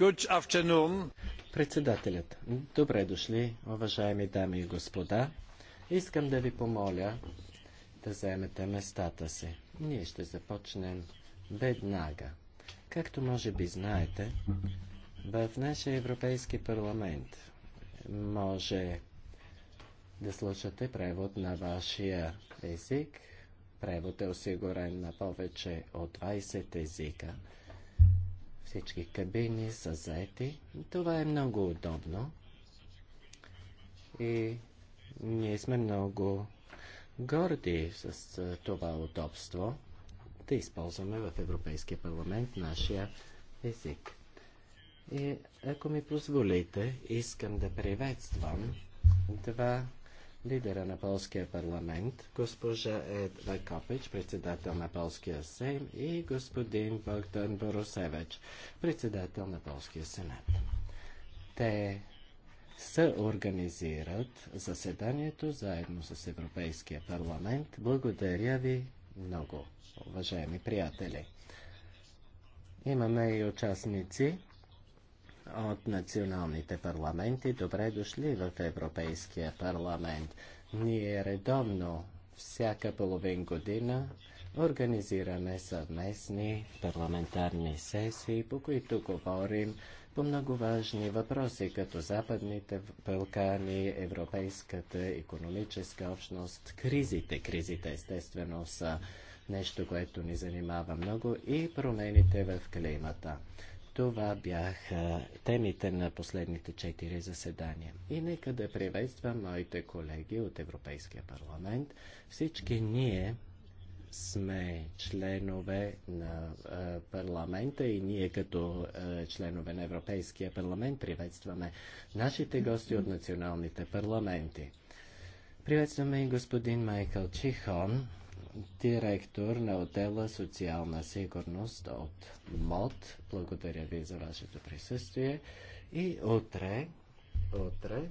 Good afternoon. Председателят. Добре дошли, уважаеми дами и господа. Искам да ви помоля да заемете местата си. Ние ще започнем веднага. Както може би знаете, в нашия Европейски парламент може да слушате превод на вашия език, превод е осигурен на повече от 20 езика. Всички кабини са заети. Това е много удобно. И ние сме много горди с това удобство да използваме в Европейския парламент нашия език. И ако ми позволите, искам да приветствам два лидера на полския парламент, госпожа Едва Копич, председател на полския Сейм и господин Богдан Боросевич, председател на полския Сенат. Те се организират заседанието заедно с Европейския парламент. Благодаря ви много, уважаеми приятели. Имаме и участници от националните парламенти. Добре дошли в Европейския парламент. Ние редовно, всяка половин година, организираме съвместни парламентарни сесии, по които говорим по много важни въпроси, като Западните Балкани, Европейската економическа общност, кризите. Кризите естествено са нещо, което ни занимава много и промените в климата. Това бяха темите на последните четири заседания. И нека да приветствам моите колеги от Европейския парламент. Всички ние сме членове на парламента и ние като членове на Европейския парламент приветстваме нашите гости от националните парламенти. Приветстваме и господин Майкъл Чихон, директор на отдела социална сигурност от МОД. Благодаря ви за вашето присъствие. И утре, утре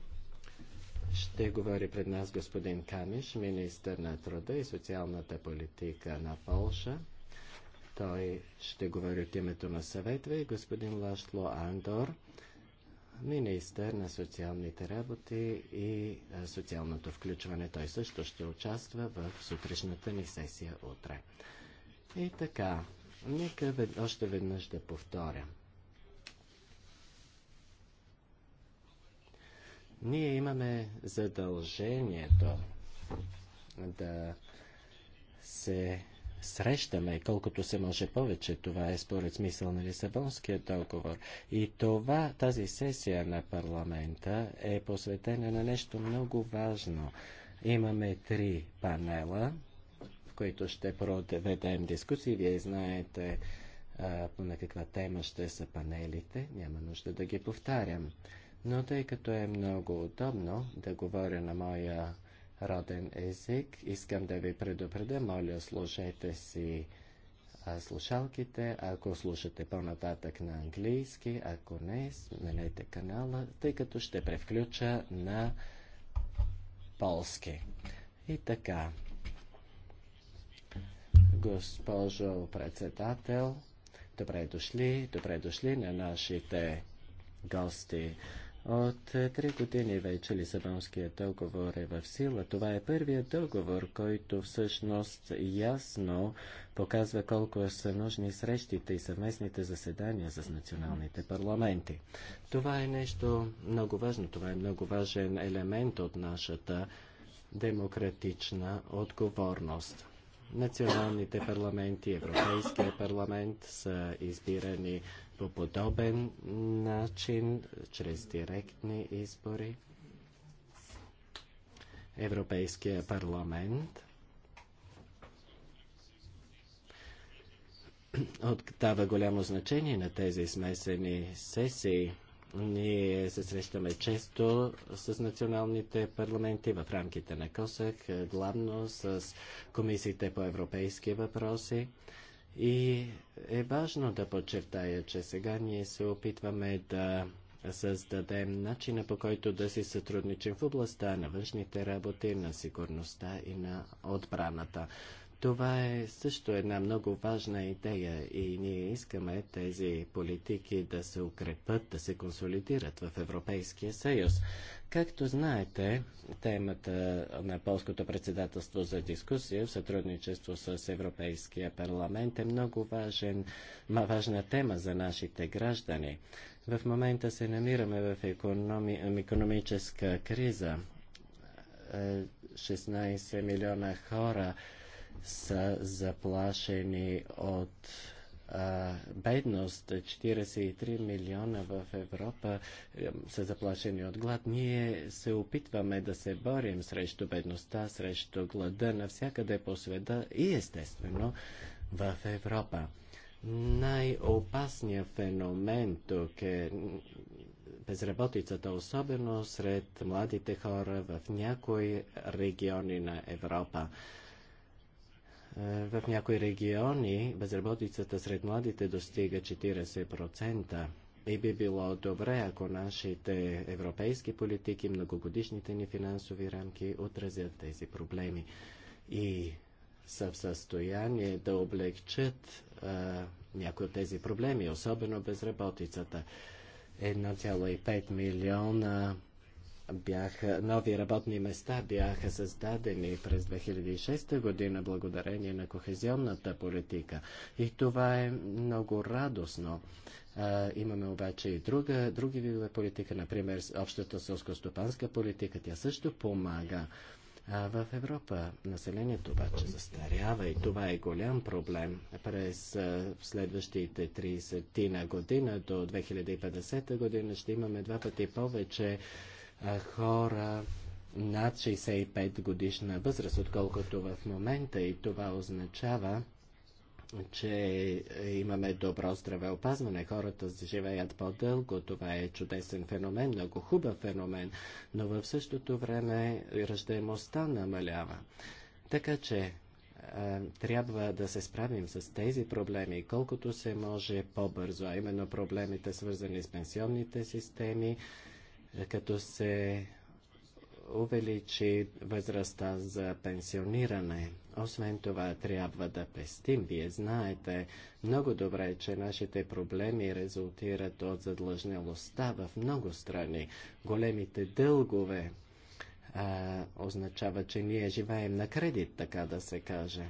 ще говори пред нас господин Камиш, министър на труда и социалната политика на Полша. Той ще говори от името на съветва и господин Лашло Андор, министър на социалните работи и социалното включване. Той също ще участва в сутрешната ни сесия утре. И така, нека вед... още веднъж да повторя. Ние имаме задължението да се срещаме колкото се може повече. Това е според смисъл на Лисабонския договор. И това, тази сесия на парламента е посветена на нещо много важно. Имаме три панела, в които ще проведем дискусии. Вие знаете а, на каква тема ще са панелите. Няма нужда да ги повтарям. Но тъй като е много удобно да говоря на моя роден език. Искам да ви предупредя, моля, слушайте си слушалките, ако слушате по-нататък на английски, ако не, сменете канала, тъй като ще превключа на полски. И така, госпожо председател, добре дошли, добре дошли на нашите гости. От три години вече Лисабонският договор е в сила. Това е първият договор, който всъщност ясно показва колко са нужни срещите и съвместните заседания с националните парламенти. Това е нещо много важно. Това е много важен елемент от нашата демократична отговорност. Националните парламенти, Европейския парламент са избирани по подобен начин, чрез директни избори. Европейския парламент отдава голямо значение на тези смесени сесии. Ние се срещаме често с националните парламенти в рамките на КОСАК, главно с комисиите по европейски въпроси. И е важно да подчертая, че сега ние се опитваме да създадем начина по който да си сътрудничим в областта на външните работи, на сигурността и на отбраната. Това е също една много важна идея и ние искаме тези политики да се укрепат, да се консолидират в Европейския съюз. Както знаете, темата на полското председателство за дискусия в сътрудничество с Европейския парламент е много важен, важна тема за нашите граждани. В момента се намираме в економи, економическа криза. 16 е, милиона хора са заплашени от а, бедност. 43 милиона в Европа е, са заплашени от глад. Ние се опитваме да се борим срещу бедността, срещу глада навсякъде по света и естествено в Европа. Най-опасният феномен тук е безработицата, особено сред младите хора в някои региони на Европа. В някои региони безработицата сред младите достига 40% и би било добре, ако нашите европейски политики, многогодишните ни финансови рамки отразят тези проблеми и са в състояние да облегчат а, някои от тези проблеми, особено безработицата. 1,5 милиона бяха, нови работни места бяха създадени през 2006 година благодарение на кохезионната политика. И това е много радостно. А, имаме обаче и друга, други видове политика, например общата селско-стопанска политика. Тя също помага. А в Европа населението обаче застарява и това е голям проблем. През следващите 30 на година до 2050 година ще имаме два пъти повече хора над 65 годишна възраст, отколкото в момента и това означава, че имаме добро здравеопазване, хората живеят по-дълго, това е чудесен феномен, много хубав феномен, но в същото време ръждаемостта намалява. Така че трябва да се справим с тези проблеми колкото се може по-бързо, а именно проблемите свързани с пенсионните системи, като се увеличи възрастта за пенсиониране. Освен това, трябва да пестим. Вие знаете много добре, че нашите проблеми резултират от задлъжнялостта в много страни. Големите дългове а, означава, че ние живеем на кредит, така да се каже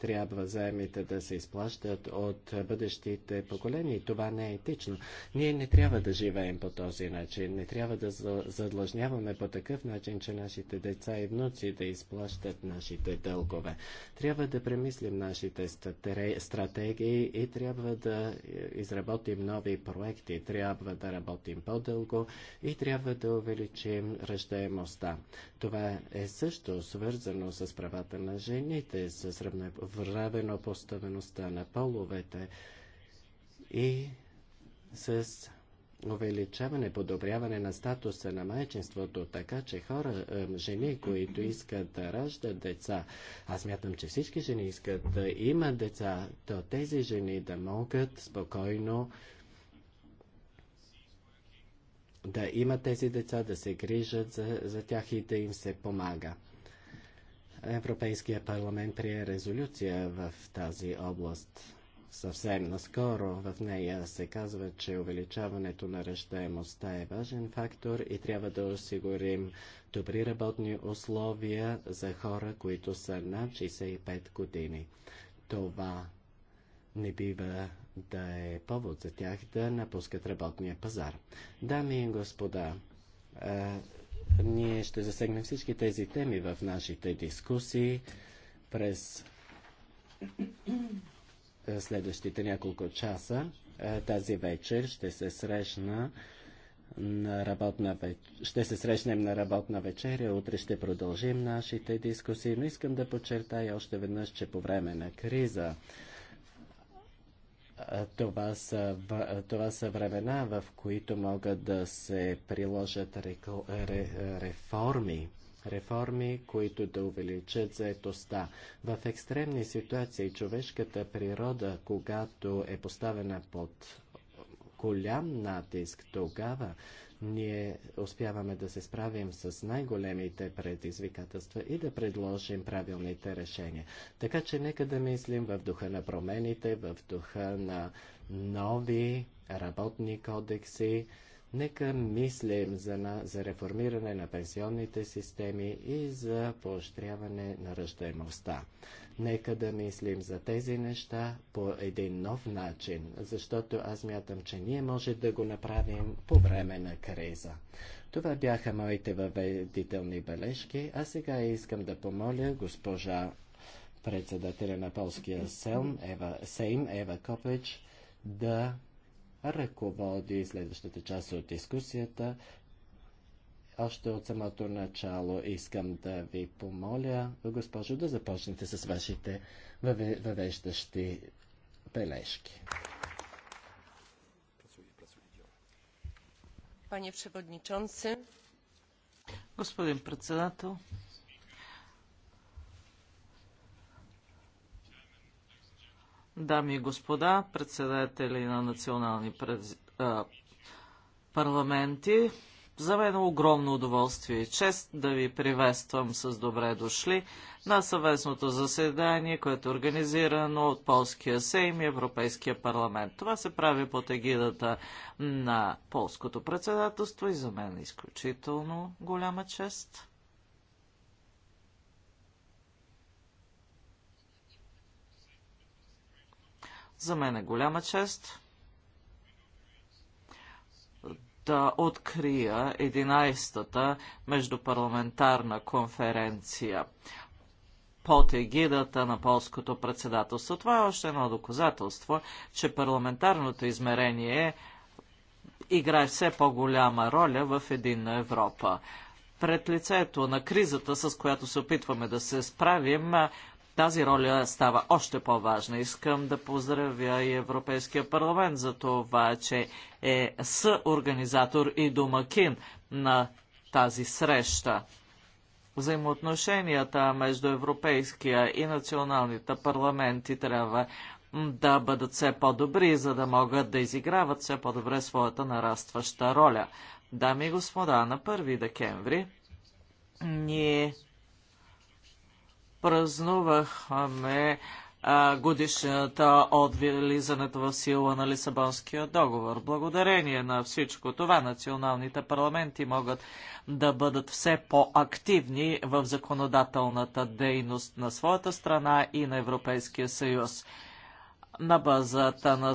трябва заемите да се изплащат от бъдещите поколения. това не е етично. Ние не трябва да живеем по този начин. Не трябва да задлъжняваме по такъв начин, че нашите деца и внуци да изплащат нашите дългове. Трябва да премислим нашите стратегии и трябва да изработим нови проекти. Трябва да работим по-дълго и трябва да увеличим ръждаемостта. Това е също свързано с правата на жените, с равне, поставеността на половете и с увеличаване, подобряване на статуса на майчинството, така че хора, е, жени, които искат да раждат деца, аз мятам, че всички жени искат да имат деца, то тези жени да могат спокойно да имат тези деца, да се грижат за, за тях и да им се помага. Европейския парламент прие резолюция в тази област съвсем наскоро. В нея се казва, че увеличаването на ръщаемостта е важен фактор и трябва да осигурим добри работни условия за хора, които са над 65 години. Това не бива да е повод за тях да напускат работния пазар. Дами и господа, е, ние ще засегнем всички тези теми в нашите дискусии през е, следващите няколко часа. Е, тази вечер ще се срещна на работна вечер. ще се срещнем на работна вечеря, утре ще продължим нашите дискусии, но искам да подчертая още веднъж, че по време на криза това са, това са времена, в които могат да се приложат реформи, реформи, които да увеличат заетостта. В екстремни ситуации човешката природа, когато е поставена под голям натиск, тогава ние успяваме да се справим с най-големите предизвикателства и да предложим правилните решения. Така че нека да мислим в духа на промените, в духа на нови работни кодекси, Нека мислим за, на, за реформиране на пенсионните системи и за поощряване на ръждаемостта. Нека да мислим за тези неща по един нов начин, защото аз мятам, че ние може да го направим по време на криза. Това бяха моите въведителни бележки, а сега искам да помоля госпожа председателя на полския сел Ева, Сейм Ева Копеч да ръководи следващата част от дискусията. Още от самото начало искам да ви помоля, госпожо, да започнете с вашите въвеждащи бележки. Пане Przewodniczący. Господин председател, дами и господа, председатели на национални парламенти, за мен е огромно удоволствие и чест да ви приветствам с добре дошли на съвестното заседание, което е организирано от Полския Сейм и Европейския парламент. Това се прави под егидата на Полското председателство и за мен е изключително голяма чест. За мен е голяма чест да открия 11-та междупарламентарна конференция под егидата на полското председателство. Това е още едно доказателство, че парламентарното измерение играе все по-голяма роля в единна Европа. Пред лицето на кризата, с която се опитваме да се справим, тази роля става още по-важна. Искам да поздравя и Европейския парламент за това, че е съорганизатор и домакин на тази среща. Взаимоотношенията между Европейския и националните парламенти трябва да бъдат все по-добри, за да могат да изиграват все по-добре своята нарастваща роля. Дами и господа, на 1 декември ние празнувахме годишната от влизането в сила на Лисабонския договор. Благодарение на всичко това националните парламенти могат да бъдат все по-активни в законодателната дейност на своята страна и на Европейския съюз на базата на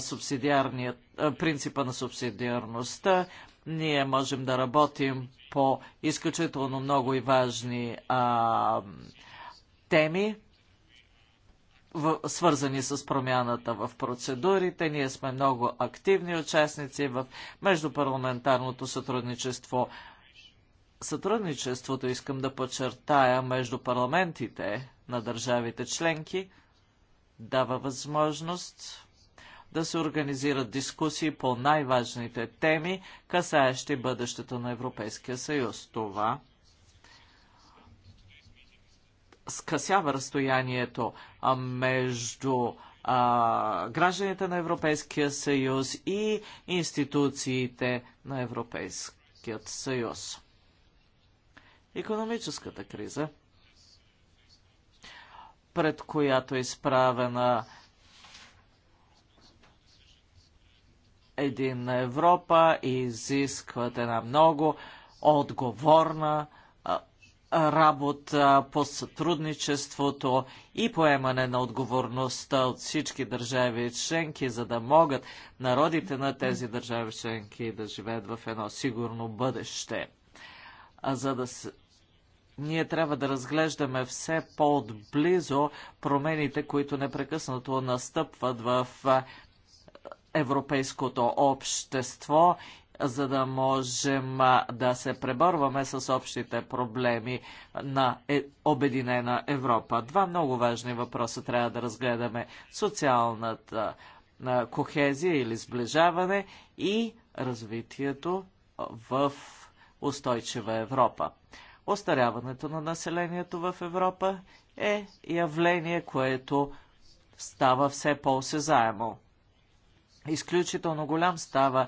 принципа на субсидиарността. Ние можем да работим по изключително много и важни а, теми, свързани с промяната в процедурите. Ние сме много активни участници в междупарламентарното сътрудничество. Сътрудничеството, искам да подчертая, между парламентите на държавите членки дава възможност да се организират дискусии по най-важните теми, касаещи бъдещето на Европейския съюз. Това скъсява разстоянието между а, гражданите на Европейския съюз и институциите на Европейският съюз. Економическата криза, пред която е изправена един на Европа, изискват една много отговорна работа по сътрудничеството и поемане на отговорността от всички държави членки, за да могат народите на тези държави членки да живеят в едно сигурно бъдеще. А за да се... Ние трябва да разглеждаме все по-отблизо промените, които непрекъснато настъпват в европейското общество за да можем да се преборваме с общите проблеми на е, Обединена Европа. Два много важни въпроса трябва да разгледаме. Социалната кохезия или сближаване и развитието в устойчива Европа. Остаряването на населението в Европа е явление, което става все по-осезаемо. Изключително голям става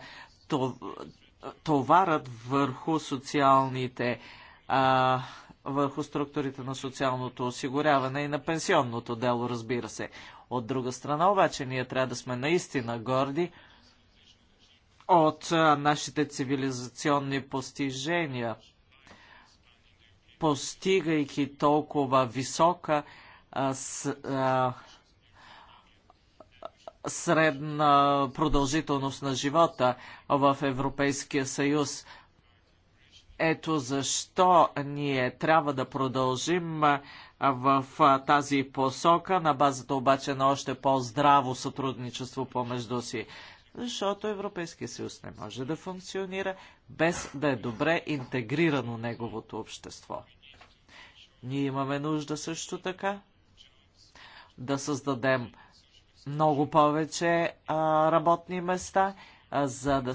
товарът върху социалните а, върху структурите на социалното осигуряване и на пенсионното дело, разбира се. От друга страна, обаче, ние трябва да сме наистина горди от а, нашите цивилизационни постижения, постигайки толкова висока а, с, а, средна продължителност на живота в Европейския съюз. Ето защо ние трябва да продължим в тази посока, на базата обаче на още по-здраво сътрудничество помежду си. Защото Европейския съюз не може да функционира без да е добре интегрирано неговото общество. Ние имаме нужда също така да създадем много повече а, работни места, а, за да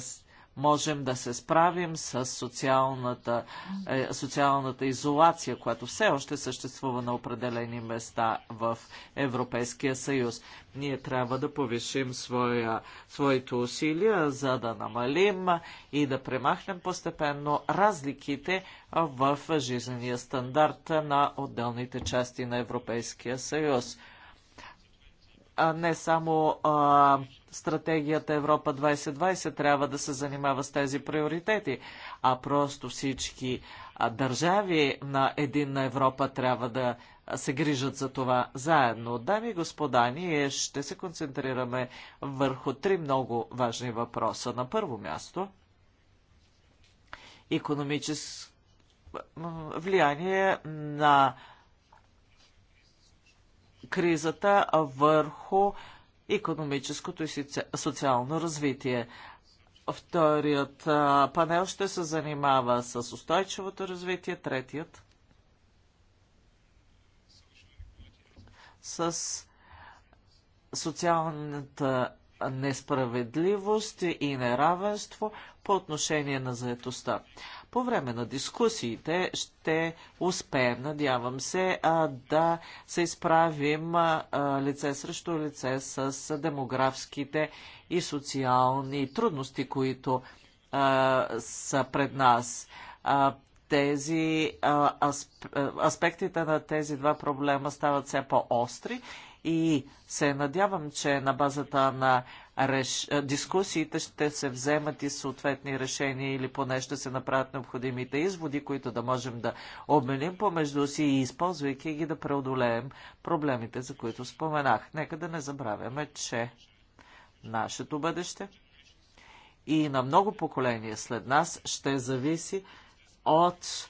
можем да се справим с социалната, е, социалната изолация, която все още съществува на определени места в Европейския съюз. Ние трябва да повишим своя, своите усилия, за да намалим и да премахнем постепенно разликите в жизнения стандарт на отделните части на Европейския съюз а не само а, стратегията Европа 2020 трябва да се занимава с тези приоритети, а просто всички а, държави на Единна Европа трябва да се грижат за това заедно. Дами и господа, ние ще се концентрираме върху три много важни въпроса. На първо място економическо влияние на кризата върху економическото и социално развитие. Вторият панел ще се занимава с устойчивото развитие, третият с социалната несправедливост и неравенство по отношение на заетостта. По време на дискусиите ще успеем, надявам се, да се изправим лице срещу лице с демографските и социални трудности, които са пред нас тези аспектите на тези два проблема стават все по-остри и се надявам, че на базата на реш... дискусиите ще се вземат и съответни решения или поне ще се направят необходимите изводи, които да можем да обменим помежду си и използвайки ги да преодолеем проблемите, за които споменах. Нека да не забравяме, че нашето бъдеще и на много поколения след нас ще зависи от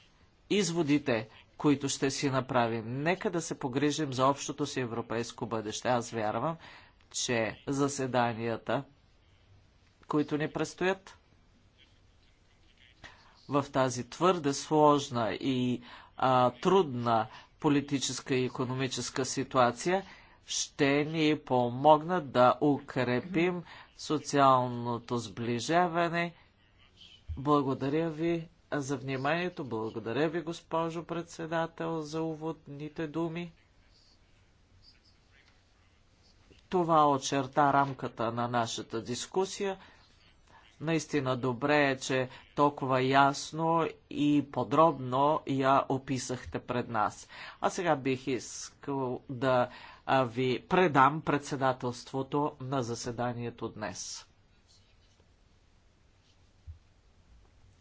изводите, които ще си направим. Нека да се погрижим за общото си европейско бъдеще. Аз вярвам, че заседанията, които ни предстоят в тази твърде сложна и а, трудна политическа и економическа ситуация, ще ни помогнат да укрепим социалното сближаване. Благодаря ви за вниманието. Благодаря ви, госпожо председател, за уводните думи. Това очерта рамката на нашата дискусия. Наистина добре е, че толкова ясно и подробно я описахте пред нас. А сега бих искал да ви предам председателството на заседанието днес.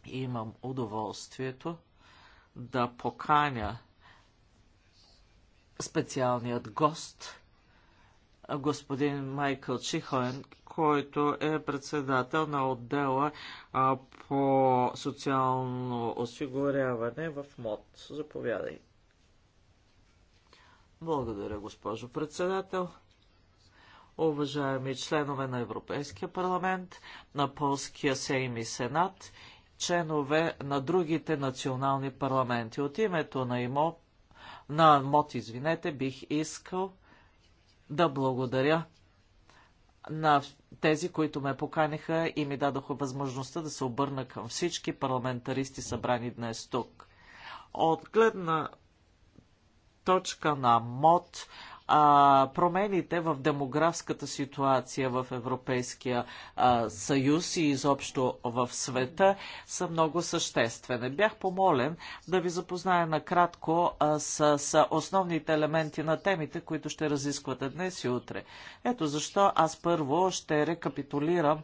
Имам удоволствието да поканя специалният гост – господин Майкъл Чихоен, който е председател на отдела а, по социално осигуряване в МОД. Заповядай. Благодаря, госпожо председател. Уважаеми членове на Европейския парламент, на Полския Сейм и Сенат, членове на другите национални парламенти. От името на ИМО, на МОД, извинете, бих искал да благодаря на тези, които ме поканиха и ми дадоха възможността да се обърна към всички парламентаристи събрани днес тук. От гледна точка на МОД, а, промените в демографската ситуация в Европейския а, съюз и изобщо в света са много съществени. Бях помолен да ви запозная накратко а, с, с основните елементи на темите, които ще разисквате днес и утре. Ето защо аз първо ще рекапитулирам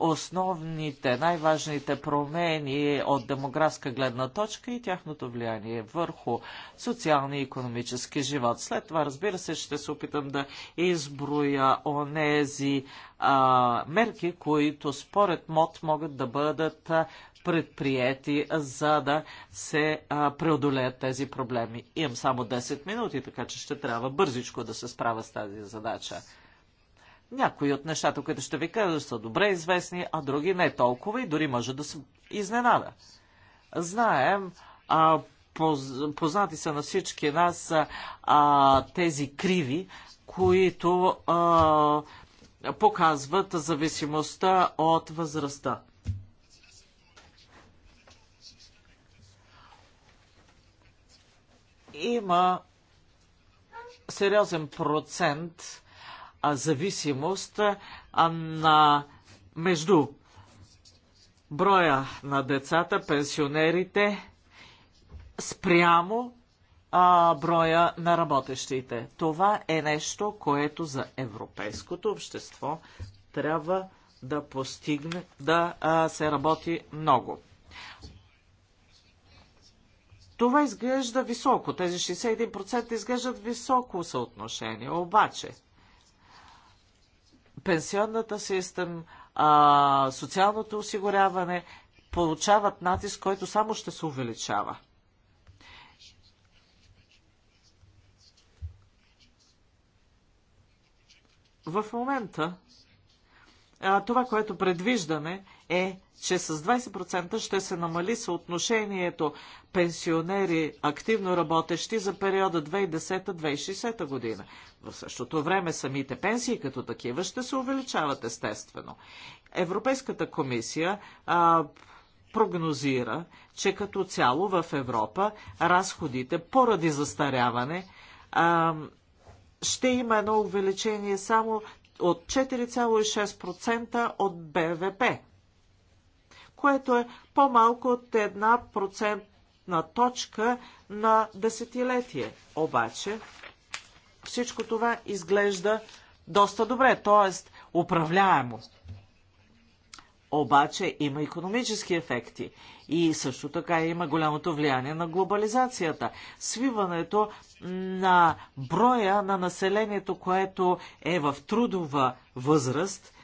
основните, най-важните промени от демографска гледна точка и тяхното влияние върху социалния и економически живот. След това, разбира се, ще се опитам да изброя онези а, мерки, които според МОД могат да бъдат предприяти, за да се а, преодолеят тези проблеми. Имам само 10 минути, така че ще трябва бързичко да се справя с тази задача. Някои от нещата, които ще ви кажа, са добре известни, а други не толкова и дори може да се изненада. Знаем, а, поз, познати са на всички нас а, тези криви, които а, показват зависимостта от възрастта. Има сериозен процент зависимост на между броя на децата, пенсионерите, спрямо а, броя на работещите. Това е нещо, което за европейското общество трябва да постигне, да а, се работи много. Това изглежда високо. Тези 61% изглеждат високо съотношение. Обаче, пенсионната система, а, социалното осигуряване получават натиск, който само ще се увеличава. В момента това, което предвиждаме е, че с 20% ще се намали съотношението пенсионери активно работещи за периода 2010-2060 година. В същото време самите пенсии като такива ще се увеличават естествено. Европейската комисия а, прогнозира, че като цяло в Европа разходите поради застаряване а, ще има едно увеличение само от 4,6% от БВП, което е по-малко от една процентна точка на десетилетие. Обаче всичко това изглежда доста добре, т.е. управляемо обаче има економически ефекти и също така има голямото влияние на глобализацията. Свиването на броя на населението, което е в трудова възраст,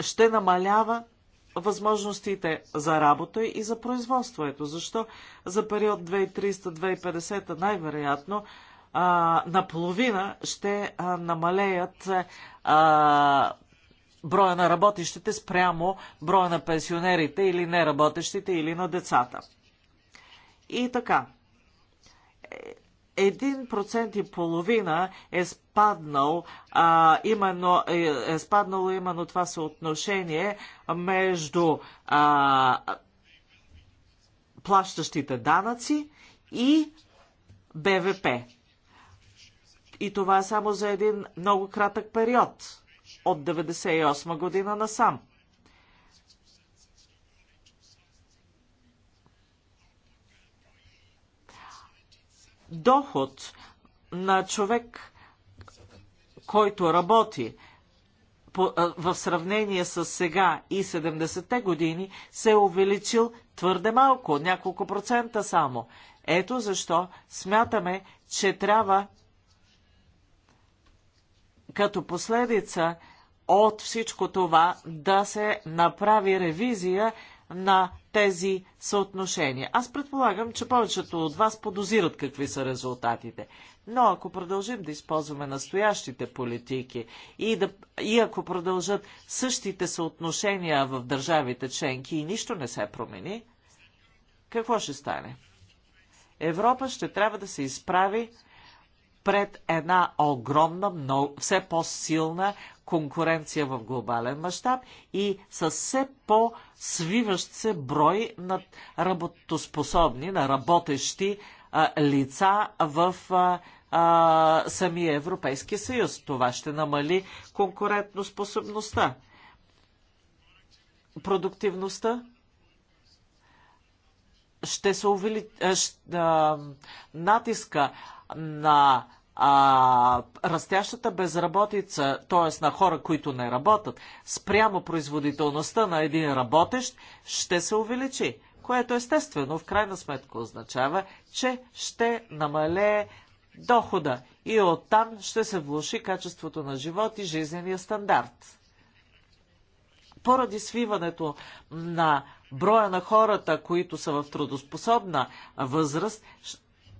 ще намалява възможностите за работа и за производство. Ето защо за период 2300-2050 най-вероятно наполовина ще намалеят броя на работещите спрямо броя на пенсионерите или неработещите или на децата. И така. Е, един процент и половина е спаднал, а, именно, е, е спаднало именно това съотношение между а, плащащите данъци и БВП. И това е само за един много кратък период от 1998 година насам. Доход на човек, който работи в сравнение с сега и 70-те години, се е увеличил твърде малко, няколко процента само. Ето защо смятаме, че трябва като последица от всичко това да се направи ревизия на тези съотношения. Аз предполагам, че повечето от вас подозират какви са резултатите. Но ако продължим да използваме настоящите политики и, да, и ако продължат същите съотношения в държавите членки и нищо не се промени, какво ще стане? Европа ще трябва да се изправи пред една огромна, много, все по-силна конкуренция в глобален мащаб и с все по-свиващ се брой на работоспособни, на работещи а, лица в а, а, самия Европейски съюз. Това ще намали конкурентоспособността. Продуктивността ще се увели... натиска на а, растящата безработица, т.е. на хора, които не работят, спрямо производителността на един работещ, ще се увеличи. Което естествено, в крайна сметка, означава, че ще намалее дохода и оттам ще се влуши качеството на живот и жизнения стандарт. Поради свиването на броя на хората, които са в трудоспособна възраст,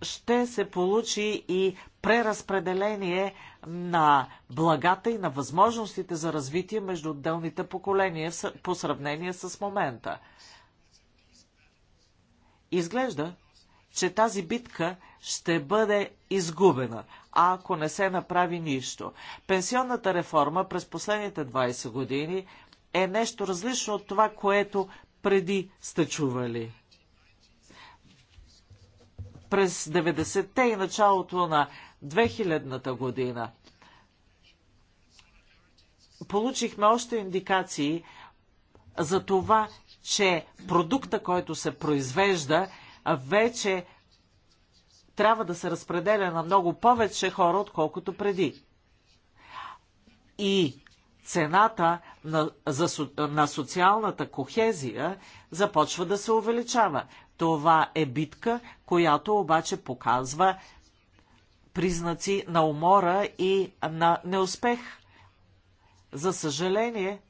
ще се получи и преразпределение на благата и на възможностите за развитие между отделните поколения по сравнение с момента. Изглежда, че тази битка ще бъде изгубена, ако не се направи нищо. Пенсионната реформа през последните 20 години е нещо различно от това, което преди сте чували през 90-те и началото на 2000-та година получихме още индикации за това, че продукта, който се произвежда, вече трябва да се разпределя на много повече хора, отколкото преди. И цената на, за, на социалната кохезия започва да се увеличава. Това е битка, която обаче показва признаци на умора и на неуспех. За съжаление,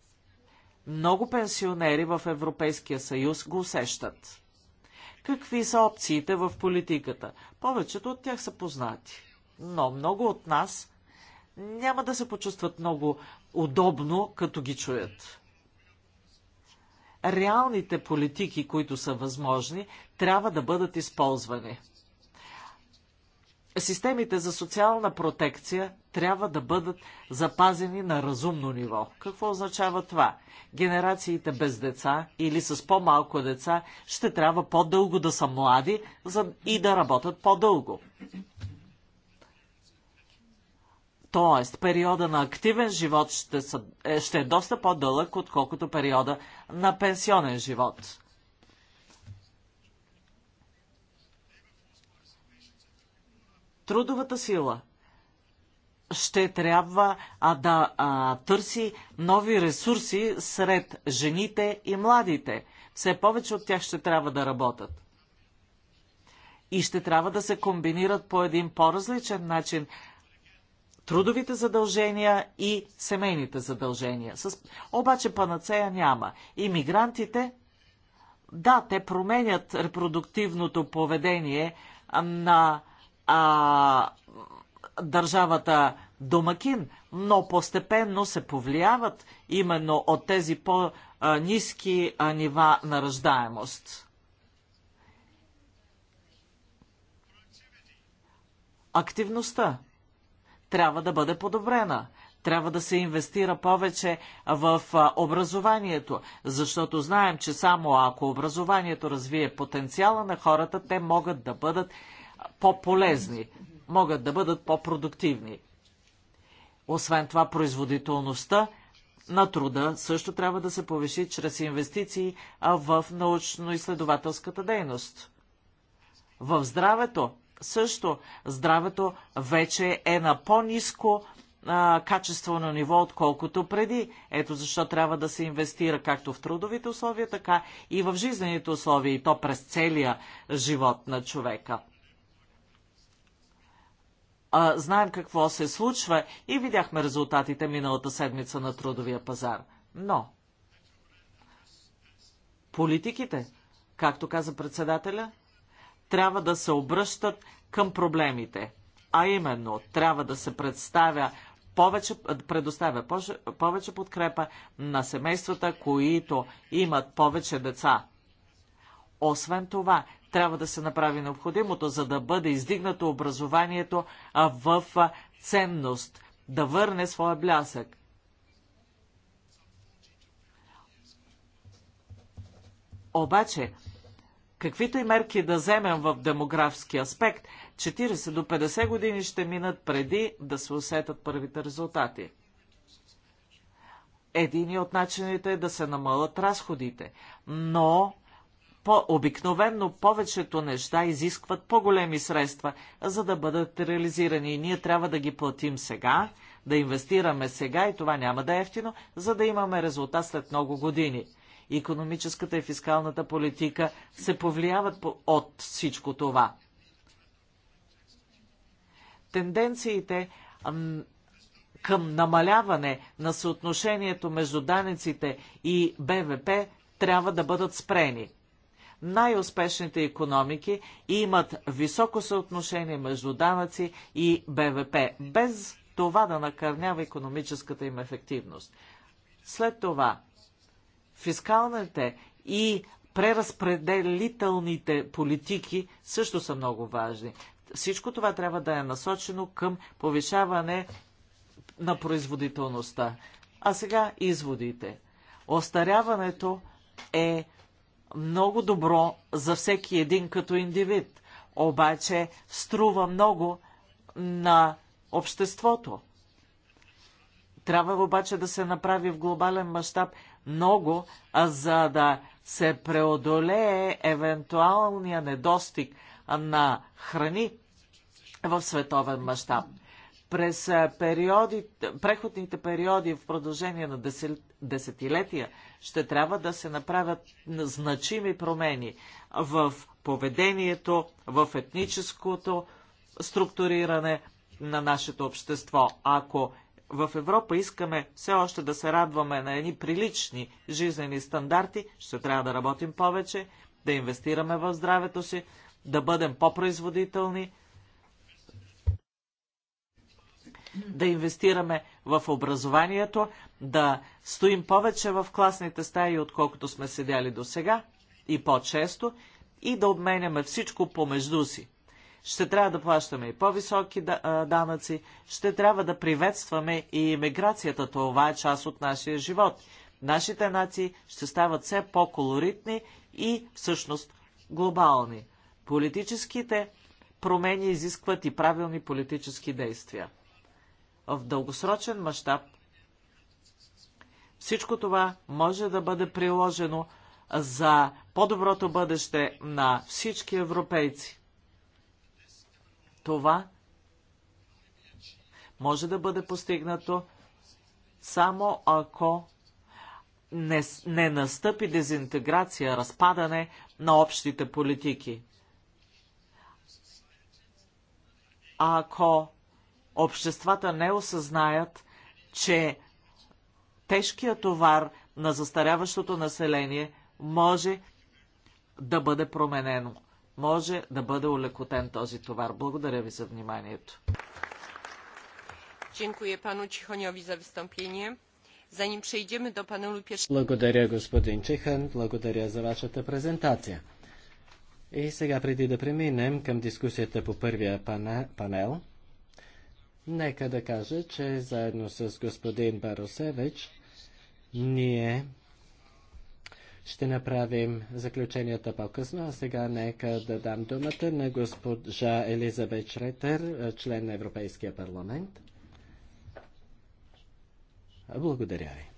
много пенсионери в Европейския съюз го усещат. Какви са опциите в политиката? Повечето от тях са познати. Но много от нас няма да се почувстват много удобно, като ги чуят реалните политики, които са възможни, трябва да бъдат използвани. Системите за социална протекция трябва да бъдат запазени на разумно ниво. Какво означава това? Генерациите без деца или с по-малко деца ще трябва по-дълго да са млади и да работят по-дълго. Тоест, периода на активен живот ще, са, е, ще е доста по-дълъг, отколкото периода на пенсионен живот. Трудовата сила ще трябва а, да а, търси нови ресурси сред жените и младите. Все повече от тях ще трябва да работят. И ще трябва да се комбинират по един по-различен начин трудовите задължения и семейните задължения. С... Обаче панацея няма. Имигрантите, да, те променят репродуктивното поведение на а, държавата домакин, но постепенно се повлияват именно от тези по-низки нива на ръждаемост. Активността трябва да бъде подобрена. Трябва да се инвестира повече в образованието, защото знаем, че само ако образованието развие потенциала на хората, те могат да бъдат по-полезни, могат да бъдат по-продуктивни. Освен това, производителността на труда също трябва да се повиши чрез инвестиции в научно-изследователската дейност. В здравето също здравето вече е на по-низко качествено ниво, отколкото преди. Ето защо трябва да се инвестира както в трудовите условия, така и в жизнените условия, и то през целия живот на човека. А, знаем какво се случва и видяхме резултатите миналата седмица на трудовия пазар. Но политиките, както каза председателя, трябва да се обръщат към проблемите. А именно, трябва да се представя повече, предоставя повече, повече подкрепа на семействата, които имат повече деца. Освен това, трябва да се направи необходимото, за да бъде издигнато образованието в ценност, да върне своя блясък. Обаче, каквито и мерки да вземем в демографски аспект, 40 до 50 години ще минат преди да се усетат първите резултати. Един от начините е да се намалят разходите, но по обикновенно повечето неща изискват по-големи средства, за да бъдат реализирани. И ние трябва да ги платим сега, да инвестираме сега и това няма да е ефтино, за да имаме резултат след много години економическата и фискалната политика се повлияват от всичко това. Тенденциите към намаляване на съотношението между данъците и БВП трябва да бъдат спрени. Най-успешните економики имат високо съотношение между данъци и БВП, без това да накърнява економическата им ефективност. След това Фискалните и преразпределителните политики също са много важни. Всичко това трябва да е насочено към повишаване на производителността. А сега изводите. Остаряването е много добро за всеки един като индивид, обаче струва много на обществото. Трябва обаче да се направи в глобален мащаб много, за да се преодолее евентуалния недостиг на храни в световен мащаб. През периоди, преходните периоди в продължение на десетилетия ще трябва да се направят значими промени в поведението, в етническото структуриране на нашето общество. Ако в Европа искаме все още да се радваме на едни прилични жизнени стандарти, ще трябва да работим повече, да инвестираме в здравето си, да бъдем по-производителни, да инвестираме в образованието, да стоим повече в класните стаи, отколкото сме седяли до сега и по-често, и да обменяме всичко помежду си ще трябва да плащаме и по-високи данъци, ще трябва да приветстваме и иммиграцията. Това е част от нашия живот. Нашите нации ще стават все по-колоритни и всъщност глобални. Политическите промени изискват и правилни политически действия. В дългосрочен мащаб всичко това може да бъде приложено за по-доброто бъдеще на всички европейци. Това може да бъде постигнато само ако не, не настъпи дезинтеграция, разпадане на общите политики. А ако обществата не осъзнаят, че тежкият товар на застаряващото население може да бъде променено може да бъде улекотен този товар. Благодаря ви за вниманието. Благодаря, господин Чихан. Благодаря за вашата презентация. И сега, преди да преминем към дискусията по първия панел, нека да кажа, че заедно с господин Баросевич ние ще направим заключенията по-късно. А сега нека да дам думата на госпожа Елизабет Шретер, член на Европейския парламент. Благодаря ви.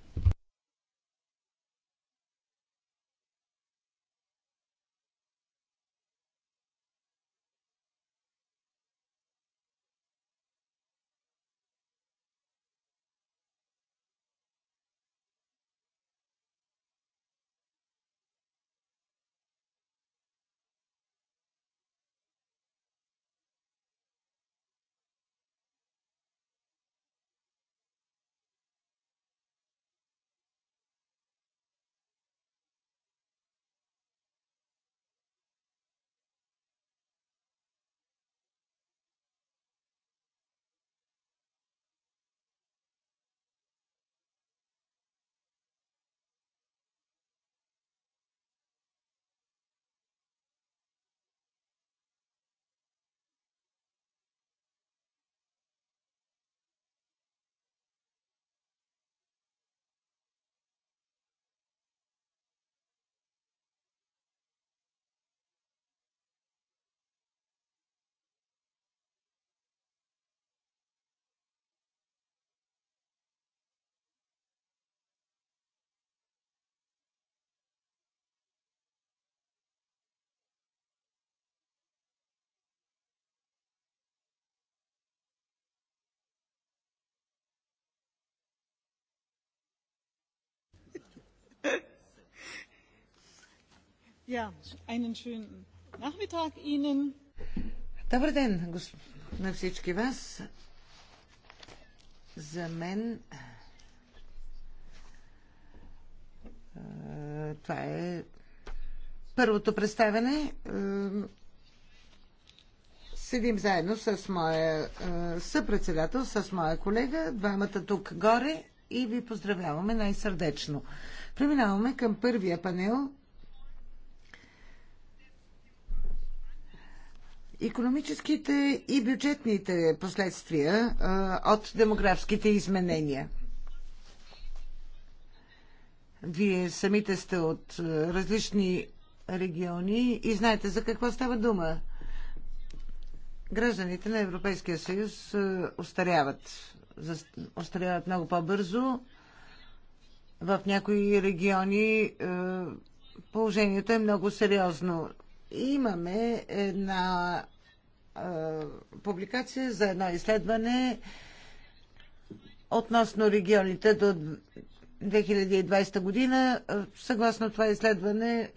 Ja, einen schönen Nachmittag Ihnen. Добър ден на всички вас. За мен това е първото представяне. Седим заедно с моя съпредседател, с моя колега, двамата тук горе и ви поздравяваме най-сърдечно. Преминаваме към първия панел. Економическите и бюджетните последствия от демографските изменения. Вие самите сте от различни региони и знаете за какво става дума. Гражданите на Европейския съюз устаряват остаряват много по-бързо. В някои региони е, положението е много сериозно. Имаме една е, публикация за едно изследване относно регионите до 2020 година. Е, съгласно това изследване,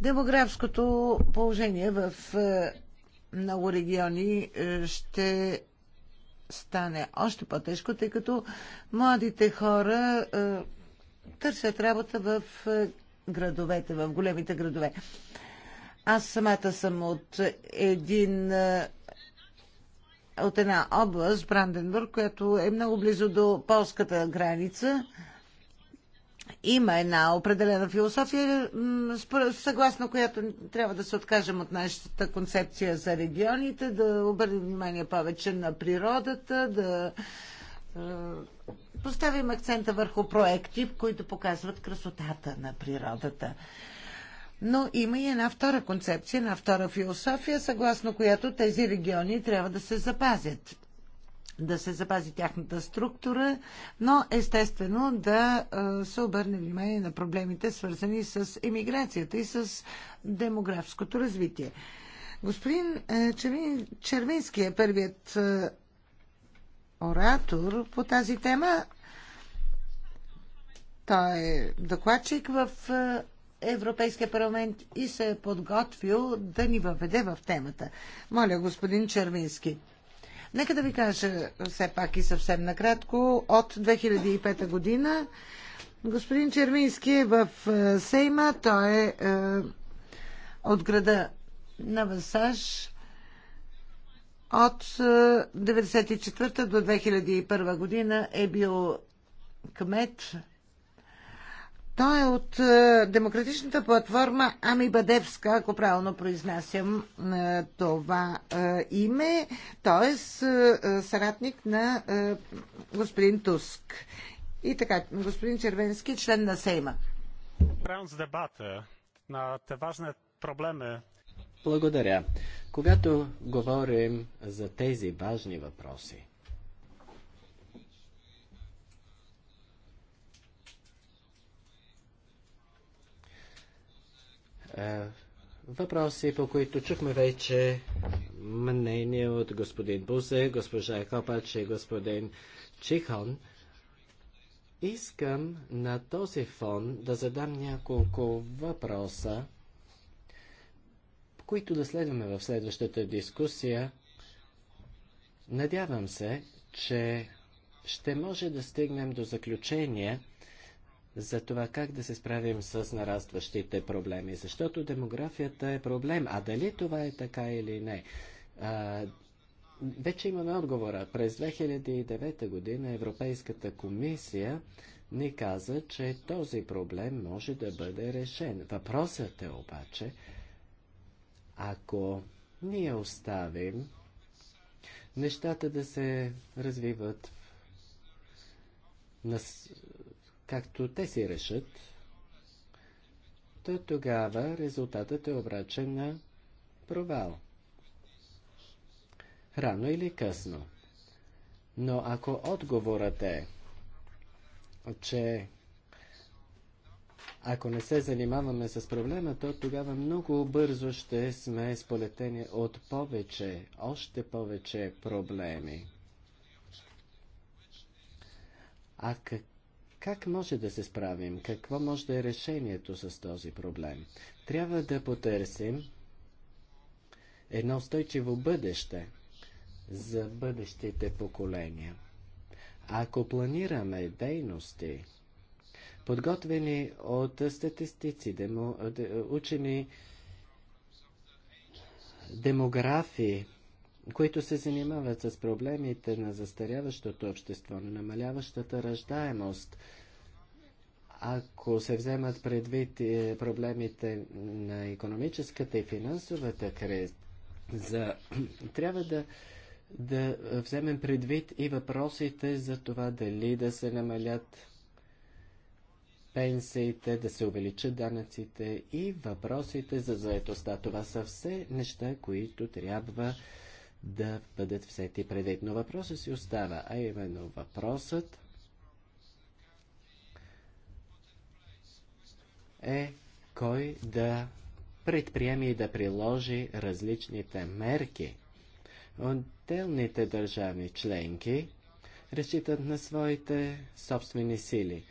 демографското положение в много региони е, ще стане още по-тежко, тъй като младите хора е, търсят работа в е, градовете, в големите градове. Аз самата съм от един от една област, Бранденбург, която е много близо до полската граница има една определена философия, съгласно която трябва да се откажем от нашата концепция за регионите, да обърнем внимание повече на природата, да е, поставим акцента върху проекти, които показват красотата на природата. Но има и една втора концепция, една втора философия, съгласно която тези региони трябва да се запазят да се запази тяхната структура, но естествено да се обърне внимание на проблемите, свързани с емиграцията и с демографското развитие. Господин Червински е първият оратор по тази тема. Той е докладчик в Европейския парламент и се е подготвил да ни въведе в темата. Моля, господин Червински. Нека да ви кажа все пак и съвсем накратко. От 2005 година господин Червински е в е, Сейма. Той е, е от града на Васаж. От 1994 е, до 2001 година е бил кмет той е от е, демократичната платформа Ами Бадевска, ако правилно произнасям е, това е, име, т.е. съратник на господин Туск. И така, господин Червенски, член на Сейма. Правилно дебата на те важни проблеми. Благодаря. Когато говорим за тези важни въпроси, Е, въпроси, по които чухме вече мнение от господин Бузе, госпожа Копач и господин Чихон. Искам на този фон да задам няколко въпроса, които да следваме в следващата дискусия. Надявам се, че ще може да стигнем до заключение, за това как да се справим с нарастващите проблеми, защото демографията е проблем. А дали това е така или не? А, вече имаме отговора. През 2009 година Европейската комисия ни каза, че този проблем може да бъде решен. Въпросът е обаче, ако ние оставим нещата да се развиват както те си решат, то тогава резултатът е обрачен на провал. Рано или късно. Но ако отговорът е, че ако не се занимаваме с проблема, то тогава много бързо ще сме сполетени от повече, още повече проблеми. А как как може да се справим? Какво може да е решението с този проблем? Трябва да потърсим едно устойчиво бъдеще за бъдещите поколения. Ако планираме дейности, подготвени от статистици, демо, учени, демографи, които се занимават с проблемите на застаряващото общество, на намаляващата раждаемост. Ако се вземат предвид е, проблемите на економическата и финансовата криза, трябва да, да вземем предвид и въпросите за това дали да се намалят пенсиите, да се увеличат данъците и въпросите за заетостта. Това са все неща, които трябва да бъдат взети предвид. Но въпросът си остава, а именно въпросът е кой да предприеме и да приложи различните мерки. Отделните държавни членки разчитат на своите собствени сили.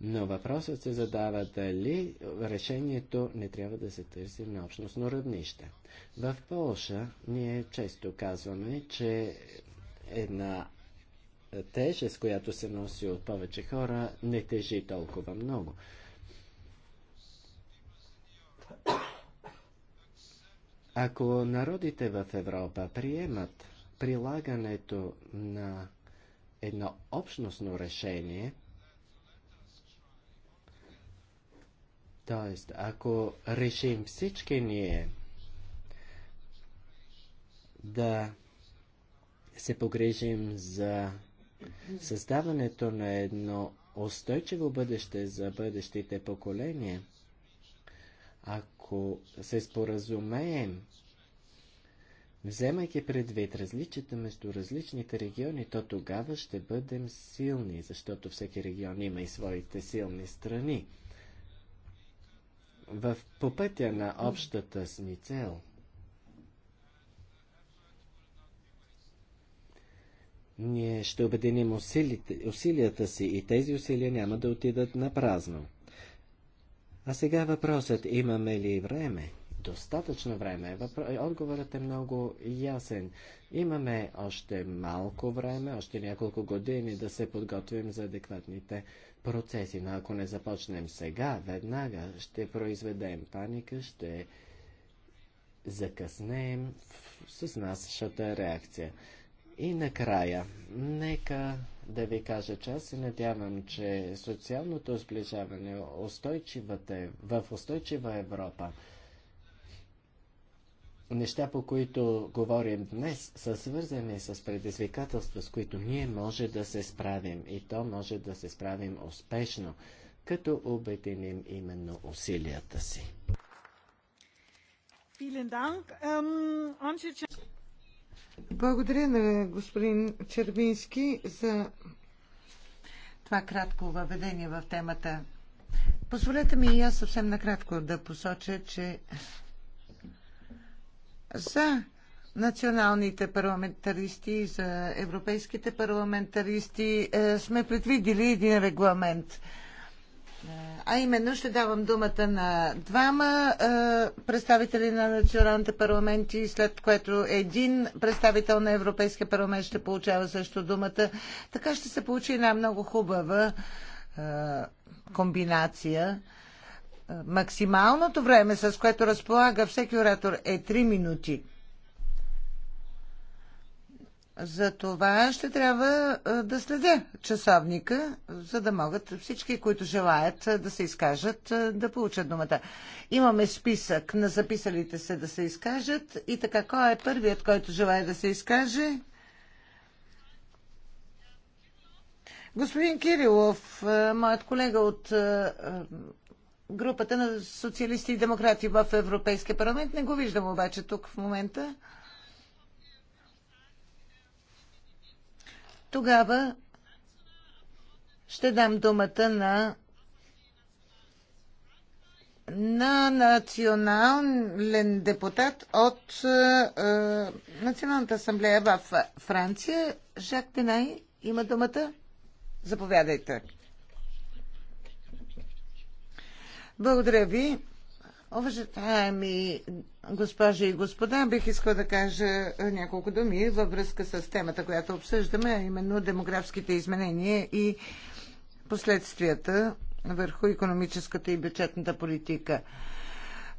Но въпросът се задава дали решението не трябва да се търси на общностно равнище. В Полша ние често казваме, че една тежест, която се носи от повече хора, не тежи толкова много. Ако народите в Европа приемат прилагането на едно общностно решение – Тоест, ако решим всички ние да се погрежим за създаването на едно устойчиво бъдеще за бъдещите поколения, ако се споразумеем, вземайки предвид различията между различните региони, то тогава ще бъдем силни, защото всеки регион има и своите силни страни в, попътя на общата ни цел. Ние ще обединим усилите, усилията си и тези усилия няма да отидат на празно. А сега въпросът имаме ли време? Достатъчно време. Отговорът е много ясен. Имаме още малко време, още няколко години да се подготвим за адекватните процеси, но ако не започнем сега, веднага ще произведем паника, ще закъснеем с нашата реакция. И накрая, нека да ви кажа, че аз се надявам, че социалното сближаване в устойчива Европа неща, по които говорим днес, са свързани с предизвикателства, с които ние може да се справим и то може да се справим успешно, като обединим именно усилията си. Ähm, Благодаря на господин Червински за това кратко въведение в темата. Позволете ми и аз съвсем накратко да посоча, че за националните парламентаристи и за европейските парламентаристи е, сме предвидили един регламент. Е, а именно ще давам думата на двама е, представители на националните парламенти, след което един представител на Европейския парламент ще получава също думата. Така ще се получи една много хубава комбинация. Максималното време, с което разполага всеки оратор, е 3 минути. За това ще трябва да следя часовника, за да могат всички, които желаят да се изкажат, да получат думата. Имаме списък на записалите се да се изкажат и така, кой е първият, който желая да се изкаже? Господин Кирилов, моят колега от групата на социалисти и демократи в Европейския парламент. Не го виждам обаче тук в момента. Тогава ще дам думата на на национален депутат от е, е Националната асамблея в Франция. Жак Денай има думата. Заповядайте. Благодаря ви. Уважаеми госпожи и господа, бих искала да кажа няколко думи във връзка с темата, която обсъждаме, а именно демографските изменения и последствията върху економическата и бюджетната политика.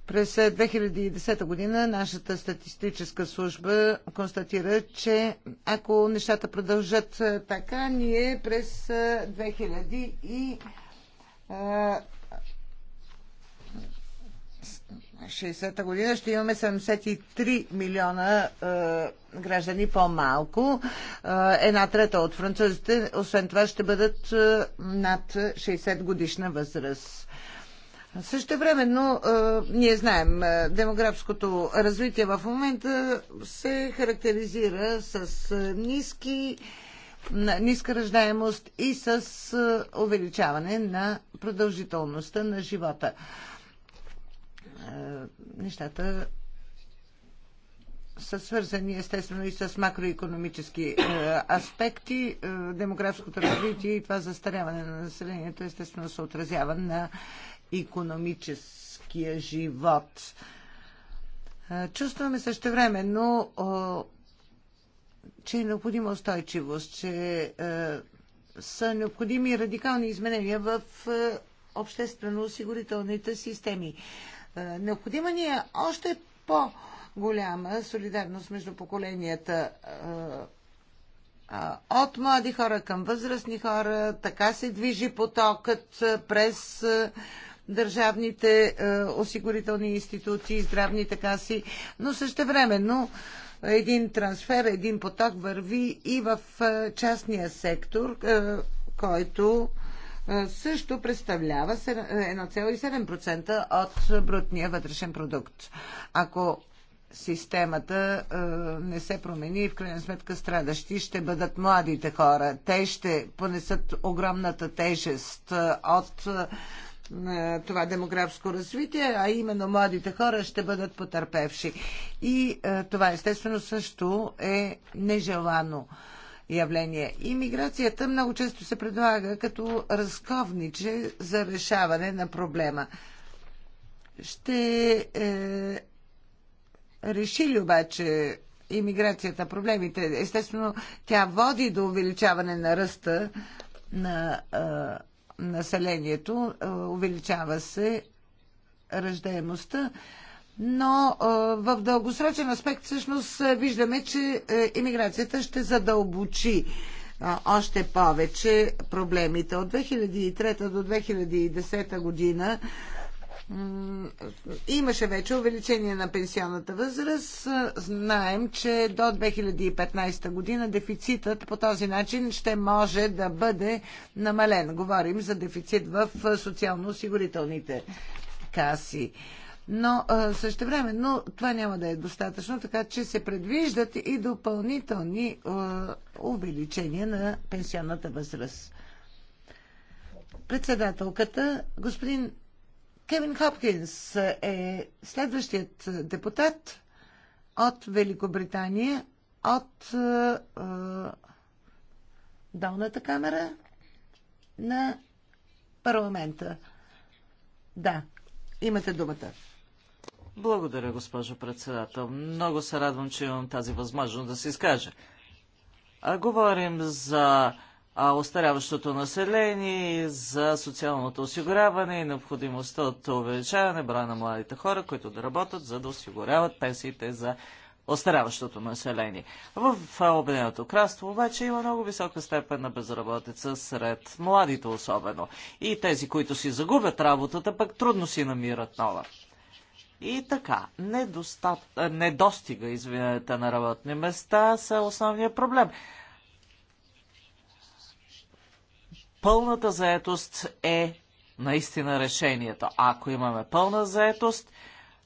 През 2010 година нашата статистическа служба констатира, че ако нещата продължат така, ние през 2000 и 60-та година ще имаме 73 милиона е, граждани по-малко. Е, една трета от французите, освен това, ще бъдат е, над 60 годишна възраст. Също време, но е, ние знаем, е, демографското развитие в момента се характеризира с е, ниски ниска ръждаемост и с е, увеличаване на продължителността на живота. Е, е, нещата са свързани естествено и с макроекономически е, аспекти. Е, демографското развитие и това застаряване на населението естествено се отразява на економическия живот. Чувстваме също време, но че е необходима устойчивост, че са необходими радикални изменения в обществено-осигурителните системи. Е, необходима ни е още по-голяма солидарност между поколенията е, е, от млади хора към възрастни хора. Така се движи потокът през държавните осигурителни институции и здравните каси, но същевременно един трансфер, един поток върви и в частния сектор, който също представлява 1,7% е, от брутния вътрешен продукт. Ако системата а, не се промени и в крайна сметка страдащи ще бъдат младите хора. Те ще понесат огромната тежест а, от а, това демографско развитие, а именно младите хора ще бъдат потърпевши. И а, това естествено също е нежелано. А, явление. Имиграцията много често се предлага като разковниче за решаване на проблема. Ще е, реши ли обаче имиграцията проблемите? Естествено, тя води до увеличаване на ръста на е, населението, е, увеличава се раждаемостта, но в дългосрочен аспект всъщност виждаме, че иммиграцията ще задълбочи още повече проблемите. От 2003 до 2010 година имаше вече увеличение на пенсионната възраст. Знаем, че до 2015 година дефицитът по този начин ще може да бъде намален. Говорим за дефицит в социално-осигурителните каси но също време, но това няма да е достатъчно, така че се предвиждат и допълнителни увеличения на пенсионната възраст. Председателката, господин Кевин Хопкинс е следващият депутат от Великобритания, от е, долната камера на парламента. Да, имате думата. Благодаря, госпожо председател. Много се радвам, че имам тази възможност да се изкажа. А говорим за а, остаряващото население, за социалното осигуряване и необходимостта от увеличаване броя на младите хора, които да работят, за да осигуряват пенсиите за остаряващото население. В Обединеното кралство обаче има много висока степен на безработица сред младите особено. И тези, които си загубят работата, пък трудно си намират нова. И така, недостат, недостига извинете, на работни места са основния проблем. Пълната заетост е наистина решението. Ако имаме пълна заетост,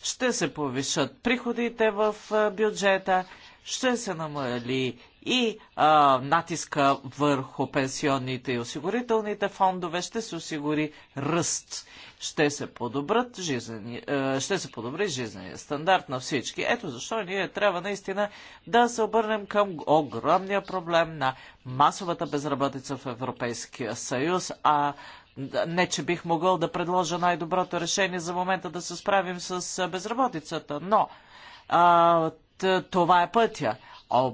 ще се повишат приходите в бюджета – ще се намали и а, натиска върху пенсионните и осигурителните фондове, ще се осигури ръст, ще се, подобрат жизнени, а, ще се подобри жизнения стандарт на всички. Ето защо ние трябва наистина да се обърнем към огромния проблем на масовата безработица в Европейския съюз, а не, че бих могъл да предложа най-доброто решение за момента да се справим с безработицата, но а, е, това е пътя. Е,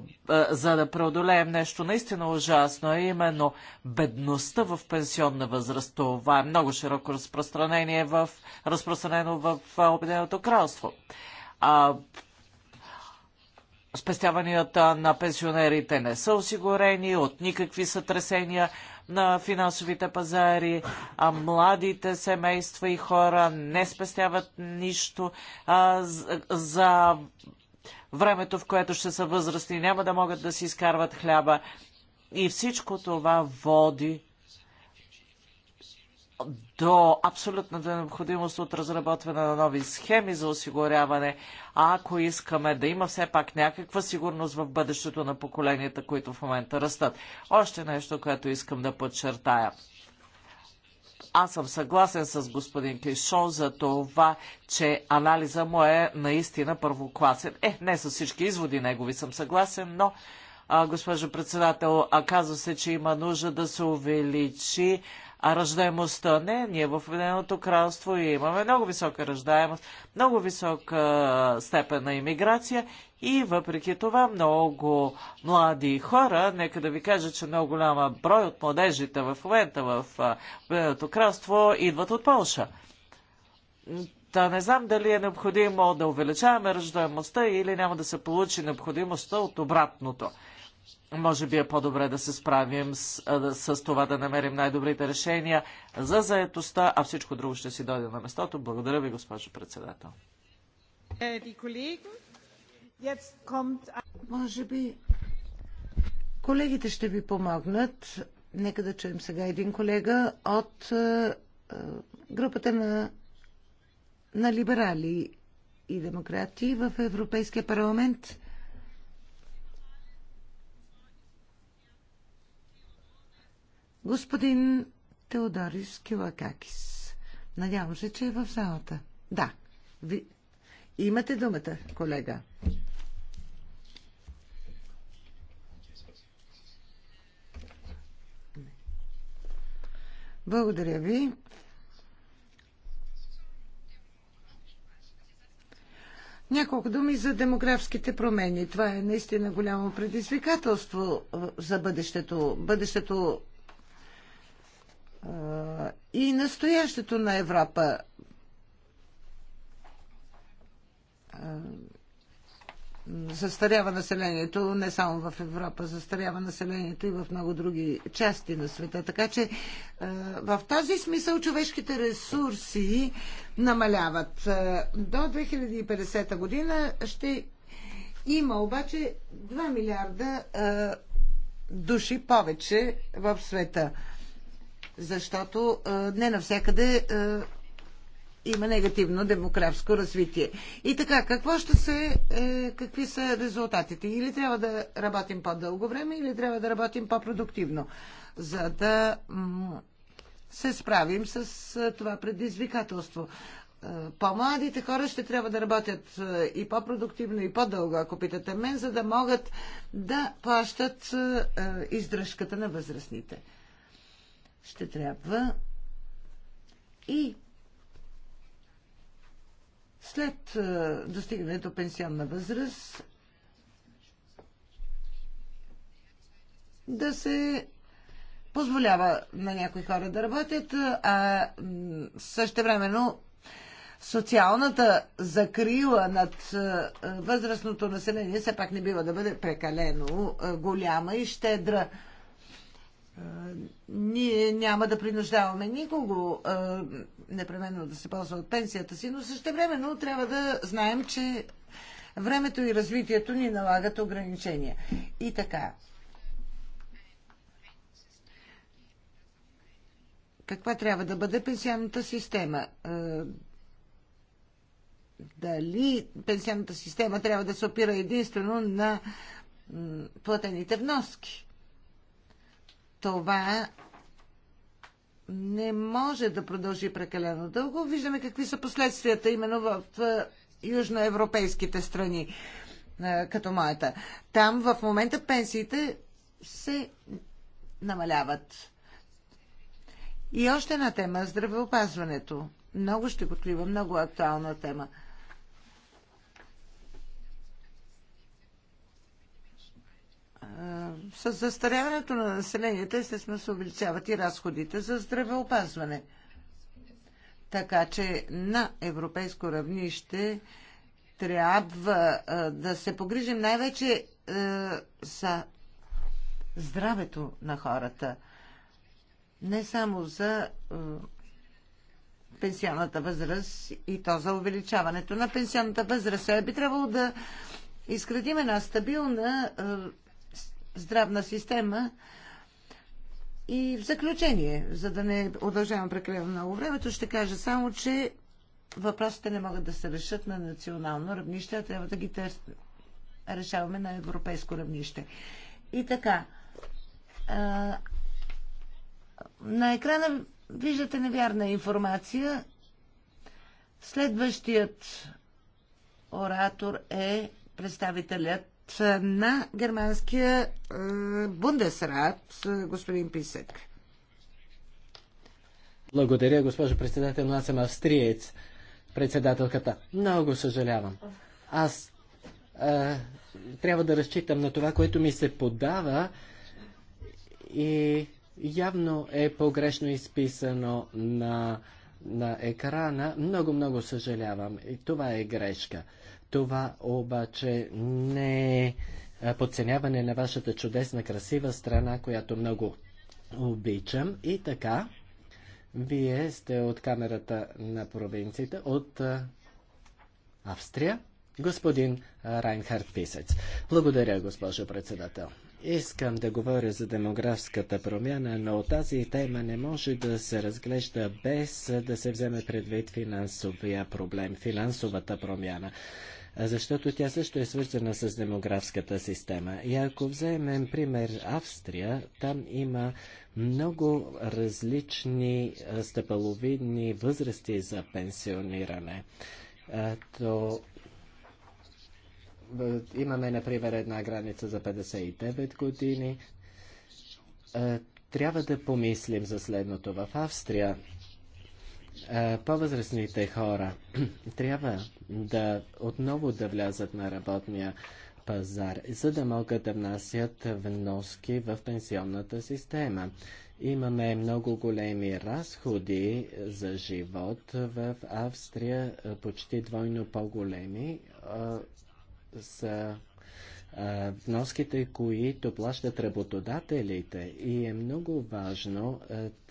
за да преодолеем нещо наистина ужасно, е именно бедността в пенсионна възраст. Това е много широко разпространение в, разпространено в е, Обединеното кралство. А, спестяванията на пенсионерите не са осигурени от никакви сътресения на финансовите пазари, а младите семейства и хора не спестяват нищо а, за, за времето, в което ще са възрастни, няма да могат да си изкарват хляба. И всичко това води до абсолютната необходимост от разработване на нови схеми за осигуряване, а ако искаме да има все пак някаква сигурност в бъдещето на поколенията, които в момента растат. Още нещо, което искам да подчертая – аз съм съгласен с господин Клишон за това, че анализа му е наистина първокласен. Е, не с всички изводи негови съм съгласен, но, а, госпожо председател, а казва се, че има нужда да се увеличи а ръждаемостта не, ние в Обединеното кралство имаме много висока ръждаемост, много висока степен на иммиграция и въпреки това много млади хора, нека да ви кажа, че много голяма брой от младежите в момента в Обединеното кралство идват от Полша. Та не знам дали е необходимо да увеличаваме ръждаемостта или няма да се получи необходимостта от обратното може би е по-добре да се справим с, с това да намерим най-добрите решения за заетостта, а всичко друго ще си дойде на местото. Благодаря ви, госпожо председател. Е, може би колегите ще ви помогнат. Нека да чуем сега един колега от е, е, групата на, на либерали и демократи в Европейския парламент. господин Теодорис Килакакис. Надявам се, че е в залата. Да. Ви... Имате думата, колега. Благодаря ви. Няколко думи за демографските промени. Това е наистина голямо предизвикателство за бъдещето. Бъдещето и настоящето на Европа. Застарява населението не само в Европа, застарява населението и в много други части на света. Така че в този смисъл човешките ресурси намаляват. До 2050 година ще има обаче 2 милиарда души повече в света защото не навсякъде има негативно демографско развитие. И така, какво ще се, е, какви са резултатите? Или трябва да работим по-дълго време, или трябва да работим по-продуктивно, за да се справим с това предизвикателство. По-младите хора ще трябва да работят и по-продуктивно, и по-дълго, ако питате мен, за да могат да плащат издръжката на възрастните ще трябва и след достигане до пенсионна възраст да се позволява на някои хора да работят, а също времено социалната закрила над възрастното население все пак не бива да бъде прекалено голяма и щедра ние няма да принуждаваме никого а, непременно да се ползва от пенсията си, но също времено трябва да знаем, че времето и развитието ни налагат ограничения. И така. Каква трябва да бъде пенсионната система? Дали пенсионната система трябва да се опира единствено на платените вноски? това не може да продължи прекалено дълго. Виждаме какви са последствията именно в е, южноевропейските страни, е, като моята. Там в момента пенсиите се намаляват. И още една тема здравеопазването. Много щекотлива, много актуална тема. с застаряването на населението, естествено се увеличават и разходите за здравеопазване. Така че на европейско равнище трябва да се погрижим най-вече за здравето на хората. Не само за пенсионната възраст и то за увеличаването на пенсионната възраст. Би трябвало да изградим една стабилна здравна система. И в заключение, за да не удължавам прекалено много времето, ще кажа само, че въпросите не могат да се решат на национално равнище, а трябва да ги решаваме на европейско равнище. И така, на екрана виждате невярна информация. Следващият оратор е представителят на германския е, бундесрат, е, господин Писек. Благодаря, госпожо председател. Аз съм австриец, председателката. Много съжалявам. Аз а, е, трябва да разчитам на това, което ми се подава и явно е погрешно изписано на, на екрана. Много, много съжалявам. И това е грешка. Това обаче не е подценяване на вашата чудесна, красива страна, която много обичам. И така, вие сте от камерата на провинцията, от Австрия, господин Райнхард Писец. Благодаря, госпожо председател. Искам да говоря за демографската промяна, но тази тема не може да се разглежда без да се вземе предвид финансовия проблем, финансовата промяна, защото тя също е свързана с демографската система. И ако вземем пример Австрия, там има много различни стъпаловидни възрасти за пенсиониране. То Имаме, например, една граница за 59 години. Е, трябва да помислим за следното. В Австрия е, по-възрастните хора трябва да отново да влязат на работния пазар, за да могат да внасят вноски в пенсионната система. Имаме много големи разходи за живот в Австрия, е, почти двойно по-големи за вноските, които плащат работодателите. И е много важно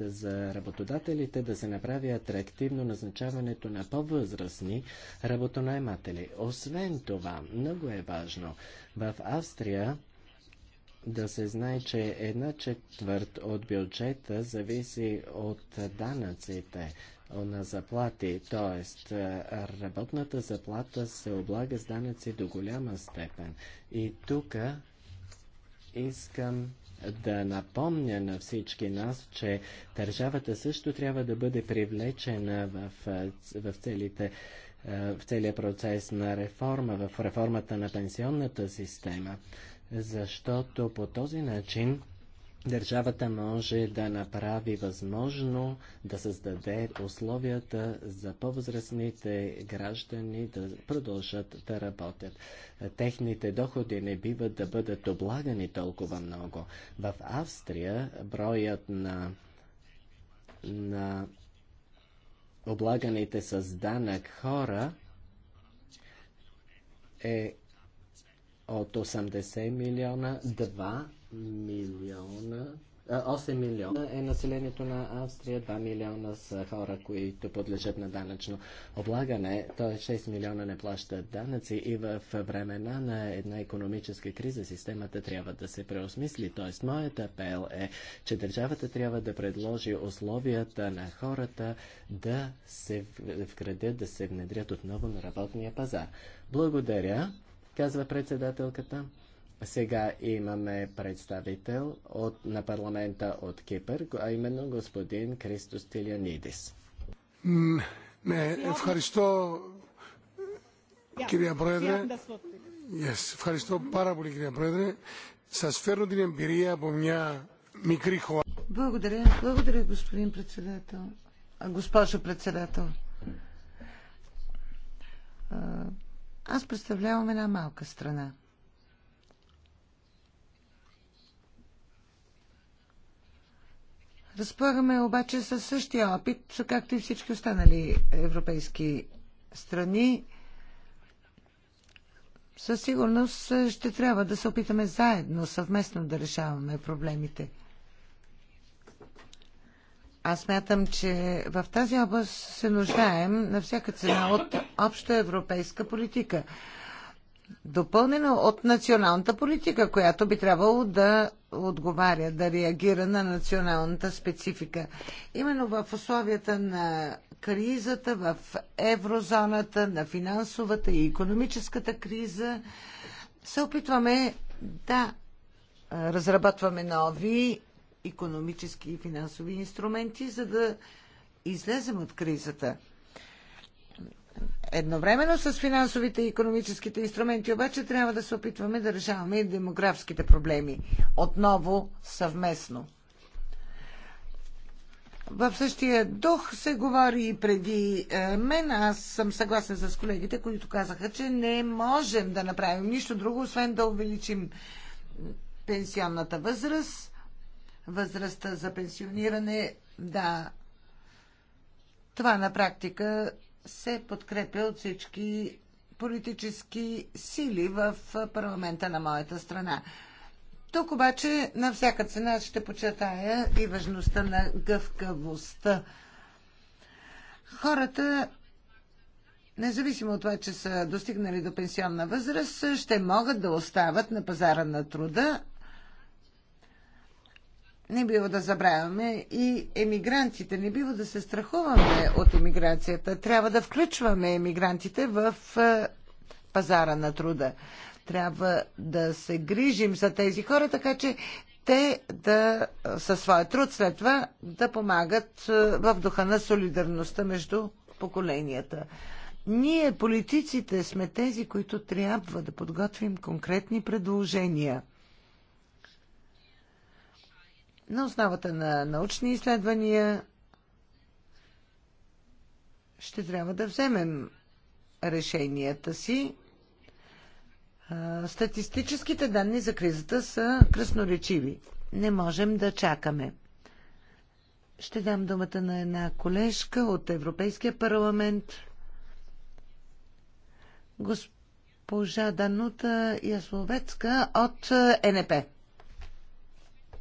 за работодателите да се направи атрактивно назначаването на по-възрастни работонайматели. Освен това, много е важно в Австрия да се знае, че една четвърт от бюджета зависи от данъците на заплати, т.е. работната заплата се облага с данъци до голяма степен. И тук искам да напомня на всички нас, че държавата също трябва да бъде привлечена в, е, в целите е, в целия процес на реформа, в реформата на пенсионната система, защото по този начин Държавата може да направи възможно да създаде условията за по-възрастните граждани да продължат да работят. Техните доходи не биват да бъдат облагани толкова много. В Австрия броят на, на облаганите с данък хора е от 80 милиона 2 милиона 8 милиона е населението на Австрия, 2 милиона са хора, които подлежат на данъчно облагане, т.е. 6 милиона не плащат данъци и в времена на една економическа криза системата трябва да се преосмисли. Т.е. моят апел е, че държавата трябва да предложи условията на хората да се вградят, да се внедрят отново на работния пазар. Благодаря, казва председателката. Сега имаме представител от, на парламента от Кипър, а именно господин Кристос Тилянидис. Не, ευχαριστώ κυρία Πρόεδρε. Yes, ευχαριστώ πάρα πολύ κυρία Πρόεδρε. Σας φέρνω την εμπειρία από μια μικρή χώρα. Благодаря, благодаря господин председател. А, Госпожо председател. Аз представлявам една малка страна – Разполагаме обаче със същия опит, както и всички останали европейски страни. Със сигурност ще трябва да се опитаме заедно, съвместно да решаваме проблемите. Аз мятам, че в тази област се нуждаем на всяка цена от обща европейска политика, допълнена от националната политика, която би трябвало да отговаря, да реагира на националната специфика. Именно в условията на кризата в еврозоната, на финансовата и економическата криза, се опитваме да разработваме нови економически и финансови инструменти, за да излезем от кризата едновременно с финансовите и економическите инструменти, обаче трябва да се опитваме да решаваме и демографските проблеми. Отново съвместно. В същия дух се говори и преди е, мен. Аз съм съгласен с колегите, които казаха, че не можем да направим нищо друго, освен да увеличим пенсионната възраст, възрастта за пенсиониране. Да, това на практика се подкрепя от всички политически сили в парламента на моята страна. Тук обаче на всяка цена ще почетая и важността на гъвкавостта. Хората, независимо от това, че са достигнали до пенсионна възраст, ще могат да остават на пазара на труда не бива да забравяме и емигрантите. Не бива да се страхуваме от емиграцията. Трябва да включваме емигрантите в е, пазара на труда. Трябва да се грижим за тези хора, така че те да е, със своя труд след това да помагат е, в духа на солидарността между поколенията. Ние, политиците, сме тези, които трябва да подготвим конкретни предложения – на основата на научни изследвания ще трябва да вземем решенията си. Статистическите данни за кризата са красноречиви. Не можем да чакаме. Ще дам думата на една колежка от Европейския парламент. Госпожа Данута Ясловецка от е НП.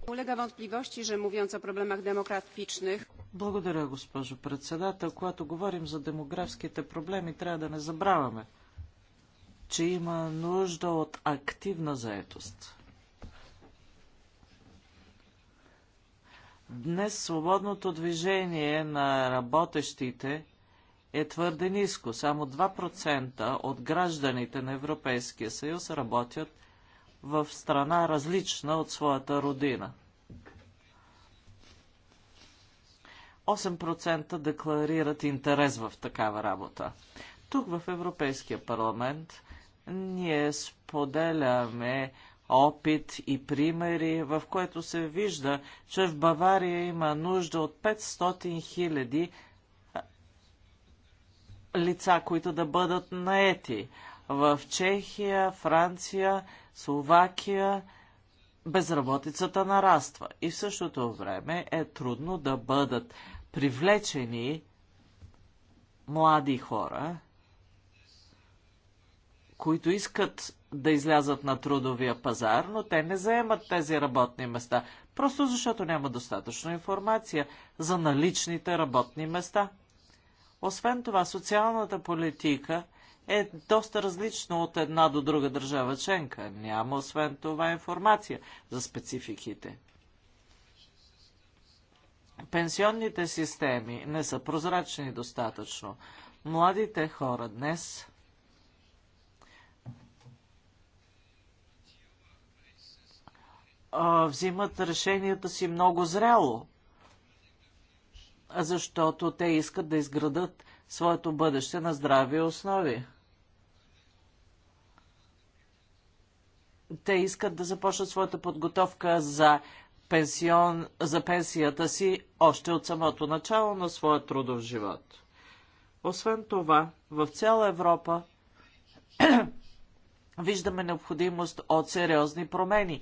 Улега че о проблемах демографичних. Благодаря, госпожо председател. Когато говорим за демографските проблеми, трябва да не забравяме, че има нужда от активна заетост. Днес свободното движение на работещите е твърде ниско. Само 2% от гражданите на Европейския съюз работят в страна различна от своята родина. 8% декларират интерес в такава работа. Тук в Европейския парламент ние споделяме опит и примери, в което се вижда, че в Бавария има нужда от 500 хиляди лица, които да бъдат наети в Чехия, Франция, Словакия безработицата нараства и в същото време е трудно да бъдат привлечени млади хора, които искат да излязат на трудовия пазар, но те не заемат тези работни места, просто защото няма достатъчно информация за наличните работни места. Освен това, социалната политика е доста различно от една до друга държава членка. Няма освен това информация за спецификите. Пенсионните системи не са прозрачни достатъчно. Младите хора днес взимат решенията си много зряло, защото те искат да изградат своето бъдеще на здрави основи. те искат да започнат своята подготовка за, пенсион, за пенсията си още от самото начало на своя трудов живот. Освен това, в цяла Европа виждаме необходимост от сериозни промени.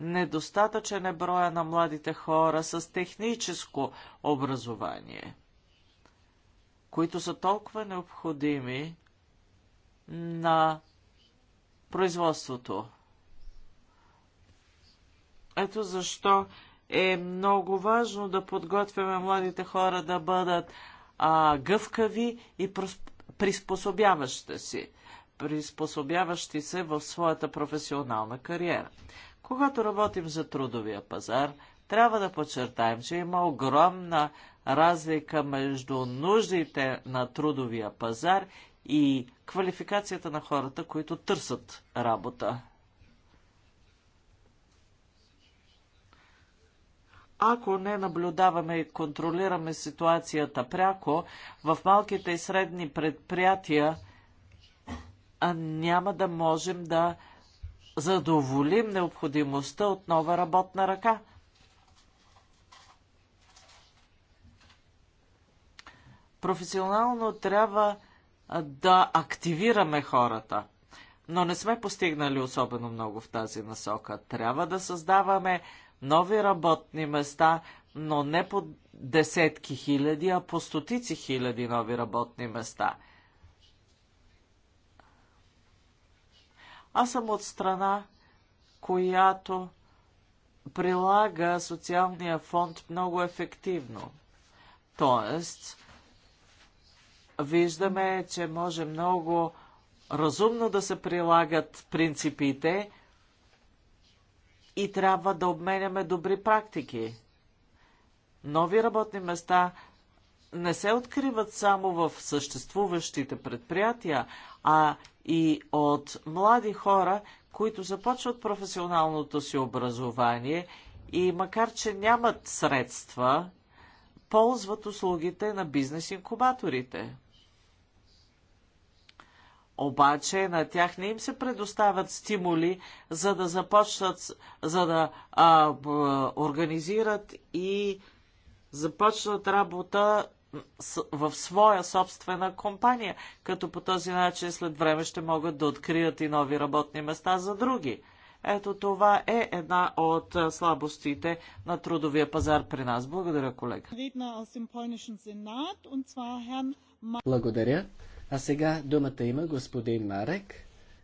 Недостатъчен е броя на младите хора с техническо образование, които са толкова необходими на производството. Ето защо е много важно да подготвяме младите хора да бъдат а, гъвкави и приспособяващи се, приспособяващи се в своята професионална кариера. Когато работим за трудовия пазар, трябва да подчертаем, че има огромна разлика между нуждите на трудовия пазар и квалификацията на хората, които търсят работа. Ако не наблюдаваме и контролираме ситуацията пряко, в малките и средни предприятия няма да можем да задоволим необходимостта от нова работна ръка. Професионално трябва да активираме хората. Но не сме постигнали особено много в тази насока. Трябва да създаваме нови работни места, но не по десетки хиляди, а по стотици хиляди нови работни места. Аз съм от страна, която прилага социалния фонд много ефективно. Тоест, виждаме, че може много разумно да се прилагат принципите и трябва да обменяме добри практики. Нови работни места не се откриват само в съществуващите предприятия, а и от млади хора, които започват професионалното си образование и макар, че нямат средства, ползват услугите на бизнес-инкубаторите. Обаче на тях не им се предоставят стимули, за да започнат, за да а, б, организират и започнат работа в своя собствена компания, като по този начин след време ще могат да открият и нови работни места за други. Ето това е една от слабостите на трудовия пазар при нас. Благодаря, колега. Благодаря. А сега думата има господин Марек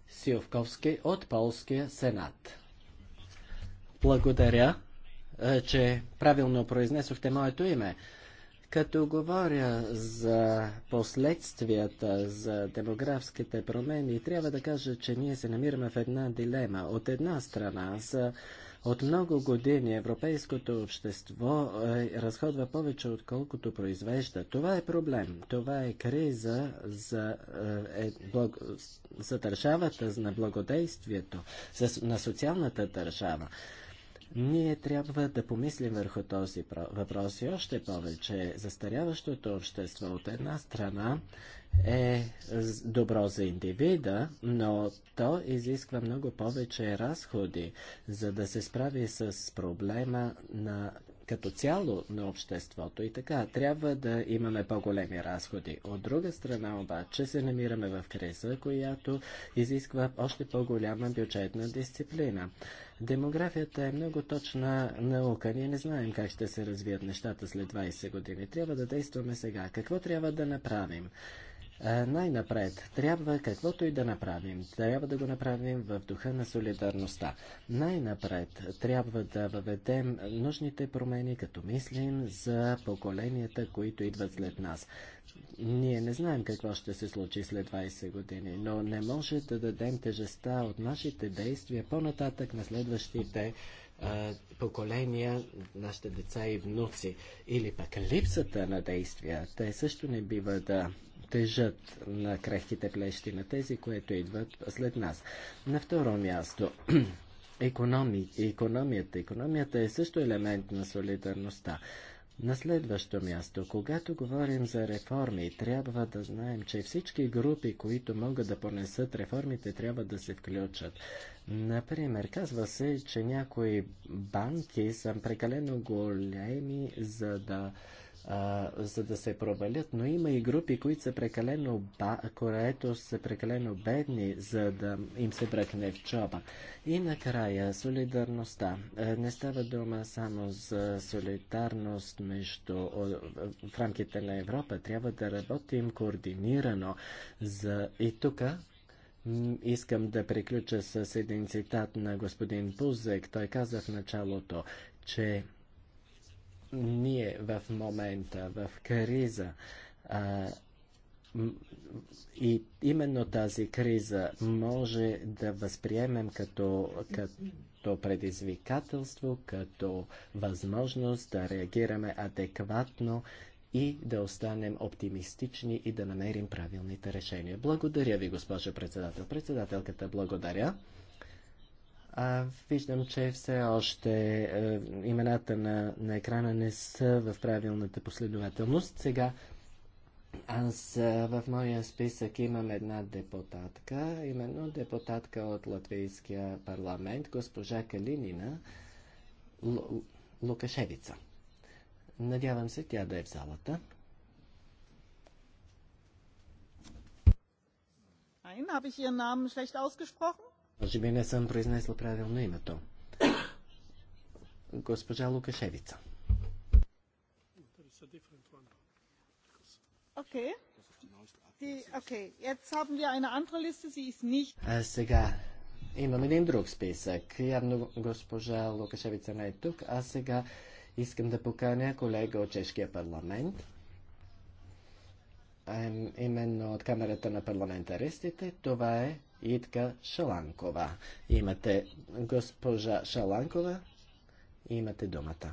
Сиовковски от Полския сенат. Благодаря, е, че правилно произнесохте моето име. Като говоря за последствията за демографските промени, трябва да кажа, че ние се намираме в една дилема. От една страна за от много години европейското общество е, разходва повече, отколкото произвежда. Това е проблем. Това е криза за, е, е благ... за държавата, на благодействието, за, на социалната държава. Ние трябва да помислим върху този въпрос и още повече. Застаряващото общество от една страна е добро за индивида, но то изисква много повече разходи, за да се справи с проблема на като цяло на обществото и така трябва да имаме по-големи разходи. От друга страна обаче се намираме в криза, която изисква още по-голяма бюджетна дисциплина. Демографията е много точна наука. Ние не знаем как ще се развият нещата след 20 години. Трябва да действаме сега. Какво трябва да направим? Е, най-напред, трябва каквото и да направим, трябва да го направим в духа на солидарността. Най-напред, трябва да въведем нужните промени, като мислим за поколенията, които идват след нас. Ние не знаем какво ще се случи след 20 години, но не може да дадем тежеста от нашите действия по-нататък на следващите е, поколения, нашите деца и внуци. Или пък липсата на действия. Те също не бива да тежат на крехките плещи на тези, които идват след нас. На второ място, економи, економията. Економията е също елемент на солидарността. На следващо място, когато говорим за реформи, трябва да знаем, че всички групи, които могат да понесат реформите, трябва да се включат. Например, казва се, че някои банки са прекалено големи, за да а, за да се провалят, но има и групи, които са прекалено, ба, които са прекалено бедни, за да им се бръкне в чоба. И накрая, солидарността. Не става дума само за солидарност между, в рамките на Европа. Трябва да работим координирано. За... И тук искам да приключа с един цитат на господин Пузек. Той каза в началото, че ние в момента, в криза, а, и именно тази криза може да възприемем като, като предизвикателство, като възможност да реагираме адекватно и да останем оптимистични и да намерим правилните решения. Благодаря ви, госпожо председател. Председателката, благодаря. А, виждам, че все още е, имената на, на екрана не са в правилната последователност. Сега аз е, в моя списък имам една депутатка, именно депутатка от Латвийския парламент, госпожа Калинина Л- Лукашевица. Надявам се тя да е в залата. Nein, habe ich Ihren Namen schlecht ausgesprochen? Може би не съм произнесла правилно името. Госпожа Лукашевица. Okay. Okay. Liste, а сега имам един друг списък. Явно госпожа Лукашевица не е тук. А сега искам да поканя колега от Чешкия парламент. Именно от камерата на парламентаристите. Това е Итка Шаланкова. Имате госпожа Шаланкова, имате думата.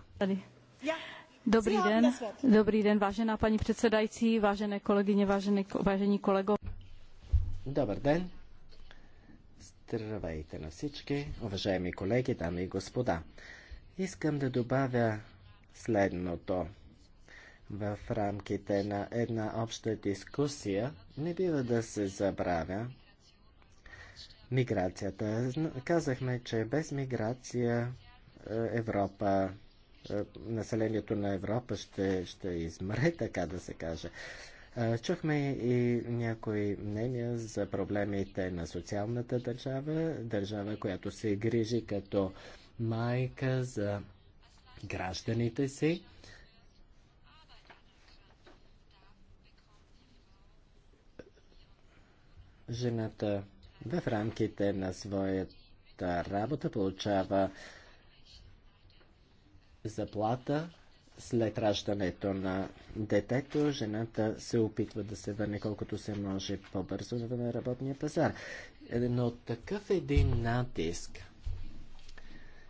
Dobrý den, dobrý ден, vážená paní předsedající, vážené kolegyně, vážené, vážení kolego. Добър ден. Здравейте на всички, уважаеми колеги, дами и господа. Искам да добавя следното. В рамките на една обща дискусия не бива да се забравя, миграцията. Казахме, че без миграция е, Европа, е, населението на Европа ще, ще измре, така да се каже. Е, чухме и някои мнения за проблемите на социалната държава, държава, която се грижи като майка за гражданите си. Жената в рамките на своята работа получава заплата след раждането на детето, жената се опитва да се върне колкото се може по-бързо на работния пазар. Но такъв един натиск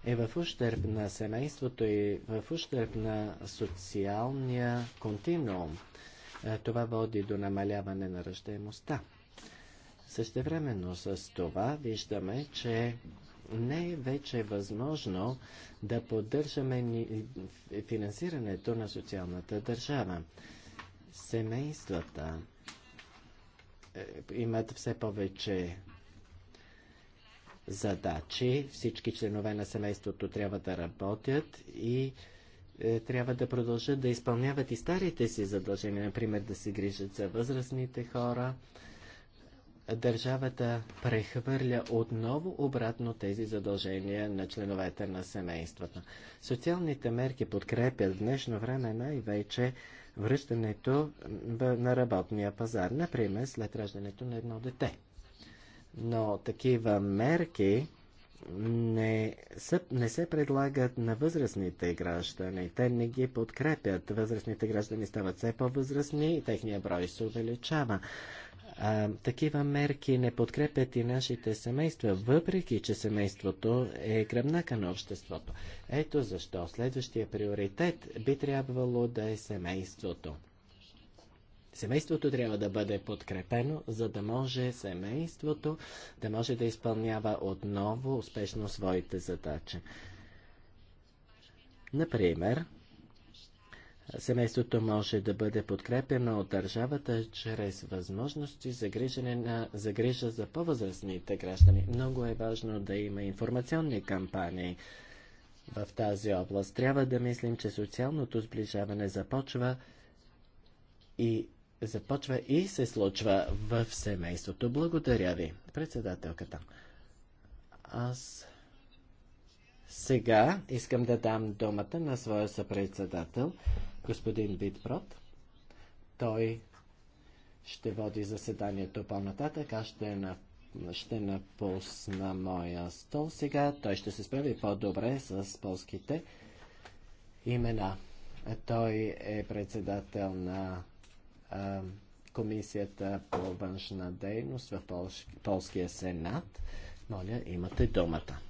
е в ущърп на семейството и в ущърп на социалния континуум. Е, това води до намаляване на ръждаемостта. Същевременно с това виждаме, че не е вече възможно да поддържаме финансирането на социалната държава. Семействата е, имат все повече задачи. Всички членове на семейството трябва да работят и е, трябва да продължат да изпълняват и старите си задължения, например да се грижат за възрастните хора, държавата прехвърля отново обратно тези задължения на членовете на семейството. Социалните мерки подкрепят в днешно време най-вече връщането на работния пазар, например след раждането на едно дете. Но такива мерки не, са, не се предлагат на възрастните граждани. Те не ги подкрепят. Възрастните граждани стават все по-възрастни и техния брой се увеличава. А, такива мерки не подкрепят и нашите семейства, въпреки че семейството е гръбнака на обществото. Ето защо следващия приоритет би трябвало да е семейството. Семейството трябва да бъде подкрепено, за да може семейството да може да изпълнява отново успешно своите задачи. Например, Семейството може да бъде подкрепено от държавата чрез възможности за, на, за грижа за по-възрастните граждани. Много е важно да има информационни кампании в тази област. Трябва да мислим, че социалното сближаване започва и започва и се случва в семейството. Благодаря ви, председателката. Аз сега искам да дам думата на своя съпредседател, господин Битброд. Той ще води заседанието по-нататък, аз ще, на... ще напусна моя стол сега. Той ще се справи по-добре с полските имена. Той е председател на а, Комисията по външна дейност в Полш... Полския сенат. Моля, имате думата.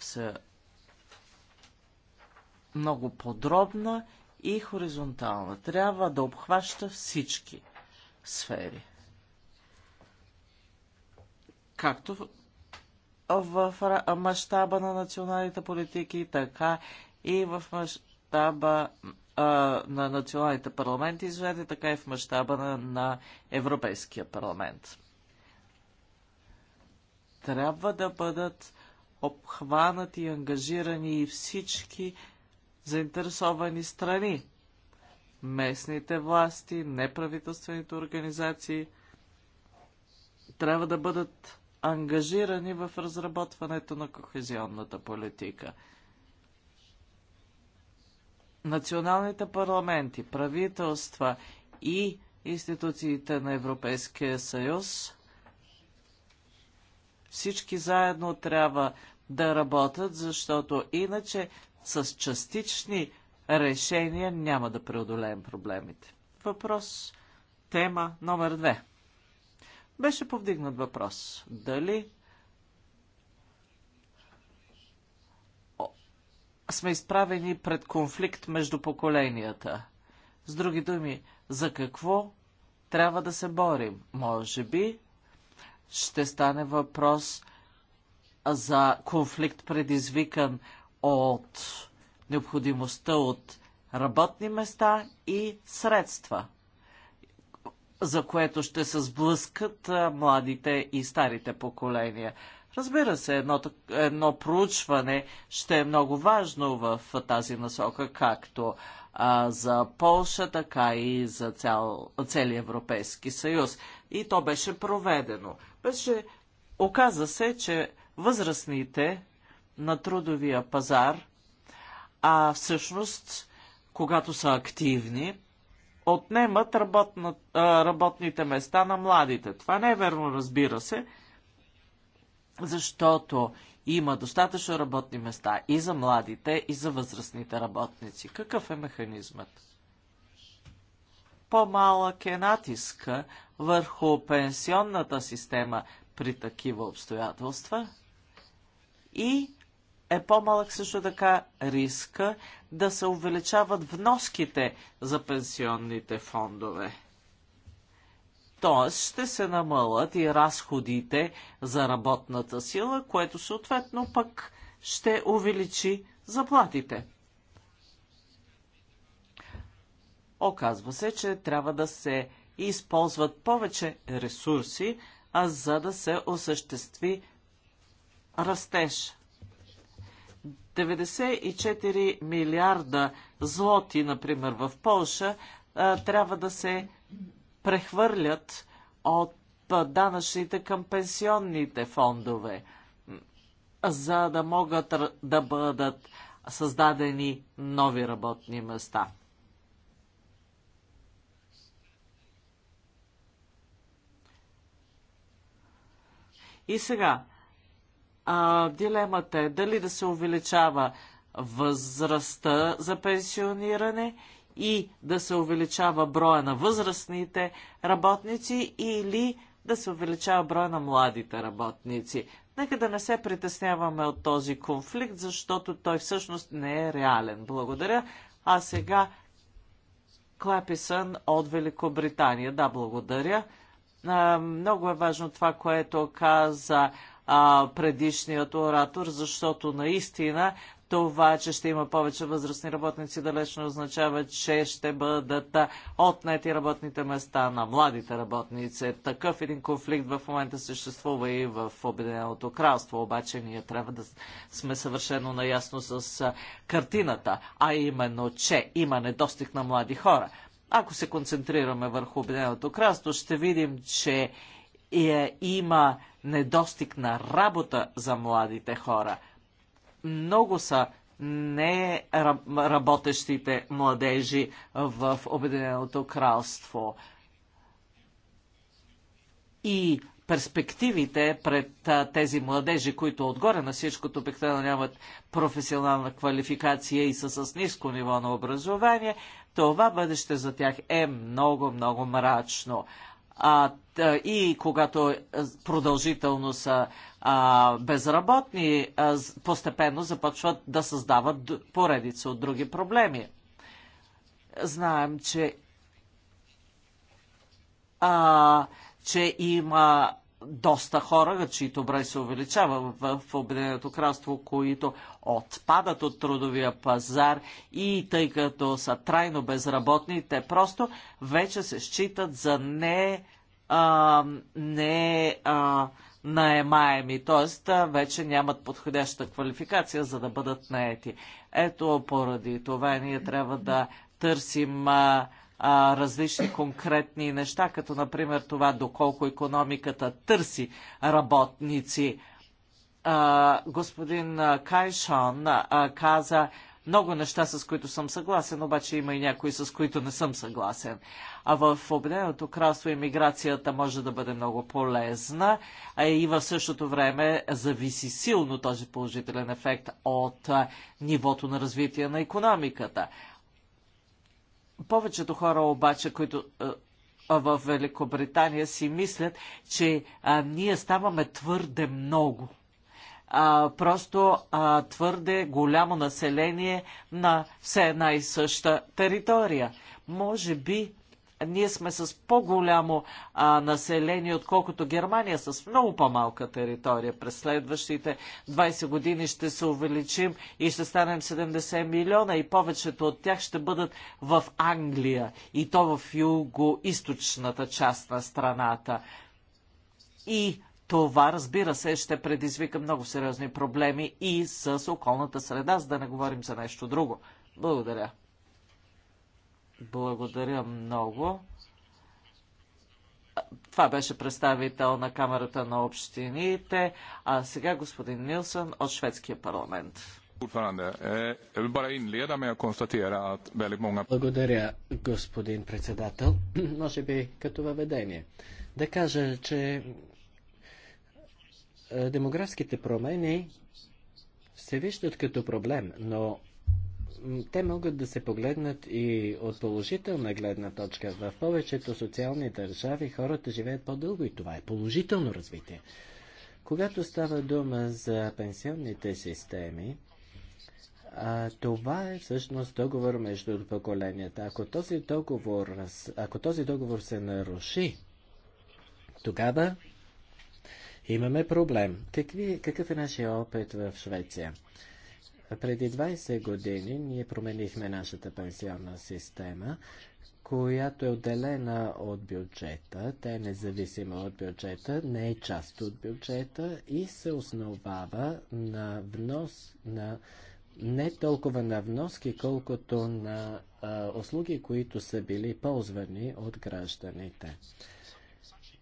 са много подробна и хоризонтална. Трябва да обхваща всички сфери. Както в мащаба на националните политики, така и в мащаба на националните парламенти, извинете, така и в мащаба на, на Европейския парламент. Трябва да бъдат обхванати и ангажирани и всички заинтересовани страни. Местните власти, неправителствените организации трябва да бъдат ангажирани в разработването на кохезионната политика. Националните парламенти, правителства и институциите на Европейския съюз всички заедно трябва да работят, защото иначе с частични решения няма да преодолеем проблемите. Въпрос, тема номер две. Беше повдигнат въпрос. Дали сме изправени пред конфликт между поколенията? С други думи, за какво трябва да се борим? Може би ще стане въпрос за конфликт предизвикан от необходимостта от работни места и средства, за което ще се сблъскат младите и старите поколения. Разбира се, едно, едно проучване ще е много важно в тази насока, както а, за Полша, така и за цял, цели Европейски съюз. И то беше проведено. Беше, оказа се, че възрастните на трудовия пазар, а всъщност, когато са активни, отнемат работна, работните места на младите. Това не е верно, разбира се, защото има достатъчно работни места и за младите, и за възрастните работници. Какъв е механизмът? По-малък е натиска върху пенсионната система при такива обстоятелства – и е по-малък също така риска да се увеличават вноските за пенсионните фондове. Тоест ще се намалят и разходите за работната сила, което съответно пък ще увеличи заплатите. Оказва се, че трябва да се използват повече ресурси, а за да се осъществи растеж. 94 милиарда злоти, например, в Польша, трябва да се прехвърлят от данъчните към пенсионните фондове, за да могат да бъдат създадени нови работни места. И сега, а, дилемата е дали да се увеличава възрастта за пенсиониране и да се увеличава броя на възрастните работници или да се увеличава броя на младите работници. Нека да не се притесняваме от този конфликт, защото той всъщност не е реален. Благодаря. А сега Клеписън от Великобритания. Да, благодаря. Много е важно това, което каза а, предишният оратор, защото наистина това, че ще има повече възрастни работници, далеч не означава, че ще бъдат отнети работните места на младите работници. Такъв един конфликт в момента съществува и в Обединеното кралство, обаче ние трябва да сме съвършено наясно с картината, а именно, че има недостиг на млади хора. Ако се концентрираме върху Обединеното кралство, ще видим, че е, има недостиг на работа за младите хора. Много са не работещите младежи в Обединеното кралство. И перспективите пред тези младежи, които отгоре на всичкото обикновено нямат професионална квалификация и са с ниско ниво на образование, това бъдеще за тях е много, много мрачно а, и когато продължително са а, безработни, а, постепенно започват да създават поредица от други проблеми. Знаем, че, а, че има доста хора, чието брой се увеличава в, Обединеното кралство, които отпадат от трудовия пазар и тъй като са трайно безработни, те просто вече се считат за не, а, не а, наемаеми, т.е. вече нямат подходяща квалификация, за да бъдат наети. Ето поради това ние трябва да търсим а, а, различни конкретни неща, като например това доколко економиката търси работници. А, господин Кайшон а, каза много неща, с които съм съгласен, обаче има и някои, с които не съм съгласен. А в Обединеното кралство иммиграцията може да бъде много полезна а и в същото време зависи силно този положителен ефект от нивото на развитие на економиката. Повечето хора обаче, които е, в Великобритания си мислят, че а, ние ставаме твърде много. А, просто а, твърде голямо население на все една и съща територия. Може би ние сме с по-голямо население, отколкото Германия, с много по-малка територия. През следващите 20 години ще се увеличим и ще станем 70 милиона и повечето от тях ще бъдат в Англия и то в юго-источната част на страната. И това, разбира се, ще предизвика много сериозни проблеми и с околната среда, за да не говорим за нещо друго. Благодаря. Благодаря много. Това беше представител на Камерата на общините, а сега господин Нилсън от шведския парламент. Eh, Благодаря, господин председател. Може би като въведение. Да кажа, че е, демографските промени се виждат като проблем, но те могат да се погледнат и от положителна гледна точка. В повечето социални държави хората живеят по-дълго и това е положително развитие. Когато става дума за пенсионните системи, а, това е всъщност договор между поколенията. Ако този договор, ако този договор се наруши, тогава имаме проблем. Какви, какъв е нашия опит в Швеция? Преди 20 години ние променихме нашата пенсионна система, която е отделена от бюджета, тя е независима от бюджета, не е част от бюджета и се основава на внос на не толкова на вноски, колкото на а, услуги, които са били ползвани от гражданите.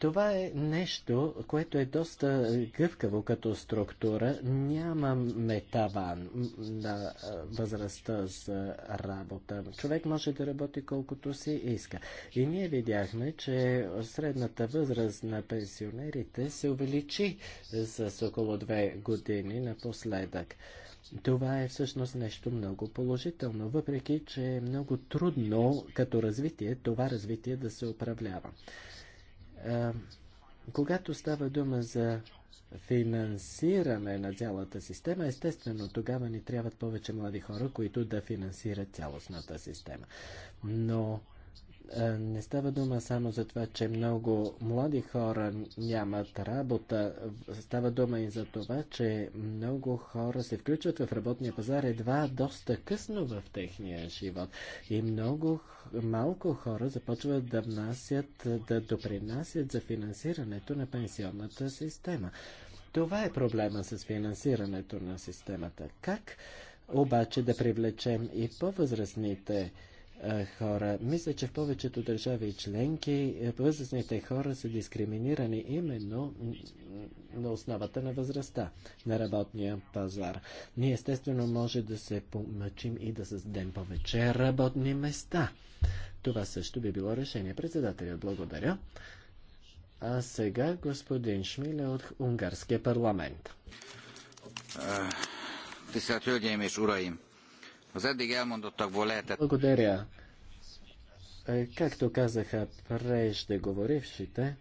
Това е нещо, което е доста гъвкаво като структура. Нямаме таван на възрастта за работа. Човек може да работи колкото си иска. И ние видяхме, че средната възраст на пенсионерите се увеличи с около две години напоследък. Това е всъщност нещо много положително, въпреки че е много трудно като развитие това развитие да се управлява. А, когато става дума за финансиране на цялата система, естествено, тогава ни трябват повече млади хора, които да финансират цялостната система. Но е, не става дума само за това, че много млади хора нямат работа. Става дума и за това, че много хора се включват в работния пазар едва доста късно в техния живот. И много малко хора започват да внасят, да допринасят за финансирането на пенсионната система. Това е проблема с финансирането на системата. Как обаче да привлечем и по-възрастните хора? хора. Мисля, че в повечето държави и членки е, възрастните хора са дискриминирани именно на основата на възрастта на работния пазар. Ние естествено може да се помъчим и да създадем повече работни места. Това също би било решение. Председателят, благодаря. А сега господин Шмиле от Унгарския парламент. Tisztelt Hölgyeim és Az eddig elmondottakból lehetett... Благодаря. Е, както казаха прежде говорившите,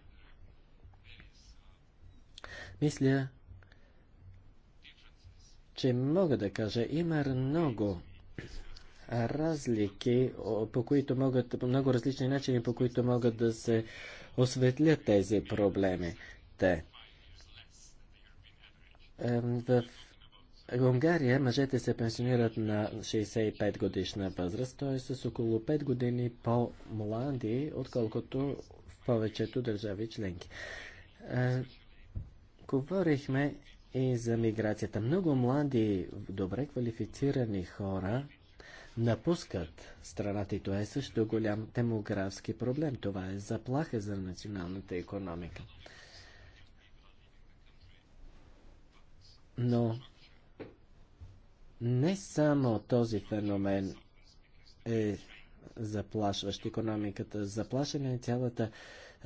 мисля, че мога да кажа, има много разлики, по които могат, много различни начини, по които могат да се осветлят тези проблеми. Те. В в Унгария мъжете се пенсионират на 65 годишна възраст, т.е. с около 5 години по-млади, отколкото в повечето държави членки. Е, говорихме и за миграцията. Много млади, добре квалифицирани хора напускат страната и това е също голям демографски проблем. Това е заплаха за националната економика. Но не само този феномен е заплашващ економиката, заплашена е цялата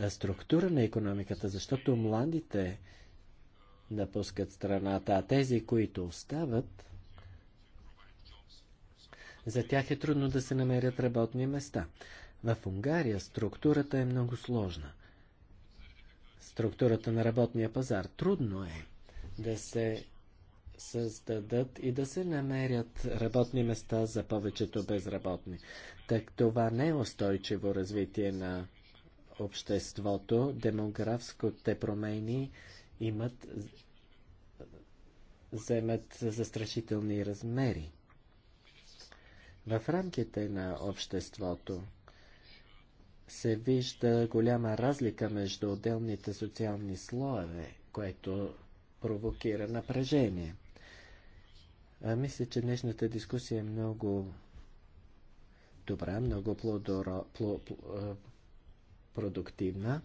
структура на економиката, защото младите напускат страната, а тези, които остават, за тях е трудно да се намерят работни места. В Унгария структурата е много сложна. Структурата на работния пазар трудно е да се създадат и да се намерят работни места за повечето безработни. Так това не е устойчиво развитие на обществото. Демографските промени имат вземат застрашителни размери. В рамките на обществото се вижда голяма разлика между отделните социални слоеве, което провокира напрежение. А, мисля, че днешната дискусия е много добра, много плодоро, пло, пло, продуктивна.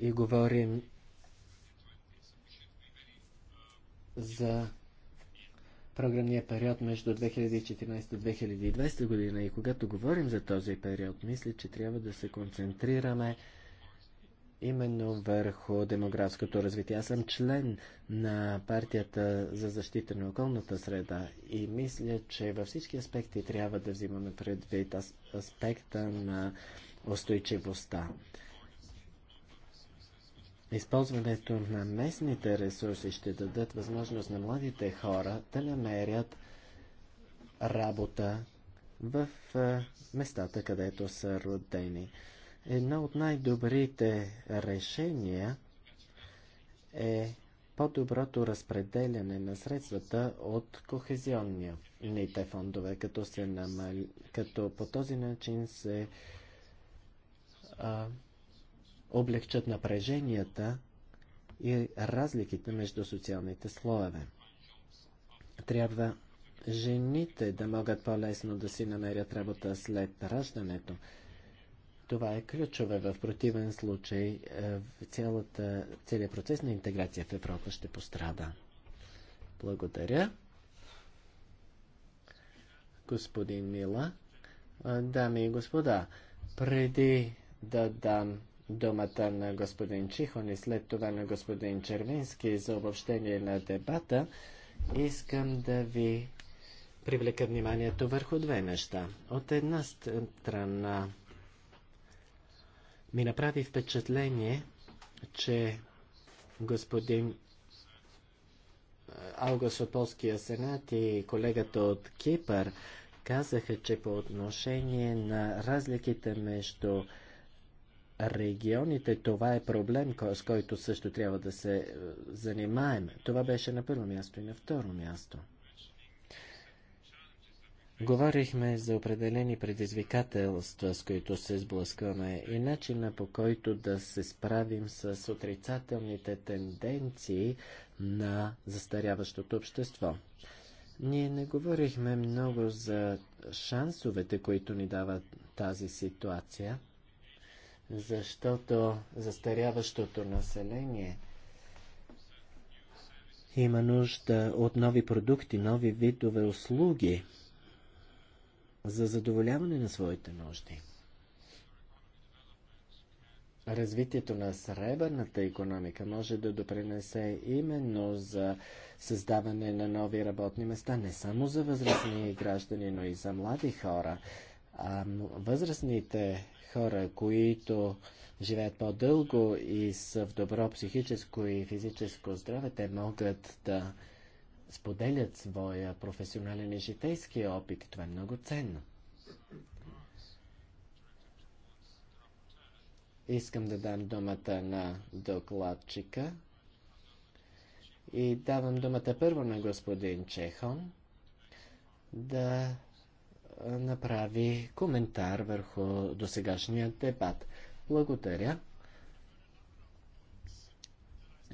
И говорим за програмния период между 2014-2020 година и когато говорим за този период, мисля, че трябва да се концентрираме именно върху демографското развитие. Аз съм член на партията за защита на околната среда и мисля, че във всички аспекти трябва да взимаме предвид аспекта на устойчивостта. Използването на местните ресурси ще дадат възможност на младите хора да намерят работа в местата, където са родени. Едно от най-добрите решения е по-доброто разпределяне на средствата от кохезионните фондове, като, се намал... като по този начин се а, облегчат напреженията и разликите между социалните слоеве. Трябва жените да могат по-лесно да си намерят работа след раждането. Това е ключове. В противен случай е, цялата, целият процес на интеграция в Европа ще пострада. Благодаря. Господин Мила, е, дами и господа, преди да дам думата на господин Чихон и след това на господин Червински за обобщение на дебата, искам да ви привлека вниманието върху две неща. От една страна ми направи впечатление, че господин Алгос от Полския сенат и колегата от Кипър казаха, че по отношение на разликите между регионите, това е проблем, с който също трябва да се е, занимаем. Това беше на първо място и на второ място. Говорихме за определени предизвикателства, с които се сблъскваме и начина по който да се справим с отрицателните тенденции на застаряващото общество. Ние не говорихме много за шансовете, които ни дава тази ситуация, защото застаряващото население има нужда от нови продукти, нови видове услуги за задоволяване на своите нужди. Развитието на сребърната економика може да допринесе именно за създаване на нови работни места, не само за възрастни граждани, но и за млади хора. А възрастните хора, които живеят по-дълго и са в добро психическо и физическо здраве, те могат да споделят своя професионален и житейски опит. Това е много ценно. Искам да дам думата на докладчика и давам думата първо на господин Чехон да направи коментар върху досегашния дебат. Благодаря.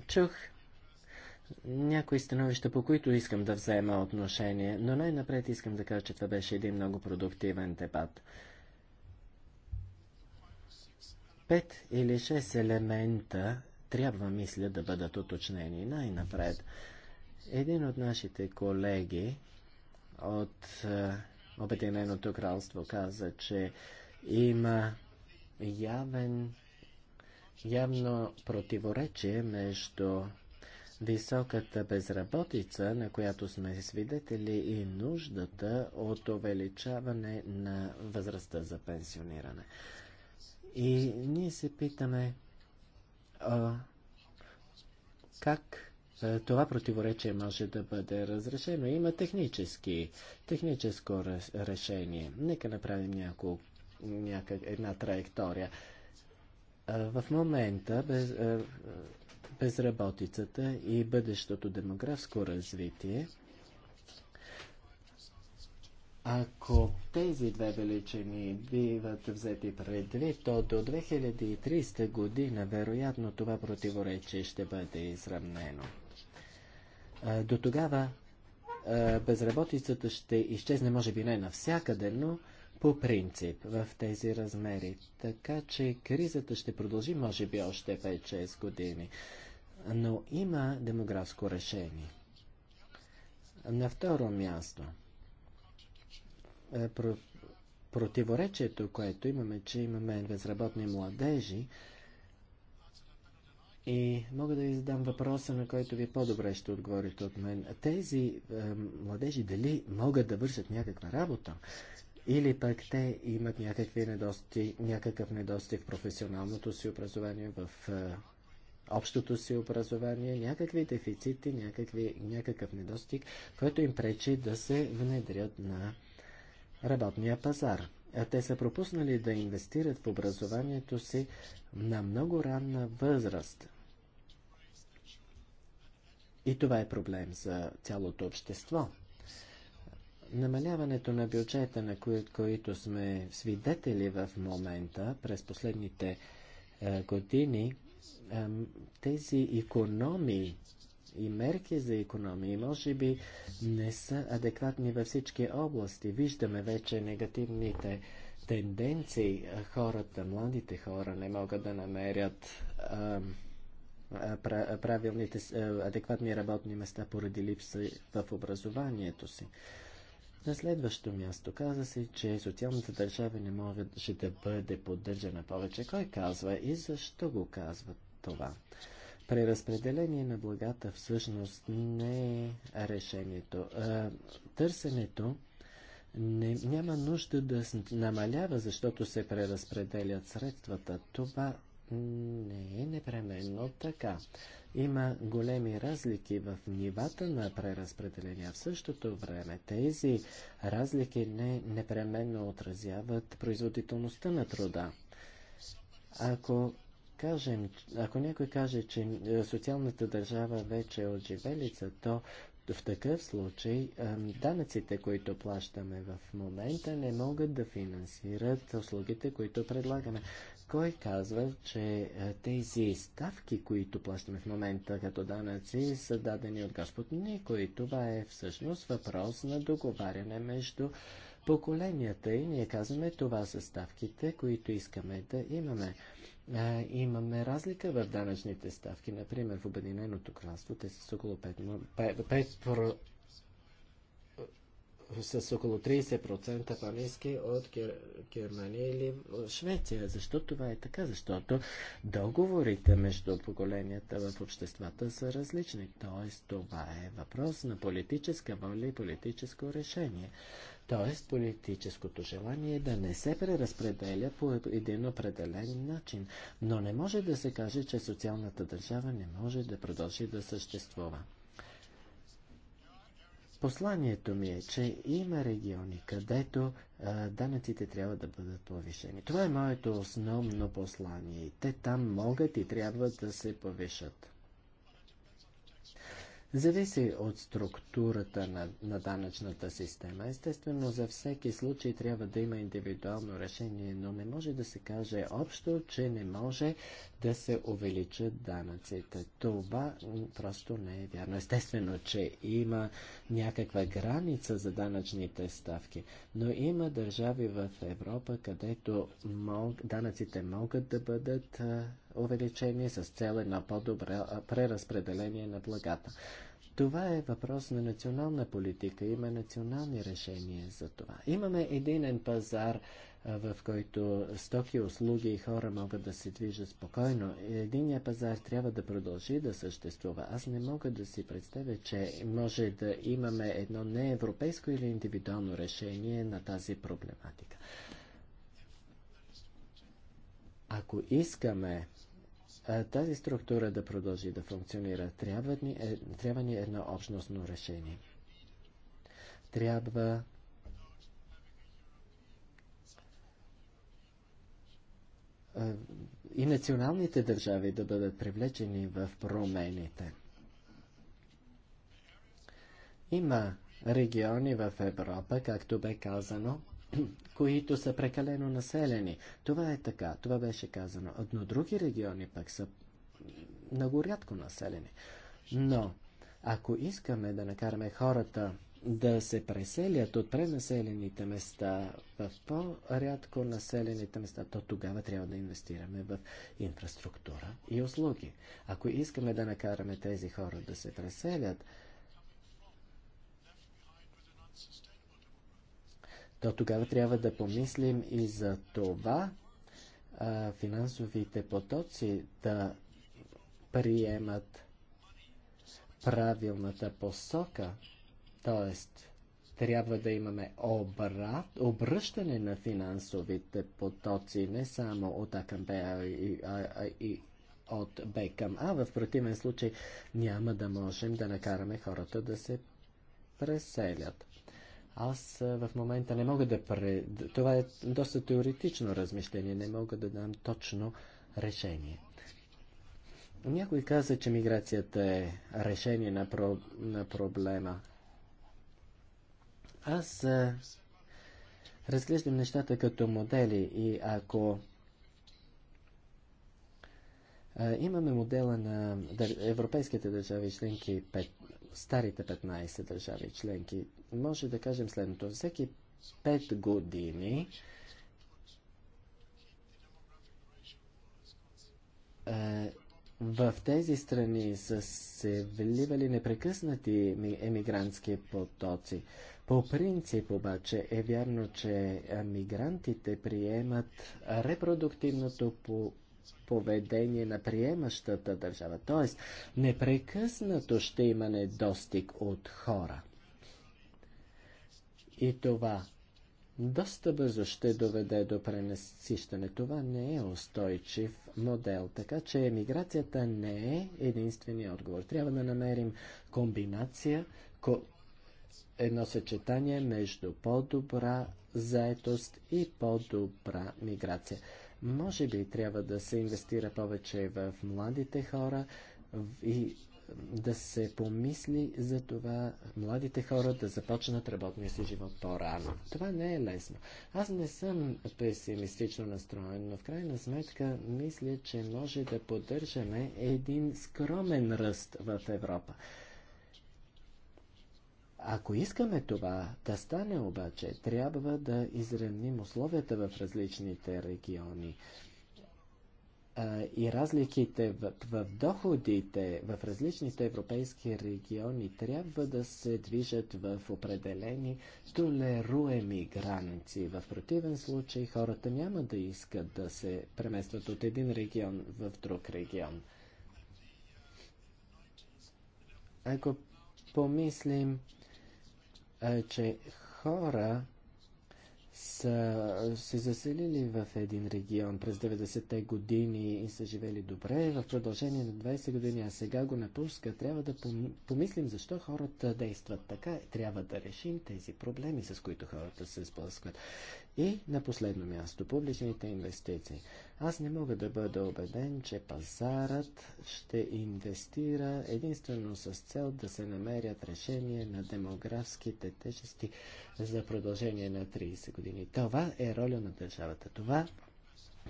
Чух някои становища, по които искам да взема отношение, но най-напред искам да кажа, че това беше един много продуктивен дебат. Пет или шест елемента трябва, мисля, да бъдат уточнени. Най-напред, един от нашите колеги от Обединеното кралство каза, че има явен, явно противоречие между високата безработица, на която сме свидетели и нуждата от увеличаване на възрастта за пенсиониране. И ние се питаме а, как това противоречие може да бъде разрешено. Има технически, техническо решение. Нека направим няколко, някак, една траектория. В момента без, безработицата и бъдещото демографско развитие, ако тези две величини биват взети предвид, то до 2030 година вероятно това противоречие ще бъде изравнено. До тогава безработицата ще изчезне, може би не навсякъде, но по принцип в тези размери. Така че кризата ще продължи, може би, още 5-6 години но има демографско решение. На второ място, е, про противоречието, което имаме, че имаме безработни младежи, и мога да ви задам въпроса, на който ви по-добре ще отговорите от мен. Тези е, младежи дали могат да вършат някаква работа? Или пък те имат някакви недости, някакъв недостиг в професионалното си образование, в е, общото си образование, някакви дефицити, някакви, някакъв недостиг, който им пречи да се внедрят на работния пазар. А те са пропуснали да инвестират в образованието си на много ранна възраст. И това е проблем за цялото общество. Намаляването на бюджета, на кои, които сме свидетели в момента през последните е, години, тези економии и мерки за економии може би не са адекватни във всички области. Виждаме вече негативните тенденции. Хората, младите хора не могат да намерят правилните, адекватни работни места поради липса в образованието си. На следващо място каза се, че социалната държава не може да бъде поддържана повече. Кой казва и защо го казва това? Преразпределение на благата всъщност не е решението. Търсенето не, няма нужда да намалява, защото се преразпределят средствата. Това не е непременно така. Има големи разлики в нивата на преразпределение. В същото време тези разлики не непременно отразяват производителността на труда. Ако кажем, ако някой каже, че е, социалната държава вече е отживелица, то в такъв случай е, данъците, които плащаме в момента, не могат да финансират услугите, които предлагаме кой казва, че е, тези ставки, които плащаме в момента като данъци, са дадени от Господ? Никой. Това е всъщност въпрос на договаряне между поколенията и ние казваме това са ставките, които искаме да имаме. А, е, имаме разлика в данъчните ставки. Например, в Обединеното кралство те са с около 5%, 5 с около 30% по низки от Гер... Германия или Швеция. Защо това е така? Защото договорите между поколенията в обществата са различни. Тоест, това е въпрос на политическа воля и политическо решение. Тоест, политическото желание е да не се преразпределя по един определен начин. Но не може да се каже, че социалната държава не може да продължи да съществува. Посланието ми е, че има региони, където а, данъците трябва да бъдат повишени. Това е моето основно послание. Те там могат и трябва да се повишат зависи от структурата на, на данъчната система. Естествено, за всеки случай трябва да има индивидуално решение, но не може да се каже общо, че не може да се увеличат данъците. Това просто не е вярно. Естествено, че има някаква граница за данъчните ставки, но има държави в Европа, където мог, данъците могат да бъдат увеличение с цел едно по-добро преразпределение на благата. Това е въпрос на национална политика. Има национални решения за това. Имаме единен пазар, в който стоки, услуги и хора могат да се движат спокойно. Единият пазар трябва да продължи да съществува. Аз не мога да си представя, че може да имаме едно неевропейско или индивидуално решение на тази проблематика. Ако искаме е, тази структура да продължи да функционира. Трябва ни, е, трябва ни едно общностно решение. Трябва е, и националните държави да бъдат привлечени в промените. Има региони в Европа, както бе казано, които са прекалено населени. Това е така, това беше казано. Но други региони пък са много рядко населени. Но, ако искаме да накараме хората да се преселят от пренаселените места в по-рядко населените места, то тогава трябва да инвестираме в инфраструктура и услуги. Ако искаме да накараме тези хора да се преселят, то тогава трябва да помислим и за това а, финансовите потоци да приемат правилната посока, т.е. трябва да имаме обрат, обръщане на финансовите потоци не само от А към Б, а и, а, а, и от Б към А. В противен случай няма да можем да накараме хората да се преселят. Аз в момента не мога да... Пре... Това е доста теоретично размишление. Не мога да дам точно решение. Някой каза, че миграцията е решение на, про... на проблема. Аз а... разглеждам нещата като модели и ако а, имаме модела на дър... европейските държави членки, пет... старите 15 държави членки, може да кажем следното. Всеки 5 години е, в тези страни са се вливали непрекъснати емигрантски потоци. По принцип обаче е вярно, че е, мигрантите приемат репродуктивното по поведение на приемащата държава. Т.е. непрекъснато ще има недостиг от хора. И това доста бързо ще доведе до пренасищане. Това не е устойчив модел, така че емиграцията не е единствения отговор. Трябва да намерим комбинация, ко... едно съчетание между по-добра заетост и по-добра миграция. Може би трябва да се инвестира повече в младите хора и да се помисли за това младите хора да започнат работния си живот по-рано. Това не е лесно. Аз не съм песимистично настроен, но в крайна сметка мисля, че може да поддържаме един скромен ръст в Европа. Ако искаме това да стане обаче, трябва да изравним условията в различните региони и разликите в, в доходите в различните европейски региони трябва да се движат в определени толеруеми граници. В противен случай хората няма да искат да се преместват от един регион в друг регион. Ако помислим, че хора са се заселили в един регион през 90-те години и са живели добре в продължение на 20 години, а сега го напуска. Трябва да помислим защо хората действат така. Трябва да решим тези проблеми, с които хората се сблъскват. И на последно място, публичните инвестиции. Аз не мога да бъда убеден, че пазарът ще инвестира единствено с цел да се намерят решение на демографските тежести за продължение на 30 години. Това е роля на държавата. Това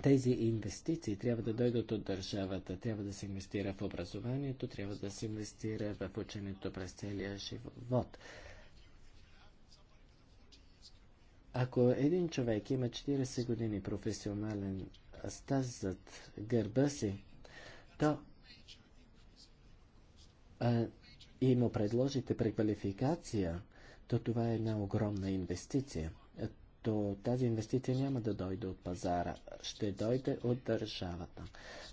тези инвестиции трябва да дойдат от държавата, трябва да се инвестира в образованието, трябва да се инвестира в ученето през целия живот. Ако един човек има 40 години професионален стаж зад гърба си, то а, и му предложите преквалификация, то това е една огромна инвестиция. То тази инвестиция няма да дойде от пазара, ще дойде от държавата.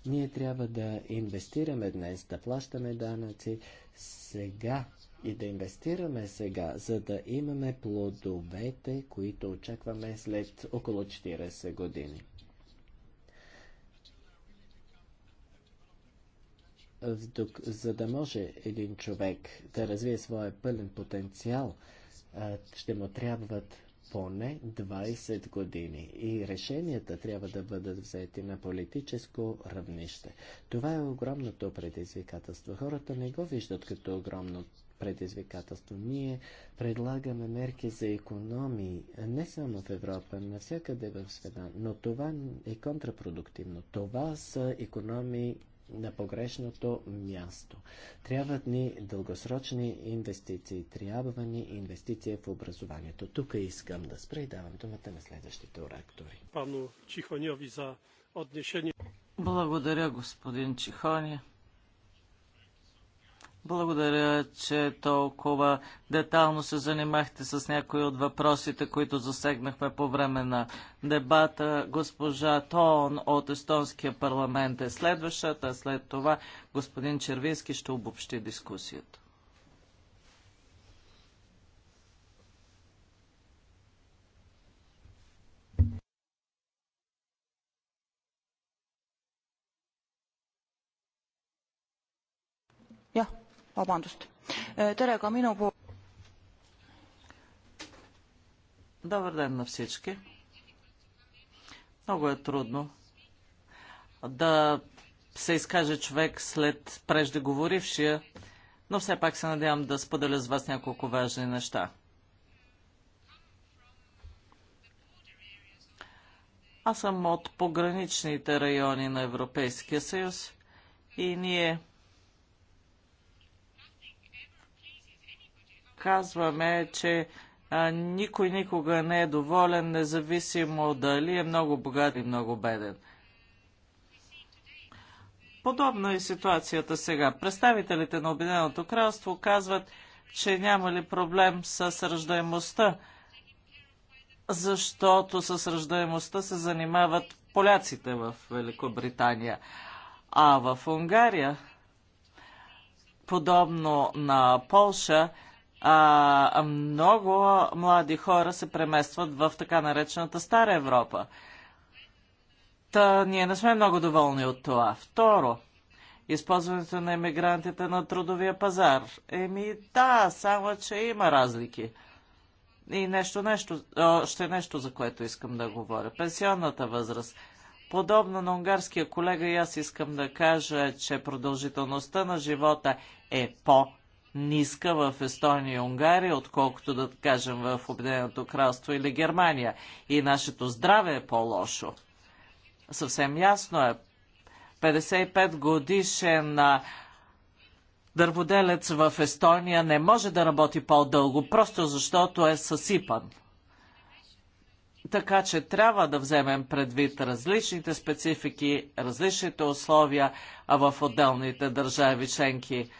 Ние трябва да инвестираме днес, да плащаме данъци сега, и да инвестираме сега, за да имаме плодовете, които очакваме след около 40 години. За да може един човек да развие своя пълен потенциал, ще му трябват поне 20 години и решенията трябва да бъдат взети на политическо равнище. Това е огромното предизвикателство. Хората не го виждат като огромно предизвикателство. Ние предлагаме мерки за економии не само в Европа, навсякъде в света, но това е контрапродуктивно. Това са економии на погрешното място. Трябват ни дългосрочни инвестиции, трябва ни инвестиция в образованието. Тук искам да спра и давам думата на следващите орактори. Пану Чихоньови за отнешение. Благодаря, господин Чихоня. Благодаря, че толкова детално се занимахте с някои от въпросите, които засегнахме по време на дебата. Госпожа Тон от Естонския парламент е следващата, а след това господин Червински ще обобщи дискусията. Yeah. Äh, Добър ден на всички. Много е трудно да се изкаже човек след преждеговорившия, но все пак се надявам да споделя с вас няколко важни неща. Аз съм от пограничните райони на Европейския съюз и ние казваме, че а, никой никога не е доволен, независимо дали е много богат и много беден. Подобна е ситуацията сега. Представителите на Обединеното кралство казват, че няма ли проблем с ръждаемостта, защото с ръждаемостта се занимават поляците в Великобритания. А в Унгария, подобно на Полша, а, много млади хора се преместват в така наречената Стара Европа. Та ние не сме много доволни от това. Второ, използването на емигрантите на трудовия пазар. Еми да, само че има разлики. И нещо, нещо, още нещо, за което искам да говоря. Пенсионната възраст. Подобно на унгарския колега, и аз искам да кажа, че продължителността на живота е по ниска в Естония и Унгария, отколкото да кажем в Обединеното кралство или Германия. И нашето здраве е по-лошо. Съвсем ясно е. 55 годишен дърводелец в Естония не може да работи по-дълго, просто защото е съсипан. Така че трябва да вземем предвид различните специфики, различните условия в отделните държави членки.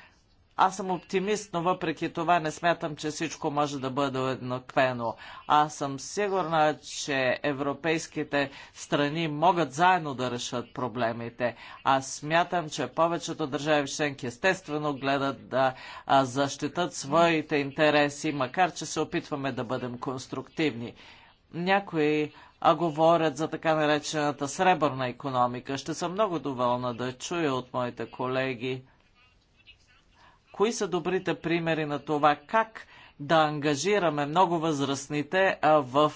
Аз съм оптимист, но въпреки това не смятам, че всичко може да бъде уеднаквено. Аз съм сигурна, че европейските страни могат заедно да решат проблемите. Аз смятам, че повечето държави членки естествено гледат да защитат своите интереси, макар че се опитваме да бъдем конструктивни. Някои а говорят за така наречената сребърна економика. Ще съм много доволна да чуя от моите колеги кои са добрите примери на това как да ангажираме много възрастните в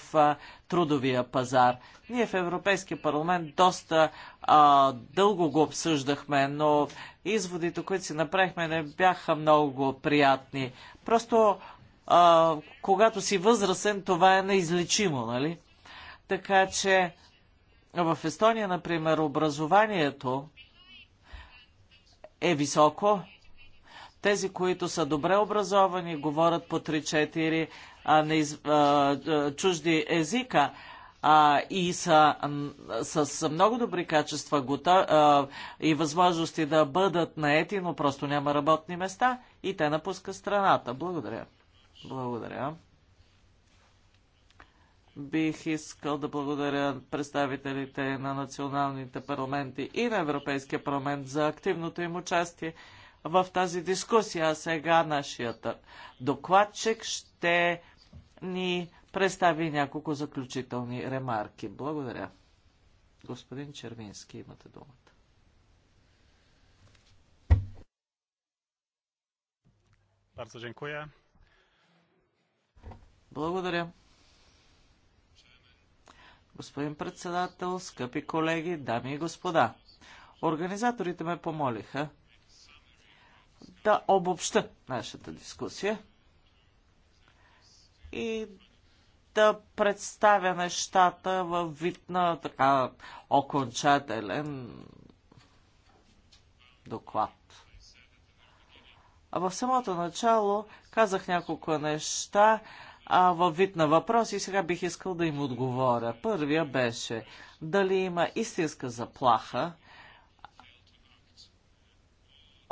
трудовия пазар. Ние в Европейския парламент доста а, дълго го обсъждахме, но изводите, които си направихме, не бяха много приятни. Просто а, когато си възрастен, това е неизлечимо, нали? Така че в Естония, например, образованието е високо, тези, които са добре образовани, говорят по 3-4 чужди езика а, и са с, с много добри качества гота, а, и възможности да бъдат наети, но просто няма работни места и те напускат страната. Благодаря. Благодаря. Бих искал да благодаря представителите на националните парламенти и на Европейския парламент за активното им участие в тази дискусия. А сега нашият докладчик ще ни представи няколко заключителни ремарки. Благодаря. Господин Червински, имате думата. Благодаря. Господин председател, скъпи колеги, дами и господа, организаторите ме помолиха да обобща нашата дискусия и да представя нещата в вид на така окончателен доклад. А в самото начало казах няколко неща а, във вид на въпроси и сега бих искал да им отговоря. Първия беше дали има истинска заплаха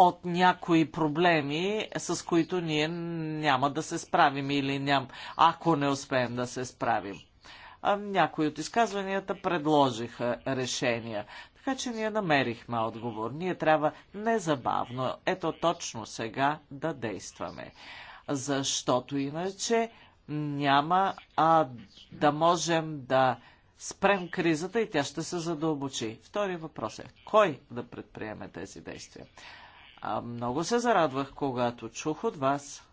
от някои проблеми, с които ние няма да се справим или ням, ако не успеем да се справим. А някои от изказванията предложиха решения. Така че ние намерихме отговор. Ние трябва незабавно, ето точно сега, да действаме. Защото иначе няма а, да можем да спрем кризата и тя ще се задълбочи. Втори въпрос е, кой да предприеме тези действия? А, много се зарадвах, когато чух от вас.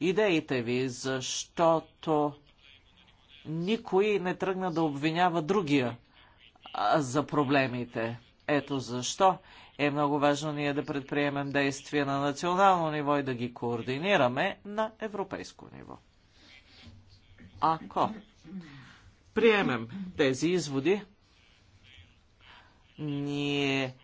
Идеите ви, защото никой не тръгна да обвинява другия за проблемите. Ето защо е много важно ние да предприемем действия на национално ниво и да ги координираме на европейско ниво. Ако приемем тези изводи, ние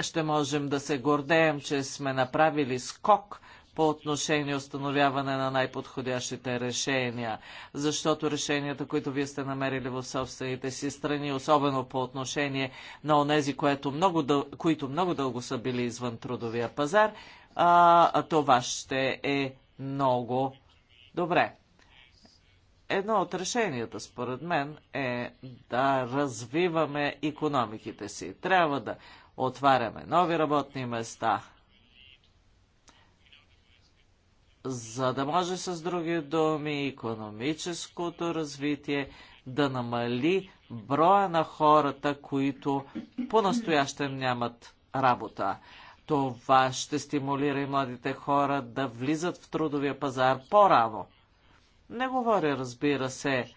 ще можем да се гордеем, че сме направили скок по отношение установяване на най-подходящите решения, защото решенията, които вие сте намерили в собствените си страни, особено по отношение на онези, което много дъл... които много дълго са били извън трудовия пазар, а, това ще е много добре едно от решенията, според мен, е да развиваме економиките си. Трябва да отваряме нови работни места, за да може с други думи економическото развитие да намали броя на хората, които по настоящен нямат работа. Това ще стимулира и младите хора да влизат в трудовия пазар по-рано. Не говоря, разбира се,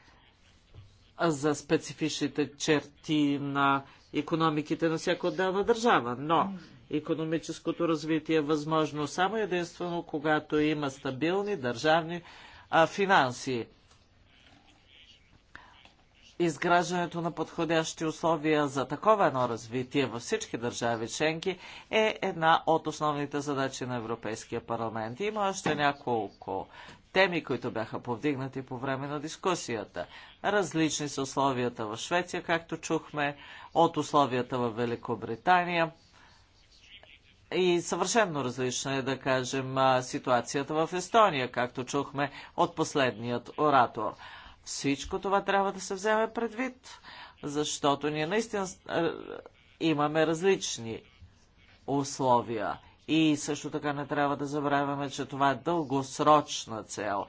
за специфичните черти на економиките на всяка отделна държава, но економическото развитие е възможно само единствено, когато има стабилни държавни а, финанси. Изграждането на подходящи условия за такова едно развитие във всички държави членки е една от основните задачи на Европейския парламент. Има още няколко теми, които бяха повдигнати по време на дискусията. Различни са условията в Швеция, както чухме, от условията в Великобритания. И съвършенно различна е, да кажем, ситуацията в Естония, както чухме от последният оратор. Всичко това трябва да се вземе предвид, защото ние наистина имаме различни условия. И също така не трябва да забравяме, че това е дългосрочна цел.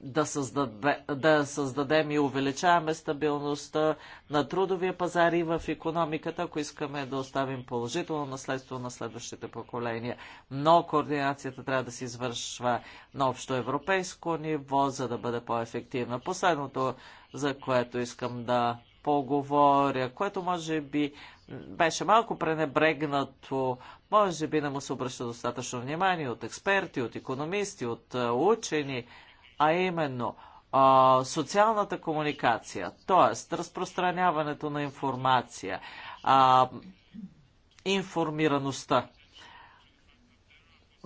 Да, създаде, да създадем и увеличаваме стабилността на трудовия пазар и в економиката, ако искаме да оставим положително наследство на следващите поколения. Но координацията трябва да се извършва на общо европейско ниво, за да бъде по-ефективна. Последното, за което искам да поговоря, което може би беше малко пренебрегнато може би не му се обръща достатъчно внимание от експерти, от економисти, от учени, а именно а, социалната комуникация, т.е. разпространяването на информация, а, информираността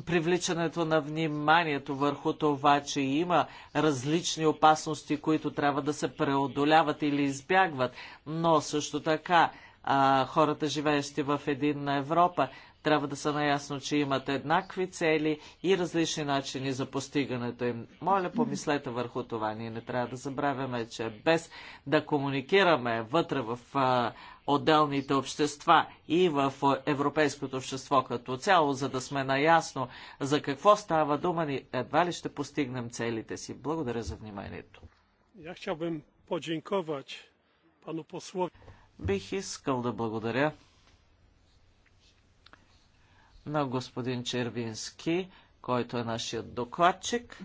привличането на вниманието върху това, че има различни опасности, които трябва да се преодоляват или избягват, но също така а, хората, живеещи в един Европа, трябва да са наясно, че имат еднакви цели и различни начини за постигането им. Моля, помислете върху това. Ние не трябва да забравяме, че без да комуникираме вътре в отделните общества и в европейското общество като цяло, за да сме наясно за какво става дума, ни едва ли ще постигнем целите си. Благодаря за вниманието. Я Бих искал да благодаря на господин Червински, който е нашият докладчик.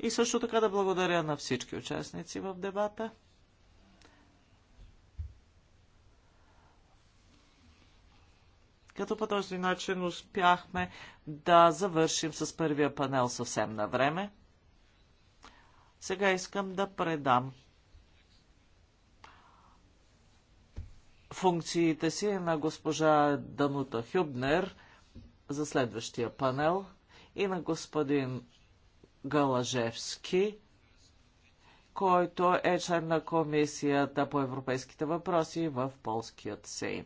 И също така да благодаря на всички участници в дебата. Като по този начин успяхме да завършим с първия панел съвсем на време. Сега искам да предам функциите си на госпожа Данута Хюбнер за следващия панел и на господин Галажевски, който е член на Комисията по европейските въпроси в Полският сейм.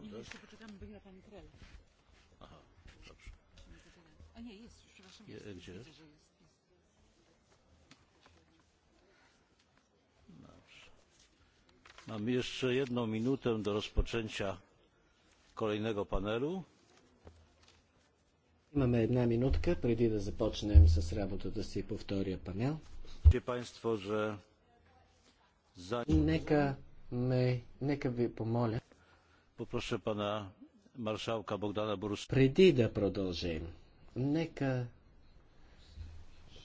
mam też. Jeszcze poczekamy, bo chyba pani Krel. Aha, dobrze. A nie, jest już, przepraszam. Je, jest, gdzie? Widzę, że jest. Mamy jeszcze jedną minutę do rozpoczęcia kolejnego panelu. Mamy jedną minutkę, Имаме една z преди да започнем с panel. си państwo, że панел. neka my, neka wy pomole. Попроша пана маршалка Богдана Борус. Преди да продължим, нека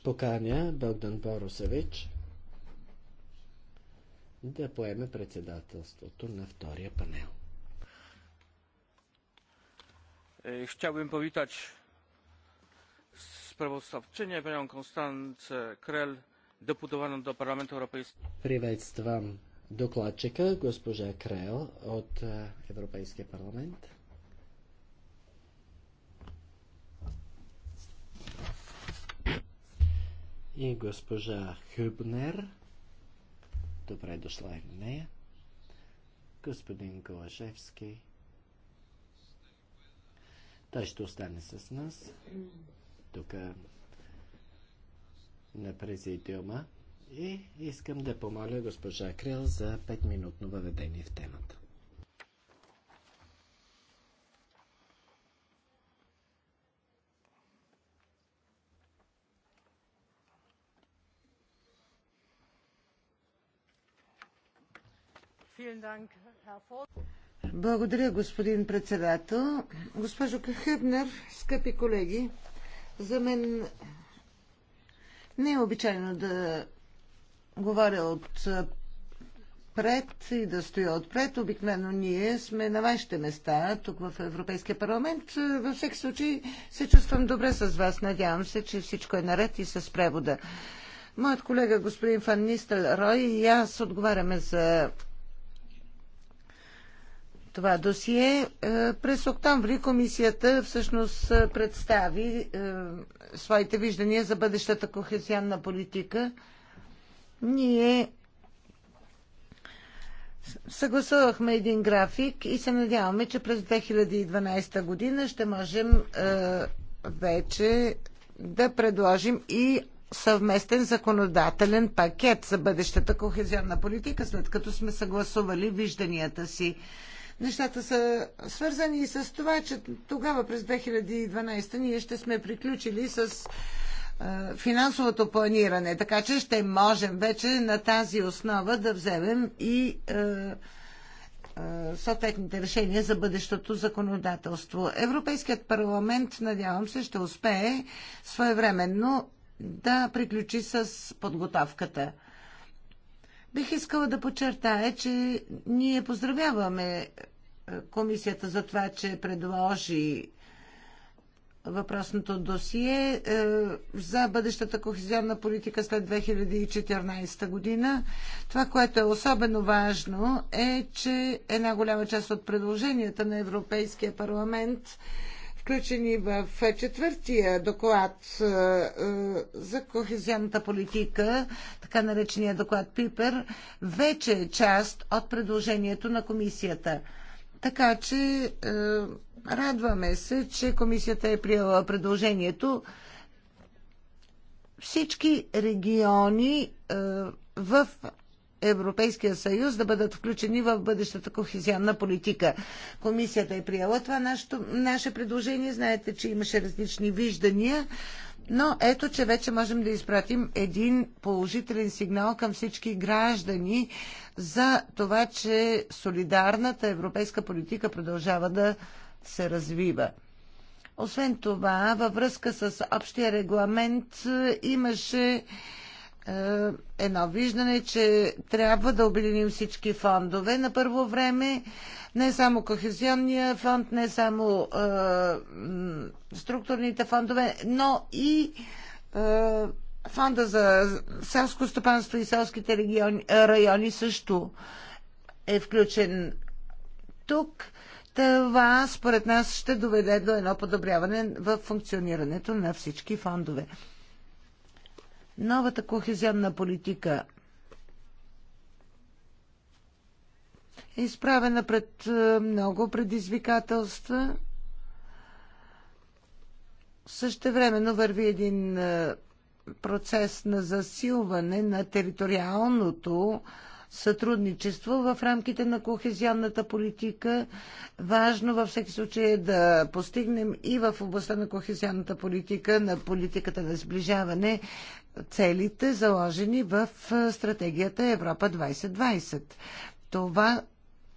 поканя Богдан Борусович да поеме председателството на втория панел. Е, chciałbym powitać sprawozdawczynię, panią Konstancę Krell, deputowaną do Parlamentu Europejskiego. Приветствам докладчика, госпожа Крел от е, Европейския парламент. И госпожа Хюбнер. Добре дошла и на нея. Господин Голашевски. Той ще остане с нас. Тук е, на президиума. И искам да помоля госпожа Крил за 5-минутно въведение в темата. Благодаря, господин председател. Госпожо Хъбнер, скъпи колеги, за мен не е обичайно да говоря от пред и да стоя отпред. Обикновено ние сме на вашите места, тук в Европейския парламент. Във всеки случай се чувствам добре с вас. Надявам се, че всичко е наред и с превода. Моят колега господин Фан Нистел Рой и аз отговаряме за това досие. Е, през октомври комисията всъщност е, представи е, своите виждания за бъдещата кохезионна политика – ние съгласувахме един график и се надяваме, че през 2012 година ще можем е, вече да предложим и съвместен законодателен пакет за бъдещата кохезионна политика, след като сме съгласували вижданията си. Нещата са свързани и с това, че тогава през 2012 ние ще сме приключили с е, финансовото планиране, така че ще можем вече на тази основа да вземем и е, е, съответните решения за бъдещото законодателство. Европейският парламент, надявам се, ще успее своевременно да приключи с подготовката. Бих искала да подчертая, че ние поздравяваме комисията за това, че предложи въпросното досие е, за бъдещата кохезионна политика след 2014 година. Това, което е особено важно, е, че една голяма част от предложенията на Европейския парламент включени в четвъртия доклад е, е, за кохезионната политика, така наречения доклад Пипер, вече е част от предложението на комисията. Така че Радваме се, че комисията е приела предложението всички региони е, в Европейския съюз да бъдат включени в бъдещата кохезионна политика. Комисията е приела това нашето, наше предложение. Знаете, че имаше различни виждания, но ето, че вече можем да изпратим един положителен сигнал към всички граждани за това, че солидарната европейска политика продължава да се развива. Освен това, във връзка с общия регламент е, имаше е, едно виждане, че трябва да обединим всички фондове на първо време, не само Кохезионния фонд, не само е, структурните фондове, но и е, фонда за селско стопанство и селските региони, райони също е включен тук. Това, според нас, ще доведе до едно подобряване в функционирането на всички фондове. Новата кохезионна политика е изправена пред е, много предизвикателства. времено върви един е, процес на засилване на териториалното сътрудничество в рамките на кохезионната политика. Важно във всеки случай е да постигнем и в областта на кохезионната политика, на политиката на сближаване, целите заложени в стратегията Европа 2020. Това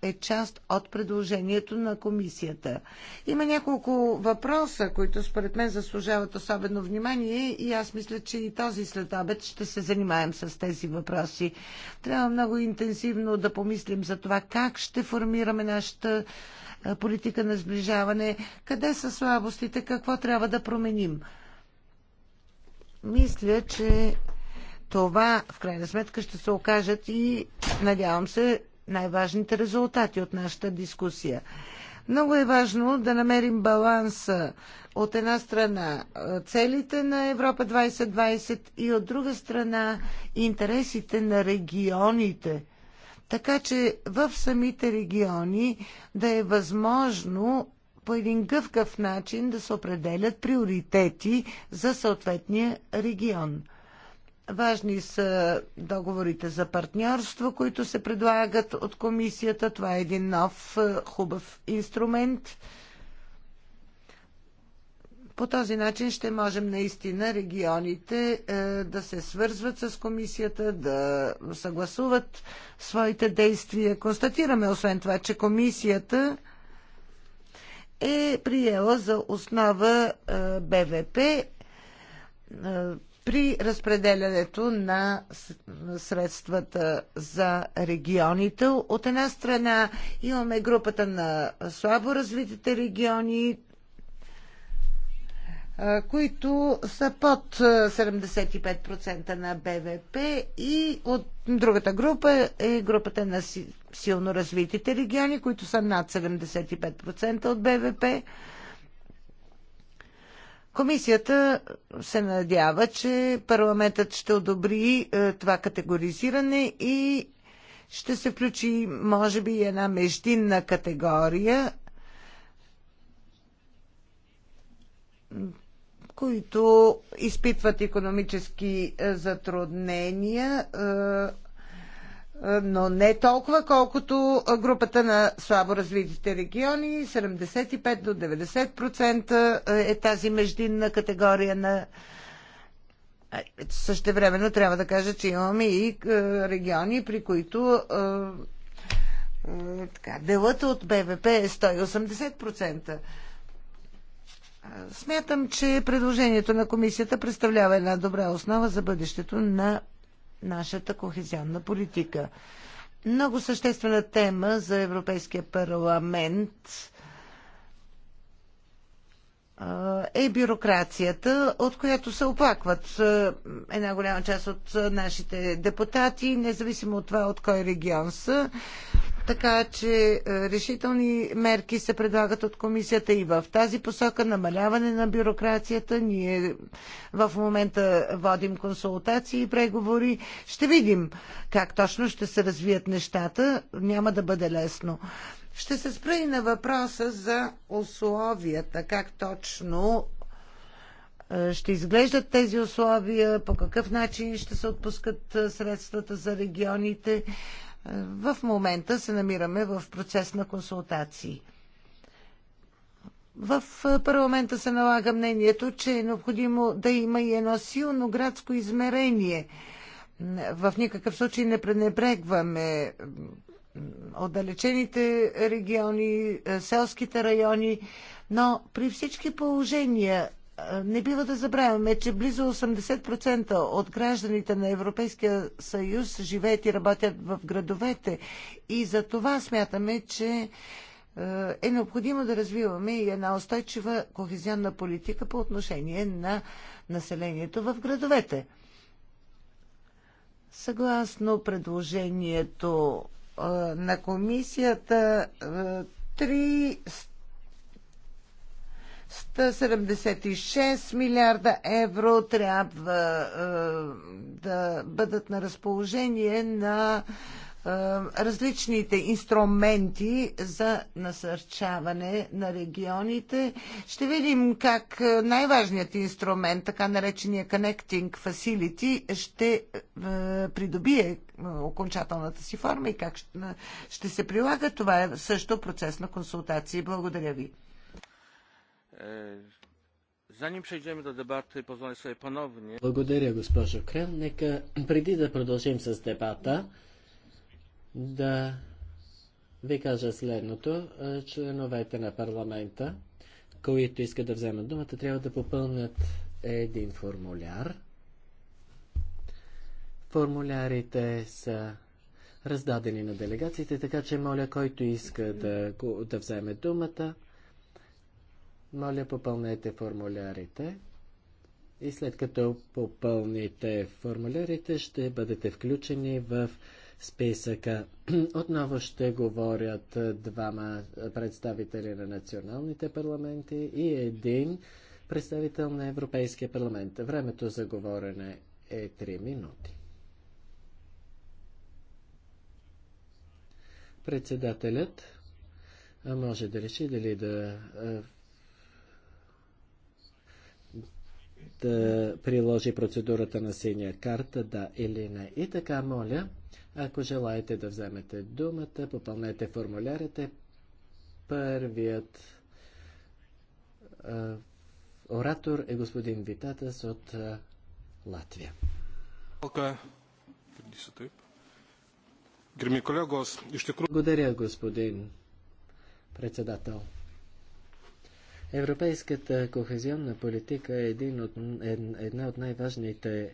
е част от предложението на комисията. Има няколко въпроса, които според мен заслужават особено внимание и аз мисля, че и този след обед ще се занимаем с тези въпроси. Трябва много интенсивно да помислим за това как ще формираме нашата политика на сближаване, къде са слабостите, какво трябва да променим. Мисля, че това в крайна сметка ще се окажат и, надявам се, най-важните резултати от нашата дискусия. Много е важно да намерим баланса от една страна целите на Европа 2020 и от друга страна интересите на регионите. Така че в самите региони да е възможно по един гъвкав начин да се определят приоритети за съответния регион – Важни са договорите за партньорство, които се предлагат от комисията. Това е един нов, е, хубав инструмент. По този начин ще можем наистина регионите е, да се свързват с комисията, да съгласуват своите действия. Констатираме освен това, че комисията е приела за основа е, БВП при разпределянето на средствата за регионите. От една страна имаме групата на слабо развитите региони, които са под 75% на БВП и от другата група е групата на силно развитите региони, които са над 75% от БВП. Комисията се надява, че парламентът ще одобри е, това категоризиране и ще се включи, може би, една междинна категория, които изпитват економически е, затруднения е, но не толкова, колкото групата на слабо развитите региони. 75 до 90% е тази междинна категория на. Също времено трябва да кажа, че имаме и региони, при които така, делът от БВП е 180%. Смятам, че предложението на комисията представлява една добра основа за бъдещето на нашата кохезионна политика. Много съществена тема за Европейския парламент е бюрокрацията, от която се оплакват една голяма част от нашите депутати, независимо от това от кой регион са. Така че е, решителни мерки се предлагат от комисията и в тази посока намаляване на бюрокрацията. Ние в момента водим консултации и преговори. Ще видим как точно ще се развият нещата. Няма да бъде лесно. Ще се спра и на въпроса за условията, как точно е, ще изглеждат тези условия, по какъв начин ще се отпускат е, средствата за регионите. В момента се намираме в процес на консултации. В парламента се налага мнението, че е необходимо да има и едно силно градско измерение. В никакъв случай не пренебрегваме отдалечените региони, селските райони, но при всички положения не бива да забравяме, че близо 80% от гражданите на Европейския съюз живеят и работят в градовете. И за това смятаме, че е, е необходимо да развиваме и една устойчива кохезионна политика по отношение на населението в градовете. Съгласно предложението е, на комисията, 300 е, 176 милиарда евро трябва е, да бъдат на разположение на е, различните инструменти за насърчаване на регионите. Ще видим как е, най-важният инструмент, така наречения Connecting Facility, ще е, придобие е, окончателната си форма и как ще, е, ще се прилага. Това е също процес на консултации. Благодаря ви. Е, Благодаря, госпожо Крел. Нека преди да продължим с дебата, да ви кажа следното. Е, членовете на парламента, които искат да вземат думата, трябва да попълнят един формуляр. Формулярите са раздадени на делегациите, така че моля, който иска да, да вземе думата, моля, попълнете формулярите. И след като попълните формулярите, ще бъдете включени в списъка. Отново ще говорят двама представители на националните парламенти и един представител на Европейския парламент. Времето за говорене е 3 минути. Председателят може да реши дали да да приложи процедурата на синя карта, да или не. И така, моля, ако желаете да вземете думата, попълнете формулярите. Първият оратор е господин Витатас от Латвия. Е. Благодаря, господин председател. Европейската кохезионна политика е един от, една от най-важните е,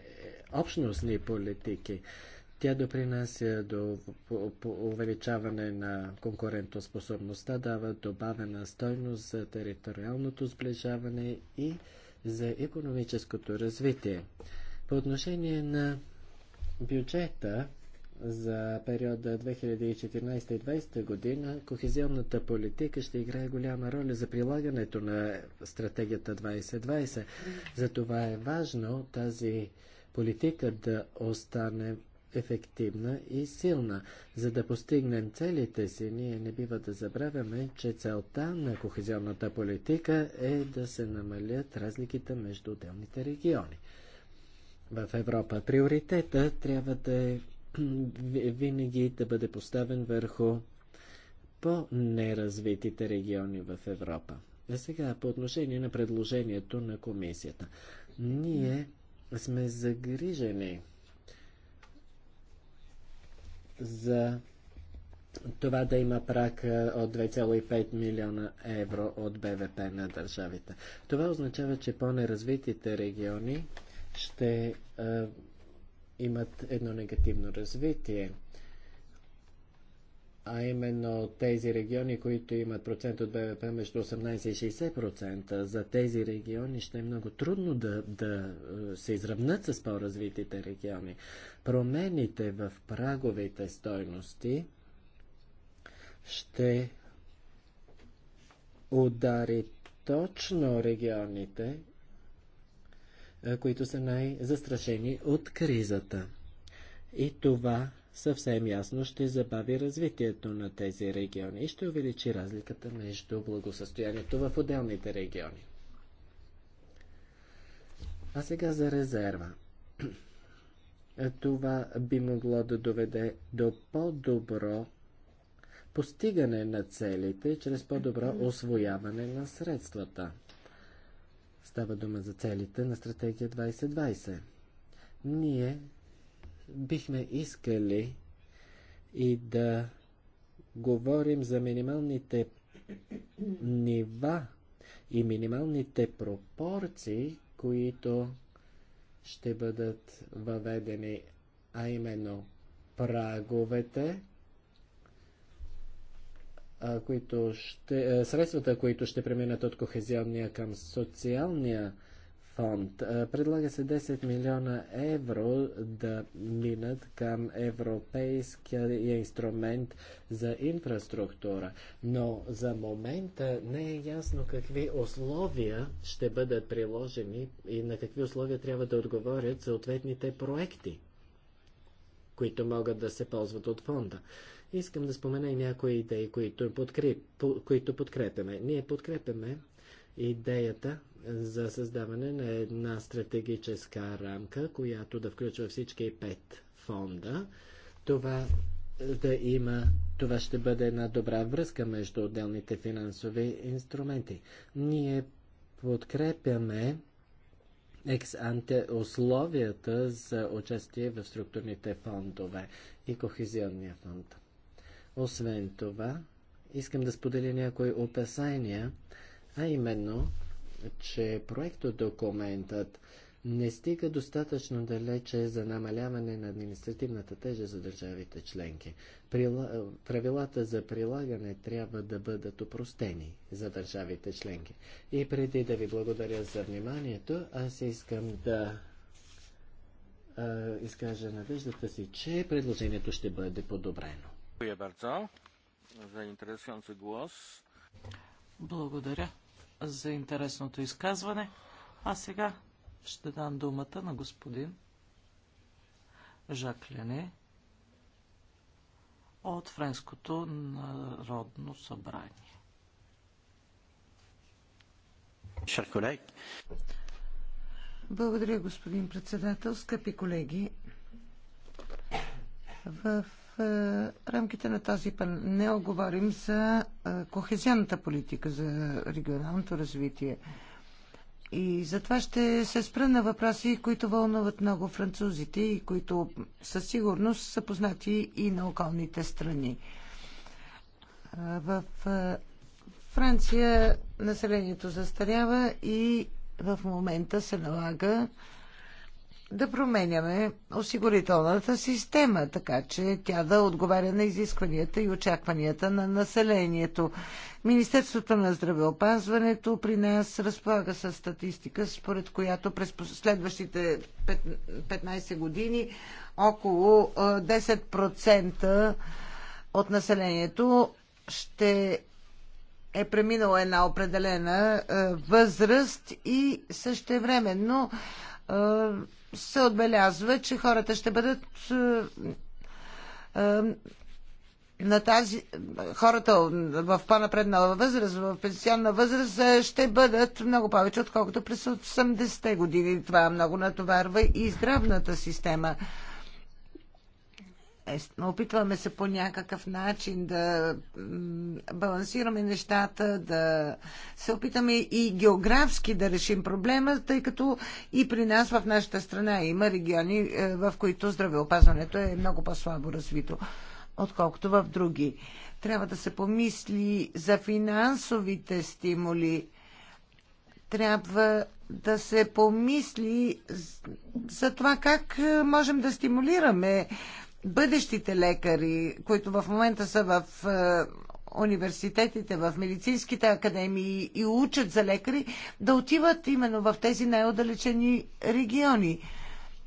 общностни политики. Тя допринася до увеличаване на конкурентоспособността, дава добавена стойност за териториалното сближаване и за економическото развитие. По отношение на бюджета, за периода 2014-2020 година кохезионната политика ще играе голяма роля за прилагането на стратегията 2020. Затова е важно тази политика да остане ефективна и силна. За да постигнем целите си, ние не бива да забравяме, че целта на кохезионната политика е да се намалят разликите между отделните региони. В Европа приоритета трябва да е винаги да бъде поставен върху по-неразвитите региони в Европа. А сега по отношение на предложението на комисията. Ние сме загрижени за това да има прак от 2,5 милиона евро от БВП на държавите. Това означава, че по-неразвитите региони ще имат едно негативно развитие. А именно тези региони, които имат процент от БВП между 18 и 60%, за тези региони ще е много трудно да, да е, се изравнат с по-развитите региони. Промените в праговите стойности ще удари точно регионите, които са най-застрашени от кризата. И това съвсем ясно ще забави развитието на тези региони и ще увеличи разликата между благосъстоянието в отделните региони. А сега за резерва. Това би могло да доведе до по-добро постигане на целите чрез по-добро освояване на средствата. Става дума за целите на стратегия 2020. Ние бихме искали и да говорим за минималните нива и минималните пропорции, които ще бъдат въведени, а именно праговете които ще, средствата, които ще преминат от кохезионния към социалния фонд. Предлага се 10 милиона евро да минат към европейския инструмент за инфраструктура, но за момента не е ясно какви условия ще бъдат приложени и на какви условия трябва да отговорят съответните проекти, които могат да се ползват от фонда. Искам да спомена и някои идеи, които, по, които подкрепяме. Ние подкрепяме идеята за създаване на една стратегическа рамка, която да включва всички пет фонда. Това да има, това ще бъде една добра връзка между отделните финансови инструменти. Ние подкрепяме екс условията за участие в структурните фондове и Кохезионния фонд. Освен това, искам да споделя някои опасения, а именно, че документът не стига достатъчно далече за намаляване на административната тежа за държавите членки. Прила... Правилата за прилагане трябва да бъдат упростени за държавите членки. И преди да ви благодаря за вниманието, аз искам да а, изкажа надеждата си, че предложението ще бъде подобрено. Благодаря за интересното изказване. А сега ще дам думата на господин Жак Лене от Френското народно събрание. Благодаря, господин председател. Скъпи колеги, в е, рамките на този панел говорим за е, кохезионната политика, за регионалното развитие. И затова ще се спра на въпроси, които вълнуват много французите и които със сигурност са познати и на околните страни. Е, в Франция населението застарява и в момента се налага да променяме осигурителната система, така че тя да отговаря на изискванията и очакванията на населението. Министерството на здравеопазването при нас разполага с статистика, според която през следващите 15 години около 10% от населението ще е преминало една определена възраст и същевременно времено се отбелязва, че хората ще бъдат на тази, хората в по-напреднала възраст, в пенсионна възраст, ще бъдат много повече, отколкото през 80-те години. Това много натоварва и здравната система. Е, опитваме се по някакъв начин да балансираме нещата, да се опитаме и географски да решим проблема, тъй като и при нас в нашата страна има региони, е, в които здравеопазването е много по-слабо развито, отколкото в други. Трябва да се помисли за финансовите стимули. Трябва да се помисли за това как е, можем да стимулираме бъдещите лекари, които в момента са в е, университетите, в медицинските академии и учат за лекари, да отиват именно в тези най-отдалечени региони.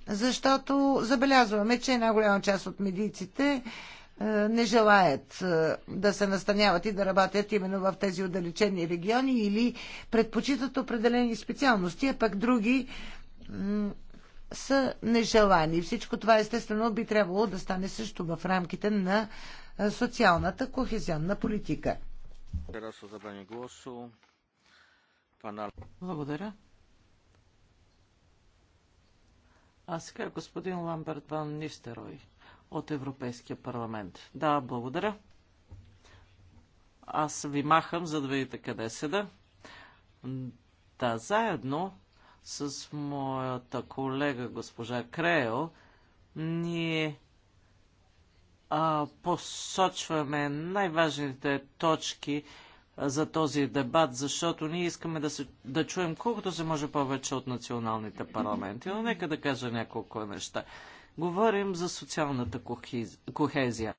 Защото забелязваме, че една голяма част от медиците е, не желаят е, да се настаняват и да работят именно в тези отдалечени региони или предпочитат определени специалности, а пък други са нежелани. Всичко това естествено би трябвало да стане също в рамките на социалната кохезионна политика. Благодаря. А сега е господин Ламберт Ван Нистерой от Европейския парламент. Да, благодаря. Аз ви махам, за да видите къде седа. Да, заедно с моята колега госпожа Крео, ние а, посочваме най-важните точки за този дебат, защото ние искаме да, се, да чуем колкото се може повече от националните парламенти. Но нека да кажа няколко неща. Говорим за социалната кохезия.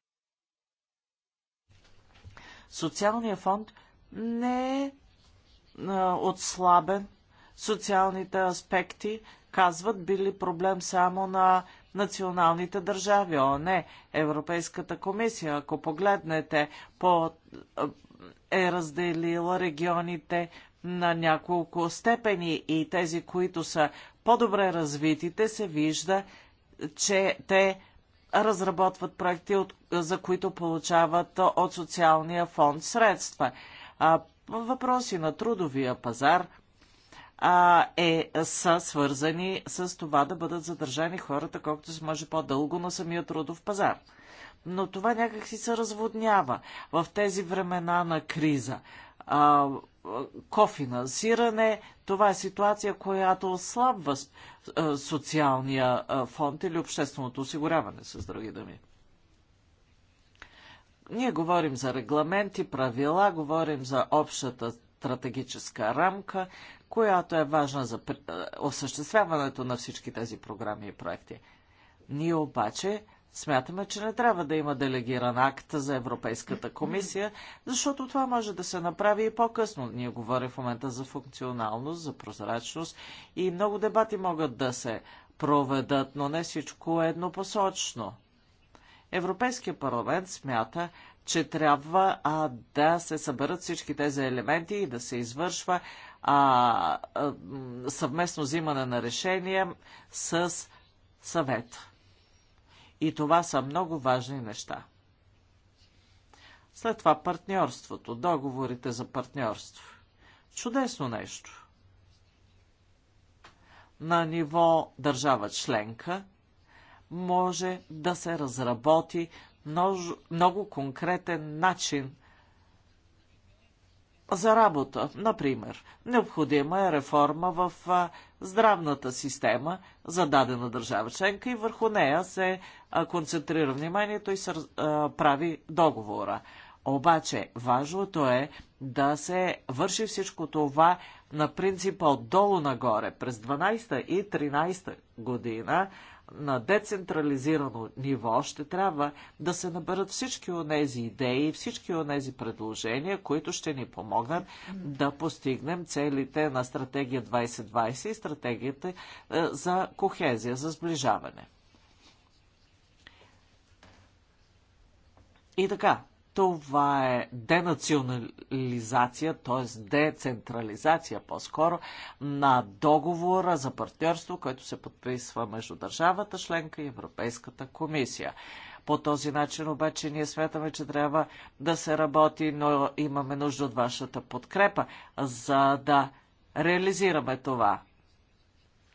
Социалният фонд не е а, отслабен социалните аспекти, казват, били проблем само на националните държави. О, не, Европейската комисия, ако погледнете, по, е разделила регионите на няколко степени и тези, които са по-добре развитите, се вижда, че те разработват проекти, от, за които получават от социалния фонд средства. А, въпроси на трудовия пазар – а, е, са свързани с това да бъдат задържани хората колкото се може по-дълго на самия трудов пазар. Но това някак си се разводнява в тези времена на криза. А, кофинансиране, това е ситуация, която ослабва социалния фонд или общественото осигуряване, с други думи. Ние говорим за регламенти, правила, говорим за общата стратегическа рамка, която е важна за осъществяването на всички тези програми и проекти. Ние обаче смятаме, че не трябва да има делегиран акт за Европейската комисия, защото това може да се направи и по-късно. Ние говорим в момента за функционалност, за прозрачност и много дебати могат да се проведат, но не всичко е еднопосочно. Европейския парламент смята, че трябва а, да се съберат всички тези елементи и да се извършва а, съвместно взимане на решения с съвета. И това са много важни неща. След това партньорството, договорите за партньорство. Чудесно нещо. На ниво държава членка може да се разработи много, много конкретен начин – за работа. Например, необходима е реформа в здравната система за дадена държава членка и върху нея се концентрира вниманието и се прави договора. Обаче важното е да се върши всичко това на принципа отдолу нагоре. През 12 и 13 година на децентрализирано ниво ще трябва да се наберат всички от тези идеи, всички от тези предложения, които ще ни помогнат да постигнем целите на стратегия 2020 и стратегията е, за кохезия, за сближаване. И така, това е денационализация, т.е. децентрализация по-скоро на договора за партньорство, който се подписва между държавата членка и Европейската комисия. По този начин обаче ние смятаме, че трябва да се работи, но имаме нужда от вашата подкрепа, за да реализираме това,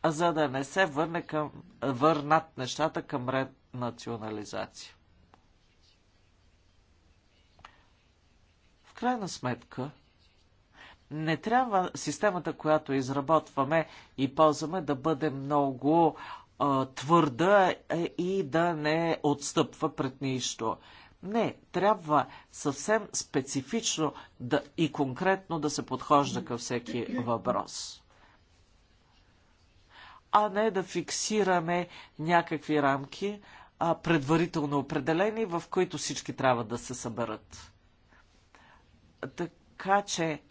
за да не се върне към, върнат нещата към ред национализация. крайна сметка не трябва системата, която изработваме и ползваме, да бъде много а, твърда и да не отстъпва пред нищо. Не, трябва съвсем специфично да, и конкретно да се подхожда към всеки въпрос. А не да фиксираме някакви рамки, а предварително определени, в които всички трябва да се съберат. Така че,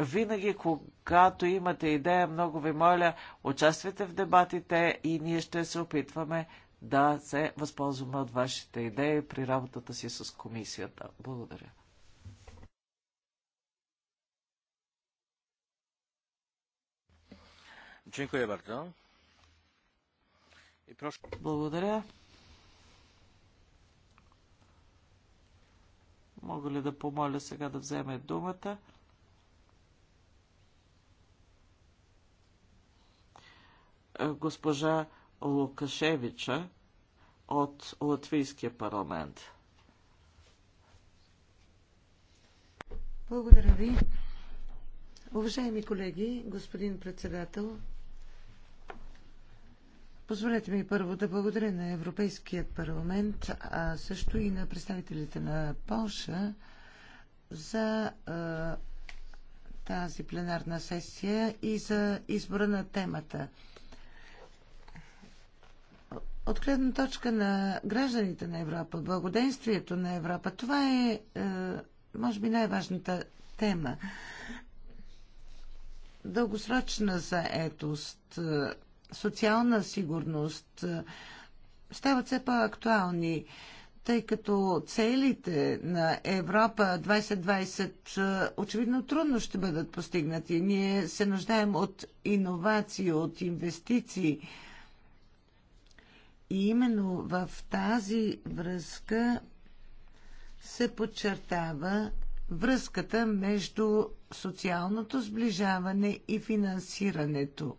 винаги, когато имате идея, много ви моля, участвайте в дебатите и ние ще се опитваме да се възползваме от вашите идеи при работата си с комисията. Благодаря. Благодаря. Мога ли да помоля сега да вземе думата? Е, госпожа Лукашевича от Латвийския парламент. Благодаря ви. Уважаеми колеги, господин председател, Позволете ми първо да благодаря на Европейския парламент, а също и на представителите на Полша за а, тази пленарна сесия и за избора на темата. От гледна точка на гражданите на Европа, благоденствието на Европа, това е, а, може би, най-важната тема. Дългосрочна заетост, социална сигурност е, стават все по-актуални, тъй като целите на Европа 2020 е, очевидно трудно ще бъдат постигнати. Ние се нуждаем от иновации, от инвестиции. И именно в тази връзка се подчертава връзката между социалното сближаване и финансирането.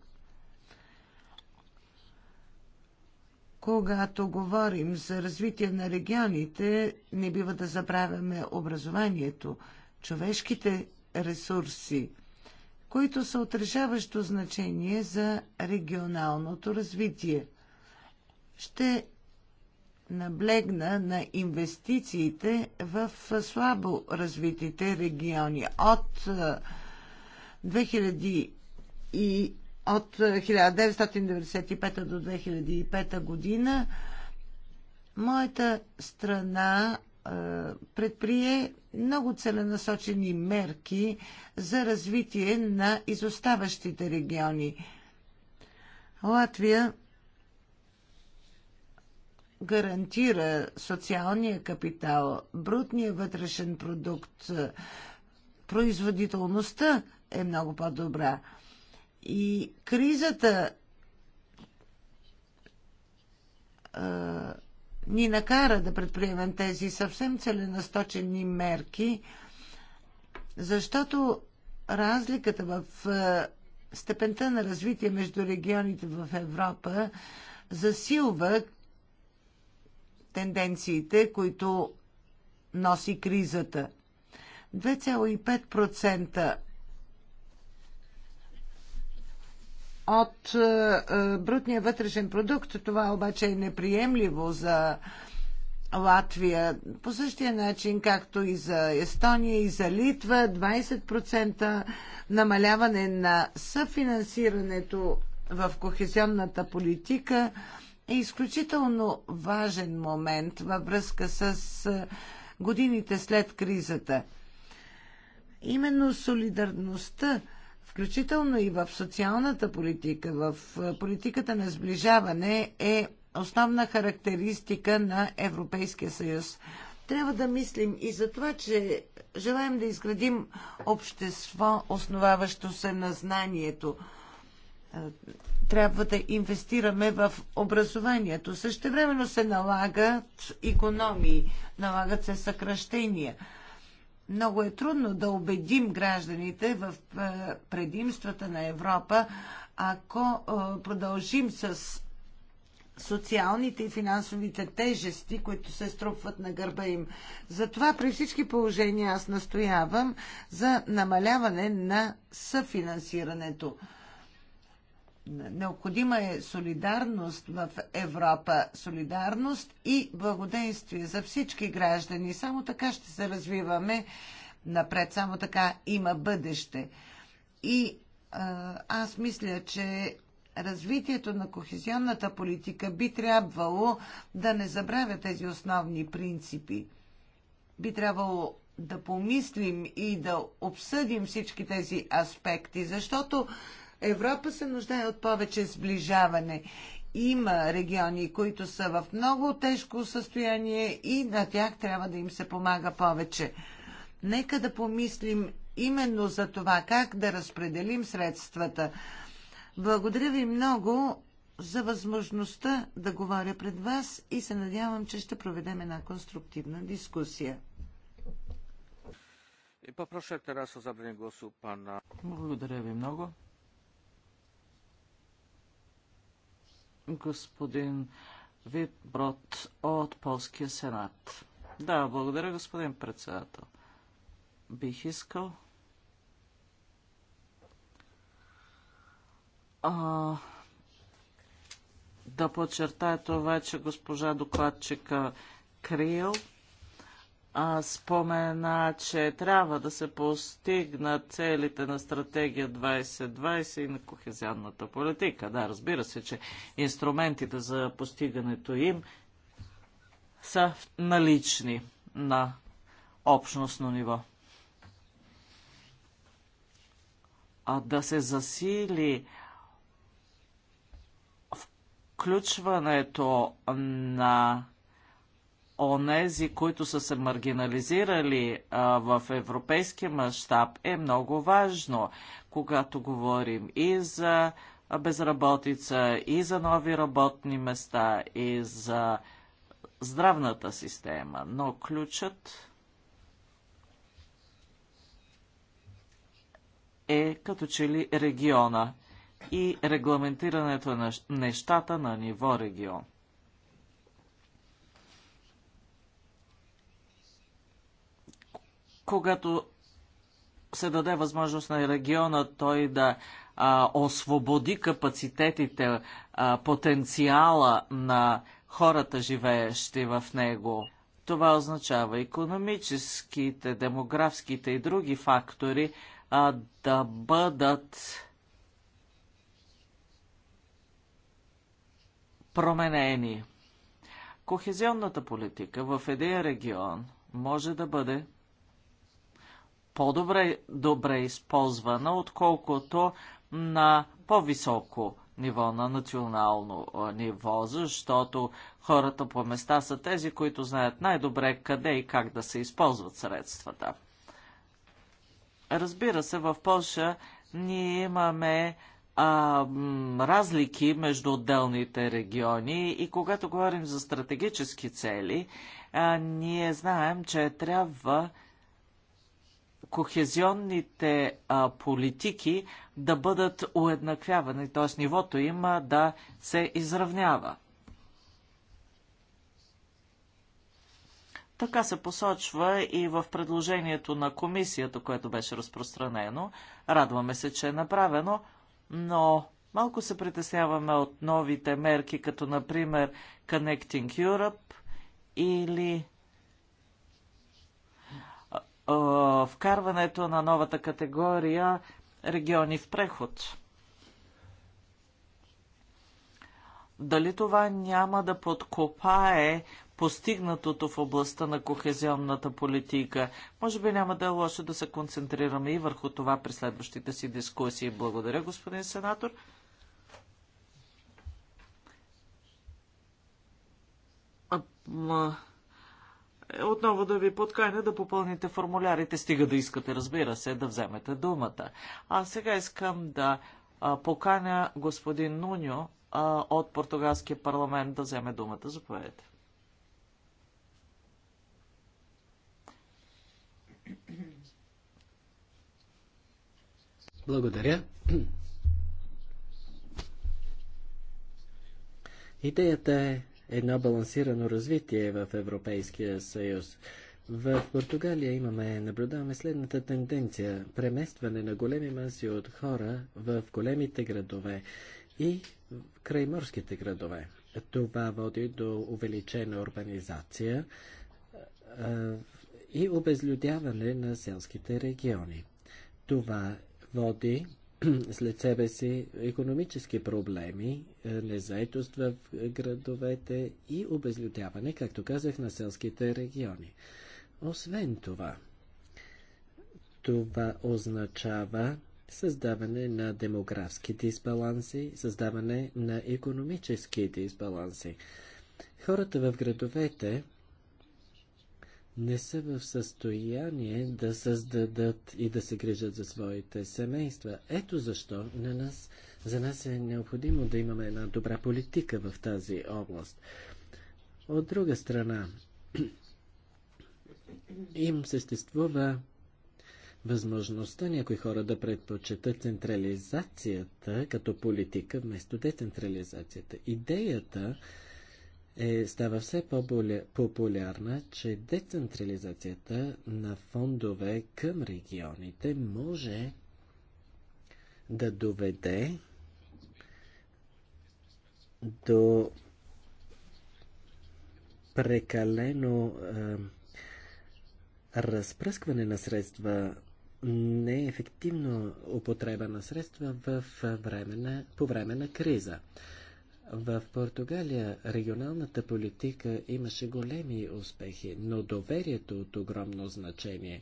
Когато говорим за развитие на регионите, не бива да забравяме образованието, човешките ресурси, които са отрежаващо значение за регионалното развитие. Ще наблегна на инвестициите в слабо развитите региони. От 2000 и от 1995 е, до 2005 година моята страна е, предприе много целенасочени мерки за развитие на изоставащите региони. Латвия гарантира социалния капитал, брутния вътрешен продукт, е, производителността е много по-добра. И кризата а, ни накара да предприемем тези съвсем целенасточени мерки, защото разликата в степента на развитие между регионите в Европа засилва тенденциите, които носи кризата. 2,5% от е, е, брутния вътрешен продукт. Това обаче е неприемливо за Латвия. По същия начин, както и за Естония и за Литва, 20% намаляване на съфинансирането в кохезионната политика е изключително важен момент във връзка с е, годините след кризата. Именно солидарността включително и в социалната политика, в е, политиката на сближаване, е основна характеристика на Европейския съюз. Трябва да мислим и за това, че желаем да изградим общество, основаващо се на знанието. Е, трябва да инвестираме в образованието. Същевременно се налагат економии, налагат се съкръщения – много е трудно да убедим гражданите в предимствата на Европа, ако продължим с социалните и финансовите тежести, които се струпват на гърба им. Затова при всички положения аз настоявам за намаляване на съфинансирането. Необходима е солидарност в Европа, солидарност и благодействие за всички граждани. Само така ще се развиваме напред, само така има бъдеще. И а, аз мисля, че развитието на кохезионната политика би трябвало да не забравя тези основни принципи. Би трябвало да помислим и да обсъдим всички тези аспекти, защото Европа се нуждае от повече сближаване. Има региони, които са в много тежко състояние и на тях трябва да им се помага повече. Нека да помислим именно за това как да разпределим средствата. Благодаря ви много за възможността да говоря пред вас и се надявам, че ще проведем една конструктивна дискусия. Благодаря ви много. господин Витброд от Полския сенат. Да, благодаря, господин председател. Бих искал а, да подчертая това, че госпожа докладчика Крил а, спомена, че трябва да се постигнат целите на стратегия 2020 и на кохезионната политика. Да, разбира се, че инструментите за постигането им са налични на общностно ниво. А да се засили включването на онези, които са се маргинализирали а, в европейския мащаб, е много важно, когато говорим и за безработица, и за нови работни места, и за здравната система. Но ключът е като че ли региона и регламентирането на нещата на ниво регион. когато се даде възможност на региона той да а, освободи капацитетите, а, потенциала на хората, живеещи в него. Това означава економическите, демографските и други фактори а, да бъдат променени. Кохезионната политика в един регион може да бъде по-добре добре използвана, отколкото на по-високо ниво, на национално ниво, защото хората по места са тези, които знаят най-добре къде и как да се използват средствата. Разбира се, в Польша ние имаме а, разлики между отделните региони и когато говорим за стратегически цели, а, ние знаем, че трябва кохезионните а, политики да бъдат уеднаквявани, т.е. нивото им да се изравнява. Така се посочва и в предложението на комисията, което беше разпространено. Радваме се, че е направено, но малко се притесняваме от новите мерки, като например Connecting Europe или вкарването на новата категория региони в преход. Дали това няма да подкопае постигнатото в областта на кохезионната политика? Може би няма да е лошо да се концентрираме и върху това при следващите си дискусии. Благодаря, господин сенатор. А, отново да ви подканя да попълните формулярите, стига да искате, разбира се, да вземете думата. А сега искам да поканя господин Нуньо от португалския парламент да вземе думата. Заповядайте. Благодаря. Идеята е едно балансирано развитие в Европейския съюз. В Португалия имаме, наблюдаваме следната тенденция – преместване на големи маси от хора в големите градове и крайморските градове. Това води до увеличена урбанизация и обезлюдяване на селските региони. Това води след себе си економически проблеми, е, незаетост в градовете и обезлюдяване, както казах, на селските региони. Освен това, това означава създаване на демографски дисбаланси, създаване на економически дисбаланси. Хората в градовете не са в състояние да създадат и да се грижат за своите семейства. Ето защо на нас, за нас е необходимо да имаме една добра политика в тази област. От друга страна, им съществува възможността някои хора да предпочитат централизацията като политика вместо децентрализацията. Идеята е, става все по-популярна, че децентрализацията на фондове към регионите може да доведе до прекалено е, разпръскване на средства, неефективно употреба на средства в е, време на, по време на криза. В Португалия регионалната политика имаше големи успехи, но доверието от огромно значение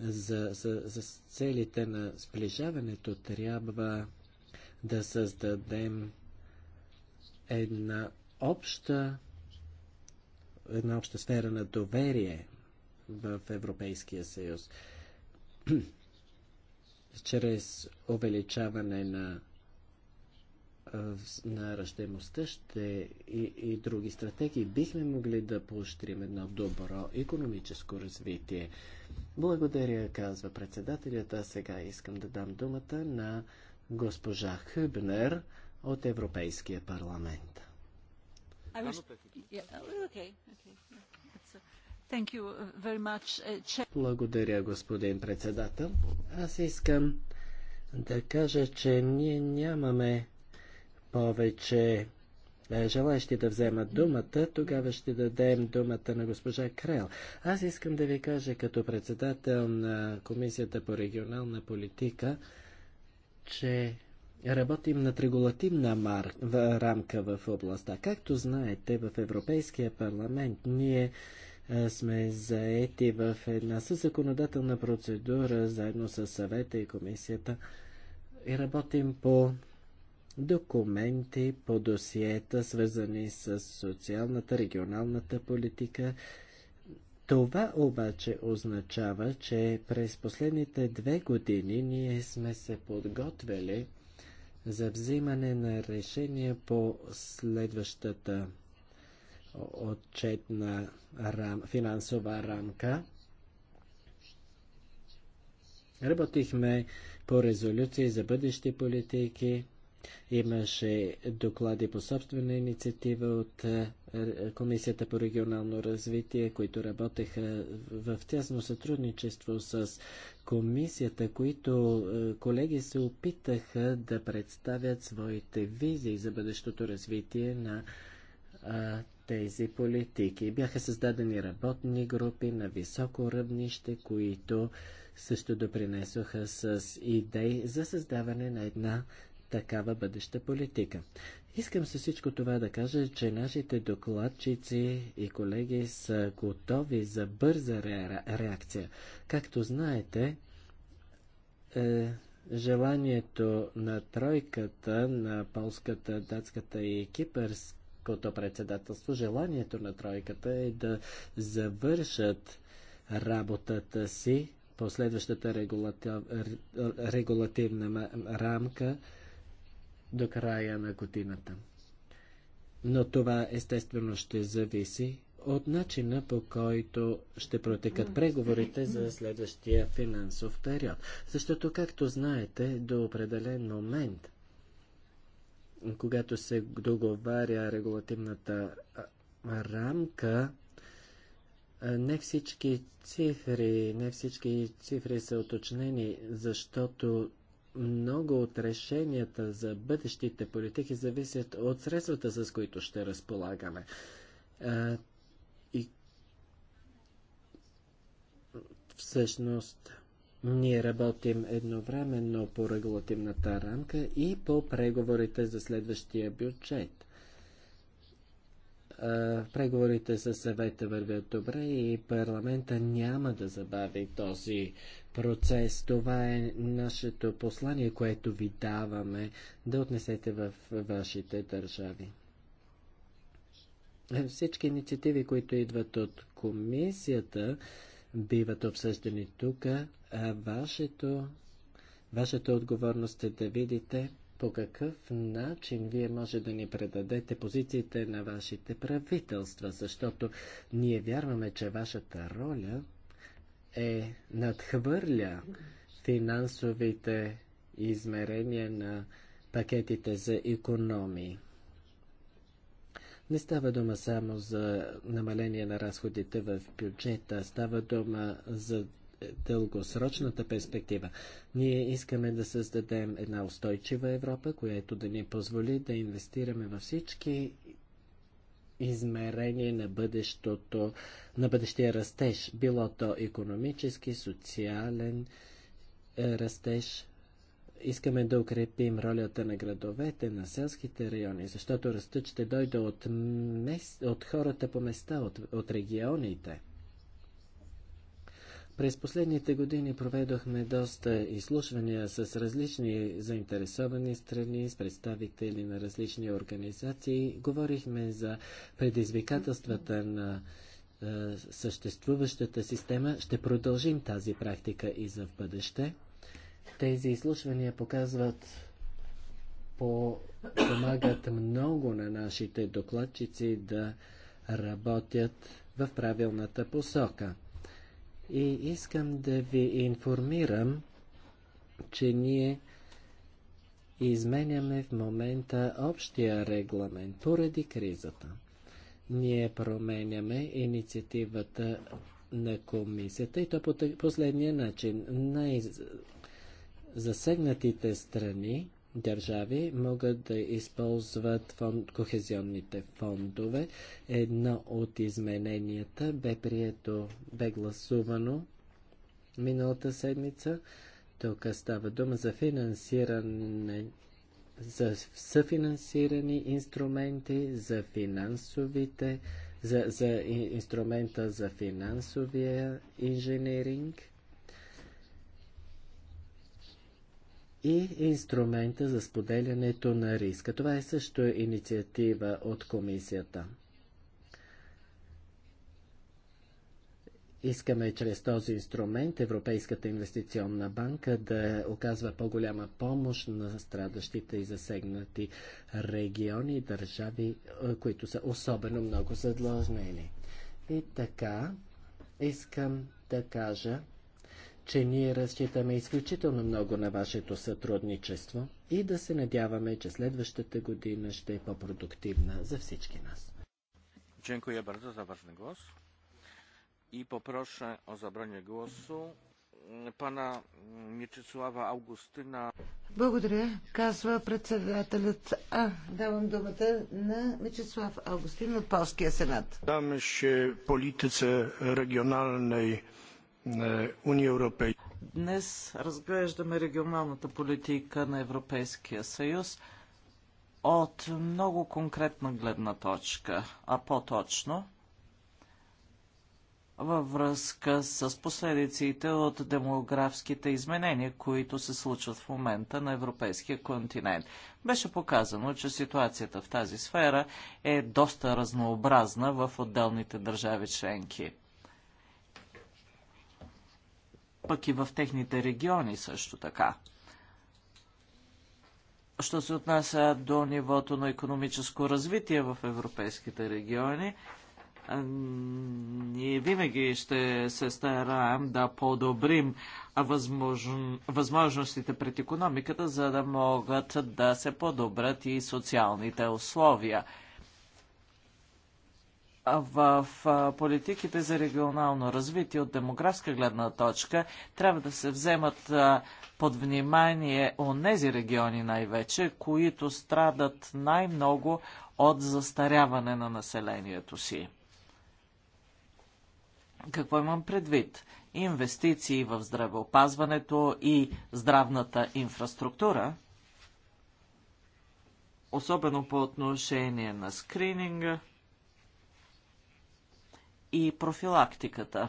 за, за, за целите на сближаването трябва да създадем една обща, една обща сфера на доверие в Европейския съюз. Чрез увеличаване на на ръждемостта ще и, и други стратегии бихме могли да поощрим едно добро економическо развитие. Благодаря, казва председателят. А сега искам да дам думата на госпожа Хюбнер от Европейския парламент. Uh, uh, Благодаря, господин председател. Аз искам да кажа, че ние нямаме повече е, желаещи да вземат думата, тогава ще дадем думата на госпожа Крел. Аз искам да ви кажа като председател на Комисията по регионална политика, че работим над регулативна мар... в... рамка в областта. Както знаете, в Европейския парламент ние е, сме заети в една със законодателна процедура заедно с съвета и комисията и работим по документи по досиета, свързани с социалната, регионалната политика. Това обаче означава, че през последните две години ние сме се подготвили за взимане на решения по следващата отчетна рам, финансова рамка. Работихме по резолюции за бъдещи политики, Имаше доклади по собствена инициатива от е, е, Комисията по регионално развитие, които работеха в тясно сътрудничество с комисията, които е, колеги се опитаха да представят своите визии за бъдещото развитие на тези политики. Бяха създадени работни групи на високо равнище, които също допринесоха с идеи за създаване на една такава бъдеща политика. Искам със всичко това да кажа, че нашите докладчици и колеги са готови за бърза ре, реакция. Както знаете, е, желанието на тройката, на полската, датската и кипърското председателство, желанието на тройката е да завършат работата си последващата регулатив, регулативна рамка до края на годината. Но това естествено ще зависи от начина по който ще протекат преговорите за следващия финансов период. Защото, както знаете, до определен момент, когато се договаря регулативната рамка, не всички цифри, не всички цифри са уточнени, защото много от решенията за бъдещите политики зависят от средствата, с които ще разполагаме. А, и всъщност ние работим едновременно по регулативната рамка и по преговорите за следващия бюджет преговорите с съвета вървят добре и парламента няма да забави този процес. Това е нашето послание, което ви даваме да отнесете в вашите държави. Е, всички инициативи, които идват от комисията, биват обсъждани тук. Вашето, вашата отговорност е да видите по какъв начин вие може да ни предадете позициите на вашите правителства, защото ние вярваме, че вашата роля е надхвърля финансовите измерения на пакетите за економии. Не става дума само за намаление на разходите в бюджета, става дума за дългосрочната перспектива. Ние искаме да създадем една устойчива Европа, която да ни позволи да инвестираме във всички измерение на бъдещото, на бъдещия растеж, било то економически, социален е, растеж. Искаме да укрепим ролята на градовете, на селските райони, защото растът ще дойде от, мес... от хората по места, от, от регионите. През последните години проведохме доста изслушвания с различни заинтересовани страни, с представители на различни организации. Говорихме за предизвикателствата на е, съществуващата система. Ще продължим тази практика и за в бъдеще. Тези изслушвания показват по, помагат много на нашите докладчици да работят в правилната посока. И искам да ви информирам, че ние изменяме в момента общия регламент поради кризата. Ние променяме инициативата на комисията и то по последния начин. Най- засегнатите страни държави могат да използват фонд, кохезионните фондове. Едно от измененията бе прието, бе гласувано миналата седмица. Тук става дума за финансиране за съфинансирани инструменти, за финансовите, за, за инструмента за финансовия инженеринг – и инструмента за споделянето на риска. Това е също инициатива от комисията. Искаме чрез този инструмент Европейската инвестиционна банка да оказва по-голяма помощ на страдащите и засегнати региони и държави, е, които са особено много задлъжнени. И така, искам да кажа, че ние разчитаме изключително много на вашето сътрудничество и да се надяваме, че следващата година ще е по-продуктивна за всички нас. Dziękuję bardzo za ważny głos i poproszę o zabranie głosu pana Mieczysława Augustyna. Благодаря, казва председателят. А, давам думата на Мечислав Августин от Полския сенат. Даме ще политице регионалнай Уния Европейска. Днес разглеждаме регионалната политика на Европейския съюз от много конкретна гледна точка, а по-точно във връзка с последиците от демографските изменения, които се случват в момента на европейския континент. Беше показано, че ситуацията в тази сфера е доста разнообразна в отделните държави членки пък и в техните региони също така. Що се отнася до нивото на економическо развитие в европейските региони, ние винаги ще се стараем да подобрим възможно, възможностите пред економиката, за да могат да се подобрят и социалните условия – в политиките за регионално развитие от демографска гледна точка трябва да се вземат под внимание онези региони най-вече, които страдат най-много от застаряване на населението си. Какво имам предвид? Инвестиции в здравеопазването и здравната инфраструктура, особено по отношение на скрининга – и профилактиката.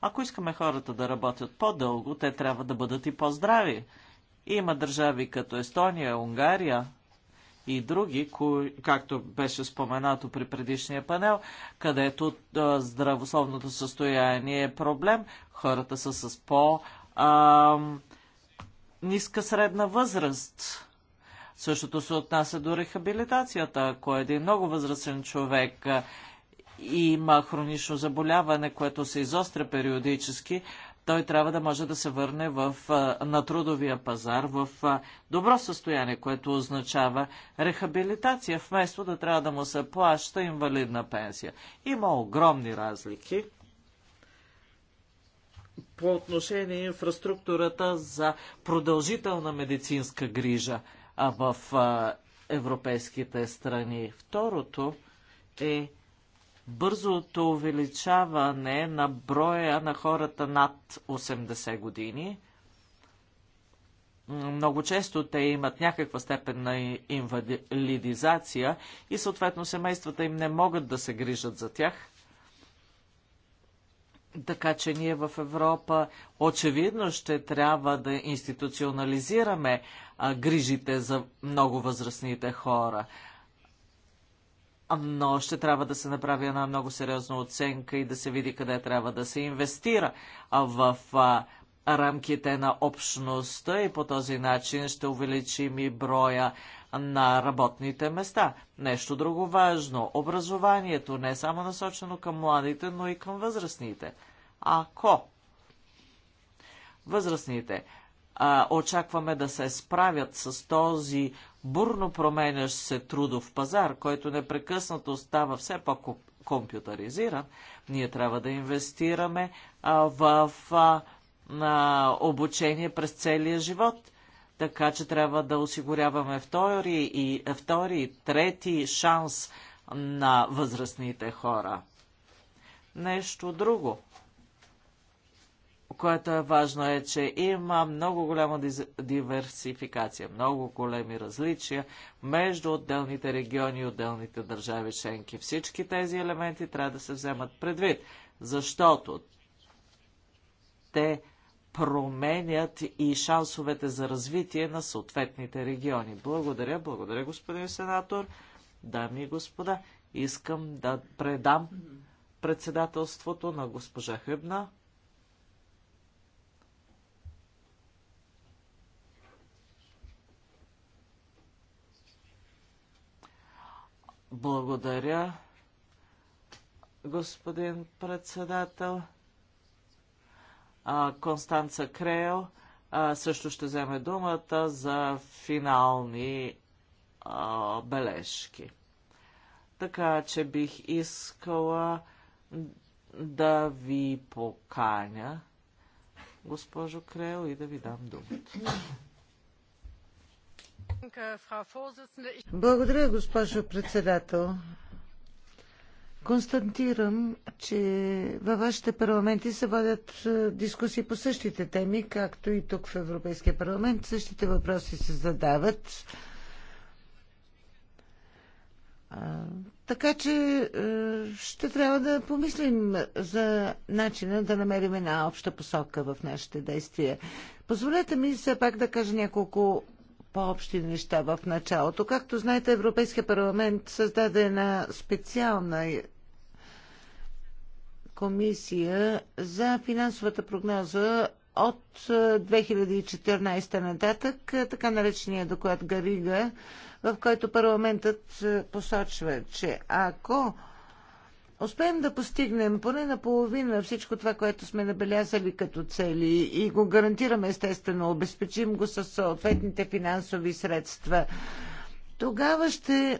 Ако искаме хората да работят по-дълго, те трябва да бъдат и по-здрави. Има държави като Естония, Унгария и други, кои, както беше споменато при предишния панел, където а, здравословното състояние е проблем. Хората са с по- а, ниска средна възраст. Същото се отнася до рехабилитацията. Ако един много възрастен човек има хронично заболяване, което се изостря периодически, той трябва да може да се върне в, на трудовия пазар в добро състояние, което означава рехабилитация, вместо да трябва да му се плаща инвалидна пенсия. Има огромни разлики по отношение инфраструктурата за продължителна медицинска грижа в европейските страни. Второто е бързото увеличаване на броя на хората над 80 години. Много често те имат някаква степен на инвалидизация и съответно семействата им не могат да се грижат за тях. Така че ние в Европа очевидно ще трябва да институционализираме грижите за много възрастните хора но ще трябва да се направи една много сериозна оценка и да се види къде трябва да се инвестира в рамките на общността и по този начин ще увеличим и броя на работните места. Нещо друго важно – образованието не е само насочено към младите, но и към възрастните. Ако възрастните а, очакваме да се справят с този бурно променящ се трудов пазар, който непрекъснато става все по-компютъризиран, ние трябва да инвестираме а, в а, на обучение през целия живот. Така че трябва да осигуряваме втори и втори, трети шанс на възрастните хора. Нещо друго – което е важно е, че има много голяма диверсификация, много големи различия между отделните региони и отделните държави членки. Всички тези елементи трябва да се вземат предвид, защото те променят и шансовете за развитие на съответните региони. Благодаря, благодаря, господин сенатор. Дами и господа, искам да предам председателството на госпожа Хъбна. Благодаря, господин председател. Констанца Крео също ще вземе думата за финални бележки. Така че бих искала да ви поканя, госпожо Крел, и да ви дам думата. Благодаря, госпожо председател. Константирам, че във вашите парламенти се водят е, дискусии по същите теми, както и тук в Европейския парламент. Същите въпроси се задават. Така че е, ще трябва да помислим за начина да намерим една обща посока в нашите действия. Позволете ми все пак да кажа няколко по-общи неща в началото. Както знаете, Европейския парламент създаде една специална комисия за финансовата прогноза от 2014 е, нататък, е, така наречения доклад Гарига, в който парламентът е, посочва, че ако успеем да постигнем поне наполовина всичко това, което сме набелязали като цели и го гарантираме естествено, обезпечим го с съответните финансови средства, тогава ще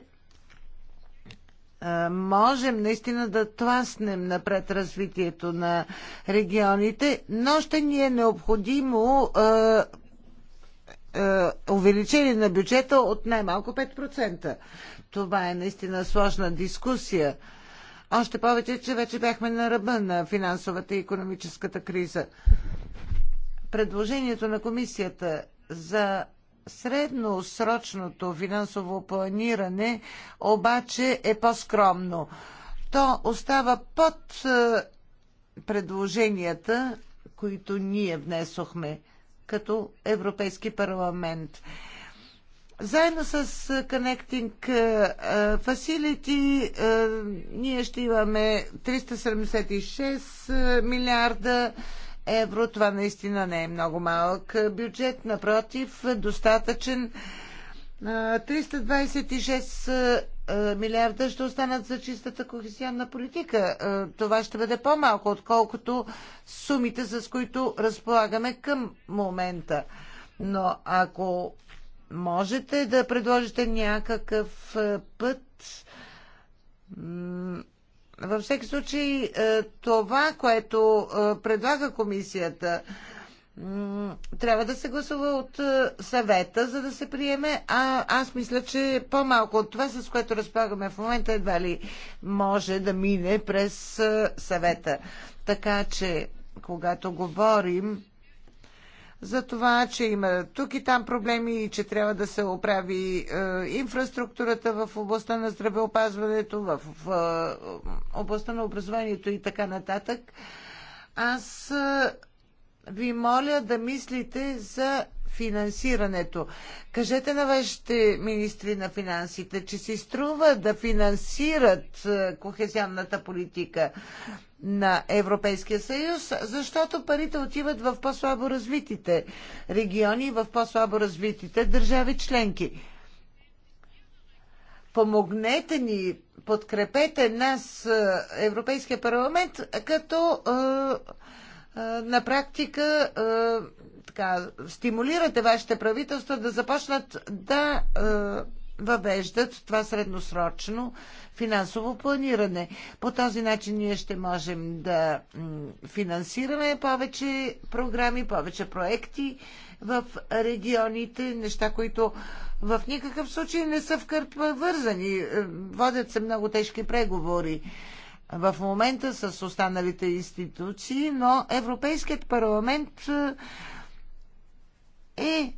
можем наистина да тласнем напред развитието на регионите, но ще ни е необходимо е, е, увеличение на бюджета от най-малко 5%. Това е наистина сложна дискусия. Още повече, че вече бяхме на ръба на финансовата и економическата криза. Предложението на комисията за средносрочното финансово планиране обаче е по-скромно. То остава под е, предложенията, които ние внесохме като Европейски парламент. Заедно с Connecting Facility ние ще имаме 376 милиарда евро. Това наистина не е много малък бюджет, напротив, достатъчен. 326 милиарда ще останат за чистата кохесионна политика. Това ще бъде по-малко, отколкото сумите, с които разполагаме към момента. Но ако можете да предложите някакъв е, път. Във всеки случай, е, това, което е, предлага комисията, трябва да се гласува от съвета, за да се приеме, а аз мисля, че по-малко от това, с което разполагаме в момента, едва ли може да мине през съвета. Така че, когато говорим за това, че има тук и там проблеми и че трябва да се оправи е, инфраструктурата в областта на здравеопазването, в, в в е, областта на образованието и така нататък. Аз е, ви моля да мислите за финансирането. Кажете на вашите министри на финансите, че си струва да финансират е, кохезионната политика, на Европейския съюз, защото парите отиват в по-слабо развитите региони и в по-слабо развитите държави членки. Помогнете ни, подкрепете нас, е, Европейския парламент, като е, е, на практика така, стимулирате вашите правителства да започнат да въвеждат това средносрочно финансово планиране. По този начин ние ще можем да финансираме повече програми, повече проекти в регионите, неща, които в никакъв случай не са в кърпа вързани. Е, водят се много тежки преговори в момента с останалите институции, но Европейският парламент е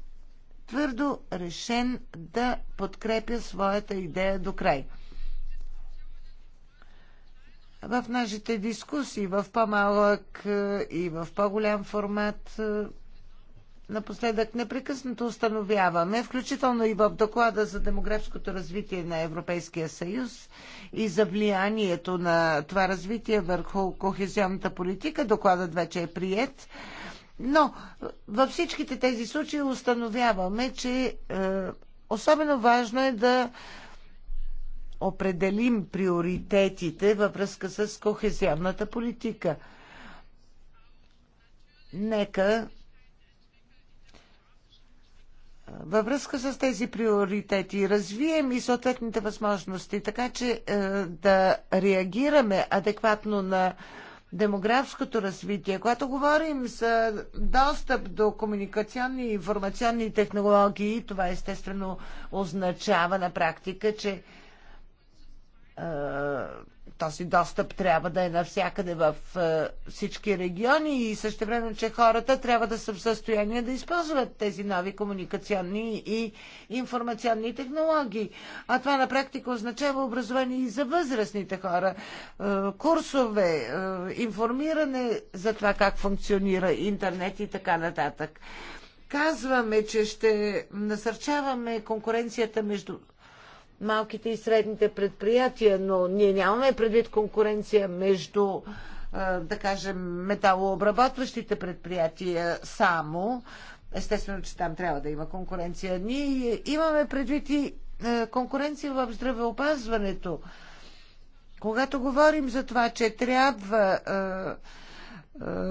твърдо решен да подкрепя своята идея до край. В нашите дискусии в по-малък е, и в по-голям формат е, напоследък непрекъснато установяваме, включително и в доклада за демографското развитие на Европейския съюз и за влиянието на това развитие върху кохезионната политика. Докладът вече е прият. Но във всичките тези случаи установяваме, че е, особено важно е да определим приоритетите във връзка с кохезионната политика. Нека е, във връзка с тези приоритети развием и съответните възможности, така че е, да реагираме адекватно на е, демографското развитие, когато говорим за достъп до комуникационни и информационни технологии, това естествено означава на практика, че този достъп трябва да е навсякъде в е, всички региони и също време, че хората трябва да са в състояние да използват тези нови комуникационни и информационни технологии. А това на практика означава образование и за възрастните хора. Е, курсове, е, информиране за това как функционира интернет и така нататък казваме, че ще насърчаваме конкуренцията между малките и средните предприятия, но ние нямаме предвид конкуренция между, да кажем, металообработващите предприятия само. Естествено, че там трябва да има конкуренция. Ние имаме предвид и конкуренция в здравеопазването. Когато говорим за това, че трябва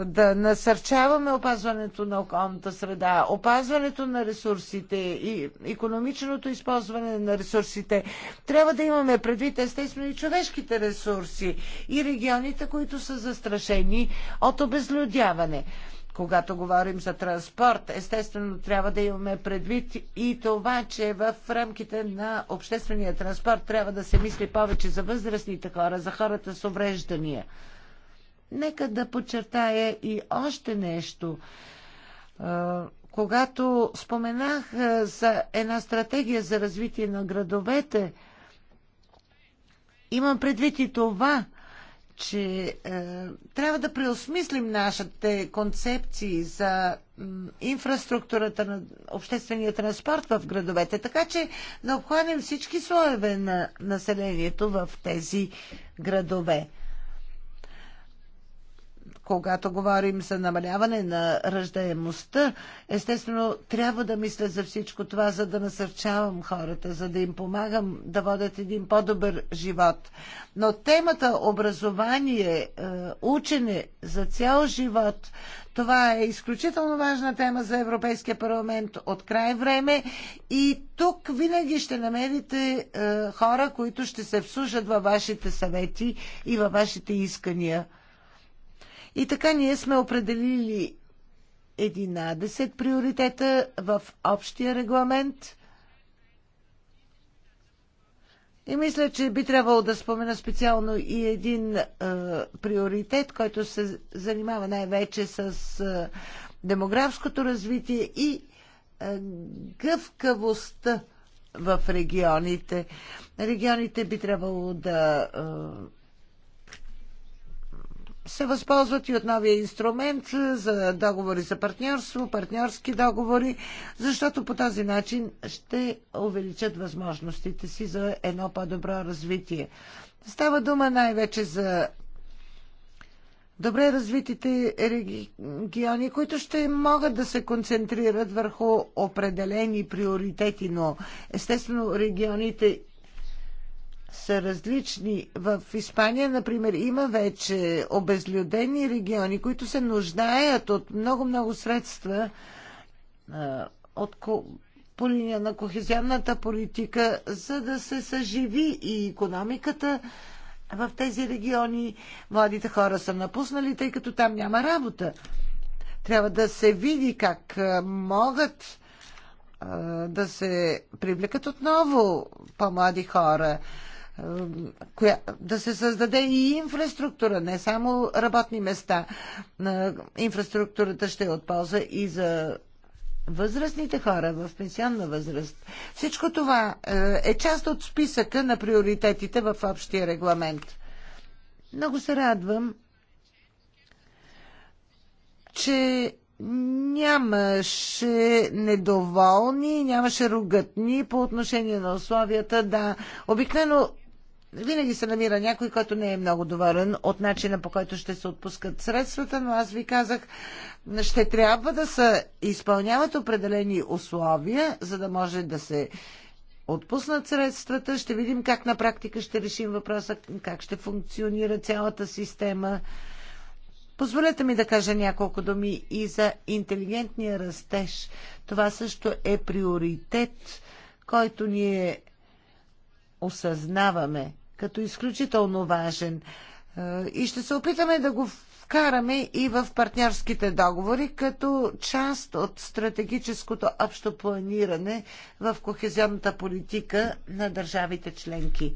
да насърчаваме опазването на околната среда, опазването на ресурсите и економичното използване на ресурсите. Трябва да имаме предвид естествено и човешките ресурси и регионите, които са застрашени от обезлюдяване. Когато говорим за транспорт, естествено трябва да имаме предвид и това, че в рамките на обществения транспорт трябва да се мисли повече за възрастните хора, за хората с увреждания. Нека да подчертая и още нещо. Когато споменах за една стратегия за развитие на градовете, имам предвид и това, че трябва да преосмислим нашите концепции за инфраструктурата на обществения транспорт в градовете, така че да обхванем всички слоеве на населението в тези градове когато говорим за намаляване на ръждаемостта, естествено трябва да мисля за всичко това, за да насърчавам хората, за да им помагам да водят един по-добър живот. Но темата образование, е, учене за цял живот, това е изключително важна тема за Европейския парламент от край време и тук винаги ще намерите е, хора, които ще се вслужат във вашите съвети и във вашите искания. И така ние сме определили 11 приоритета в общия регламент. И мисля, че би трябвало да спомена специално и един е, приоритет, който се занимава най-вече с е, демографското развитие и е, гъвкавостта в регионите. Регионите би трябвало да е, се възползват и от новия инструмент за договори за партньорство, партньорски договори, защото по този начин ще увеличат възможностите си за едно по-добро развитие. Става дума най-вече за добре развитите региони, които ще могат да се концентрират върху определени приоритети, но естествено регионите са различни. В Испания, например, има вече обезлюдени региони, които се нуждаят от много-много средства от, по линия на кохезионната политика, за да се съживи и економиката в тези региони. Младите хора са напуснали, тъй като там няма работа. Трябва да се види как могат да се привлекат отново по-млади хора коя, да се създаде и инфраструктура, не само работни места. Инфраструктурата ще е от полза и за възрастните хора в пенсионна възраст. Всичко това е, е част от списъка на приоритетите в общия регламент. Много се радвам, че нямаше недоволни, нямаше ругатни по отношение на условията. Да, обикновено винаги се намира някой, който не е много доволен от начина по който ще се отпускат средствата, но аз ви казах, ще трябва да се изпълняват определени условия, за да може да се отпуснат средствата. Ще видим как на практика ще решим въпроса, как ще функционира цялата система. Позволете ми да кажа няколко думи и за интелигентния растеж. Това също е приоритет, който ние осъзнаваме като изключително важен. Е, и ще се опитаме да го вкараме и в партньорските договори, като част от стратегическото общо планиране в кохезионната политика на държавите членки.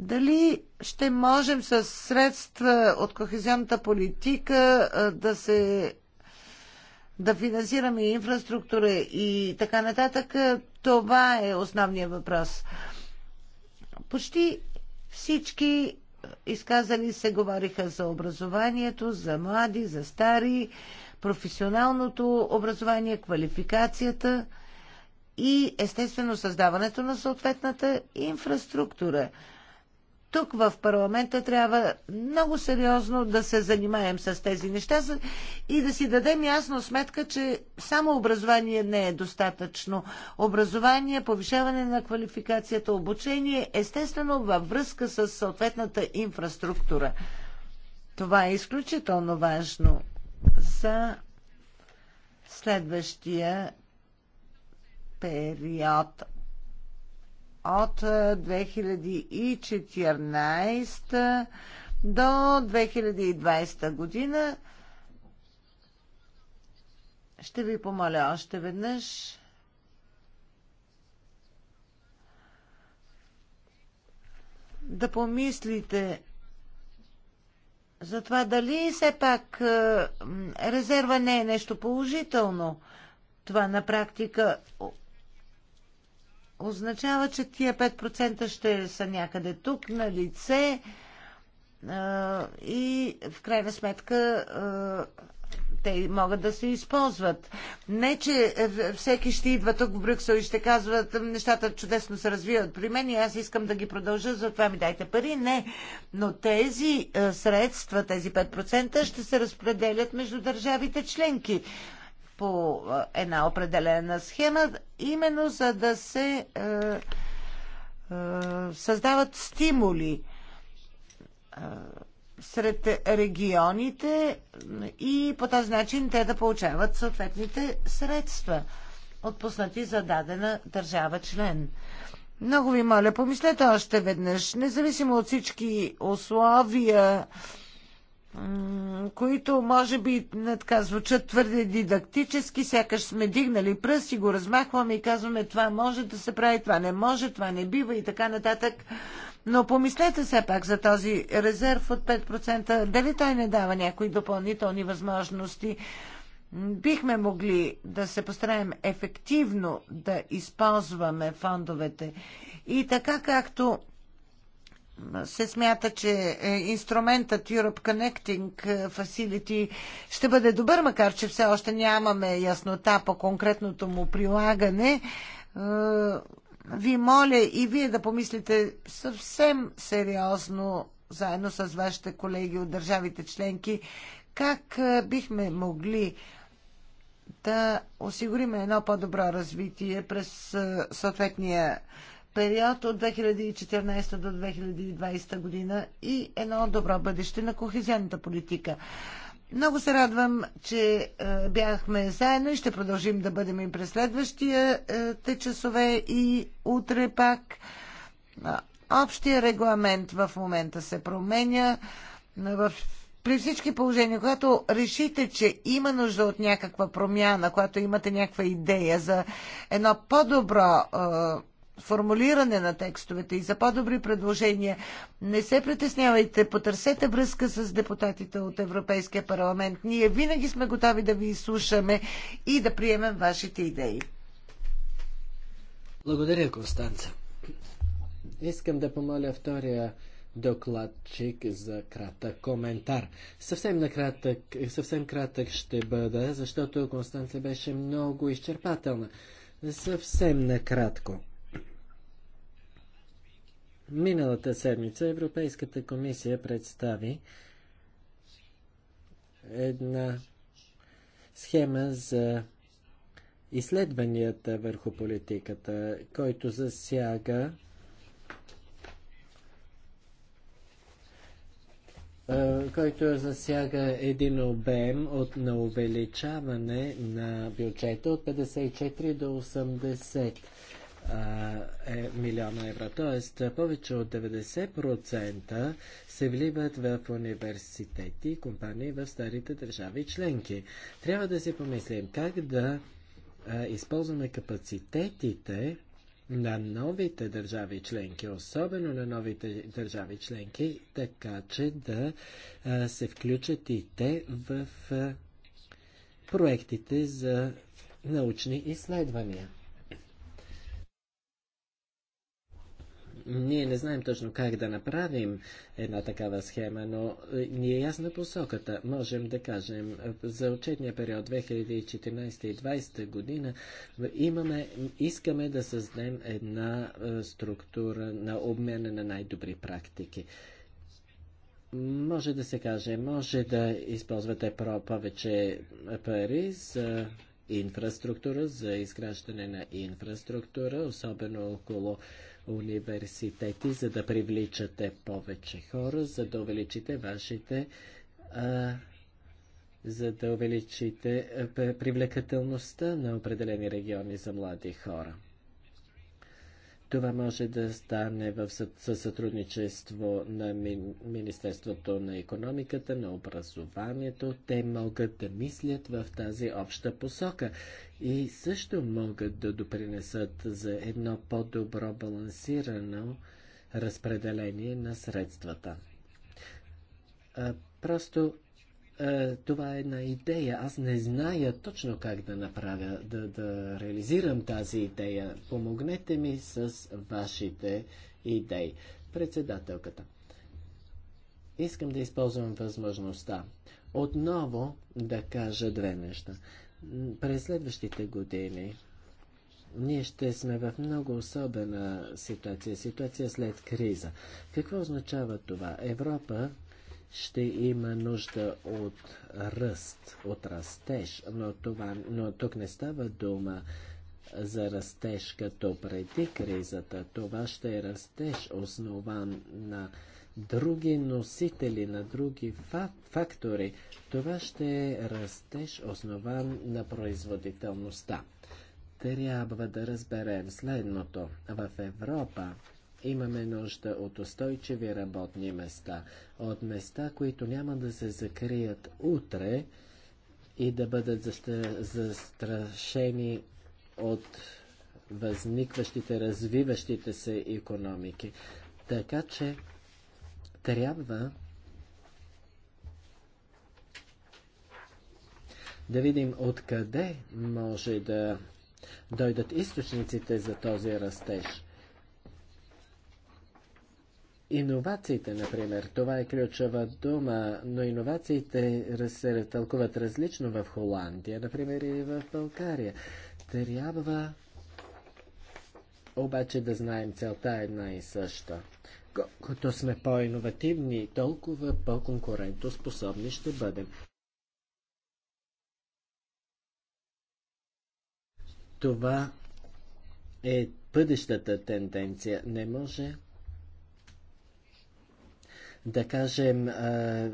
Дали ще можем с средства от кохезионната политика е, да се да финансираме инфраструктура и така нататък, това е основният въпрос. Почти всички изказали се говориха за образованието, за млади, за стари, професионалното образование, квалификацията и естествено създаването на съответната инфраструктура – тук в парламента трябва много сериозно да се занимаем с тези неща и да си дадем ясно сметка, че само образование не е достатъчно. Образование, повишаване на квалификацията, обучение, естествено във връзка с съответната инфраструктура. Това е изключително важно за следващия период от 2014 до 2020 година. Ще ви помоля още веднъж да помислите за това дали все пак резерва не е нещо положително. Това на практика означава, че тия 5% ще са някъде тук на лице и в крайна сметка те могат да се използват. Не, че всеки ще идва тук в Брюксел и ще казват нещата чудесно се развиват при мен и аз искам да ги продължа, затова ми дайте пари. Не, но тези средства, тези 5% ще се разпределят между държавите членки по една определена схема, именно за да се е, е, създават стимули е, сред регионите и по този начин те да получават съответните средства, отпуснати за дадена държава член. Много ви моля, помислете още веднъж, независимо от всички условия, които може би така звучат твърде дидактически, сякаш сме дигнали пръст и го размахваме и казваме това може да се прави, това не може, това не бива и така нататък. Но помислете все пак за този резерв от 5%. Дали той не дава някои допълнителни възможности? Бихме могли да се постараем ефективно да използваме фондовете. И така както се смята, че е, инструментът Europe Connecting е, Facility ще бъде добър, макар че все още нямаме яснота по конкретното му прилагане. Е, ви моля и вие да помислите съвсем сериозно, заедно с вашите колеги от държавите членки, как бихме могли да осигурим едно по-добро развитие през съответния период от 2014 до 2020 година и едно добро бъдеще на кохезионната политика. Много се радвам, че е, бяхме заедно и ще продължим да бъдем и през следващия е, те часове и утре пак. Общия регламент в момента се променя. В при всички положения, когато решите, че има нужда от някаква промяна, когато имате някаква идея за едно по-добро е, формулиране на текстовете и за по-добри предложения. Не се притеснявайте, потърсете връзка с депутатите от Европейския парламент. Ние винаги сме готови да ви изслушаме и да приемем вашите идеи. Благодаря, Констанца. Искам да помоля втория докладчик за кратък коментар. Съвсем, накратък, съвсем кратък ще бъда, защото Констанция беше много изчерпателна. Съвсем накратко. Миналата седмица Европейската комисия представи една схема за изследванията върху политиката, който засяга който засяга един обем от на увеличаване на бюджета от 54 до 80 е, е милиона евро. Тоест, повече от 90% се вливат в университети и компании в старите държави членки. Трябва да си помислим как да е, използваме капацитетите на новите държави членки, особено на новите държави членки, така че да е, се включат и те в е, проектите за научни изследвания. Ние не знаем точно как да направим една такава схема, но е, ни е ясна посоката. Можем да кажем, е, за отчетния период 2014 и 2020 година имаме, искаме да създадем една е, структура на обмена на най-добри практики. Може да се каже, може да използвате про повече пари за инфраструктура, за изграждане на инфраструктура, особено около университети, за да привличате повече хора, за да увеличите вашите а, за да увеличите привлекателността на определени региони за млади хора. Това може да стане в сътрудничество на Министерството на економиката, на образованието. Те могат да мислят в тази обща посока и също могат да допринесат за едно по-добро балансирано разпределение на средствата. Просто е, това е една идея. Аз не зная точно как да направя, да, да реализирам тази идея. Помогнете ми с вашите идеи. Председателката. Искам да използвам възможността отново да кажа две неща. През следващите години ние ще сме в много особена ситуация, ситуация след криза. Какво означава това? Европа ще има нужда от ръст, от растеж, но, това, но тук не става дума за растеж като преди кризата. Това ще е растеж основан на други носители, на други фактори. Това ще е растеж основан на производителността. Трябва да разберем следното. В Европа Имаме нужда от устойчиви работни места, от места, които няма да се закрият утре и да бъдат застрашени от възникващите, развиващите се економики. Така че трябва да видим откъде може да дойдат източниците за този растеж. Иновациите, например, това е ключова дума, но иновациите се тълкуват различно в Холандия, например и в България. Трябва обаче да знаем целта една и съща. Колкото сме по-инновативни, толкова по-конкурентоспособни ще бъдем. Това е бъдещата тенденция. Не може да кажем,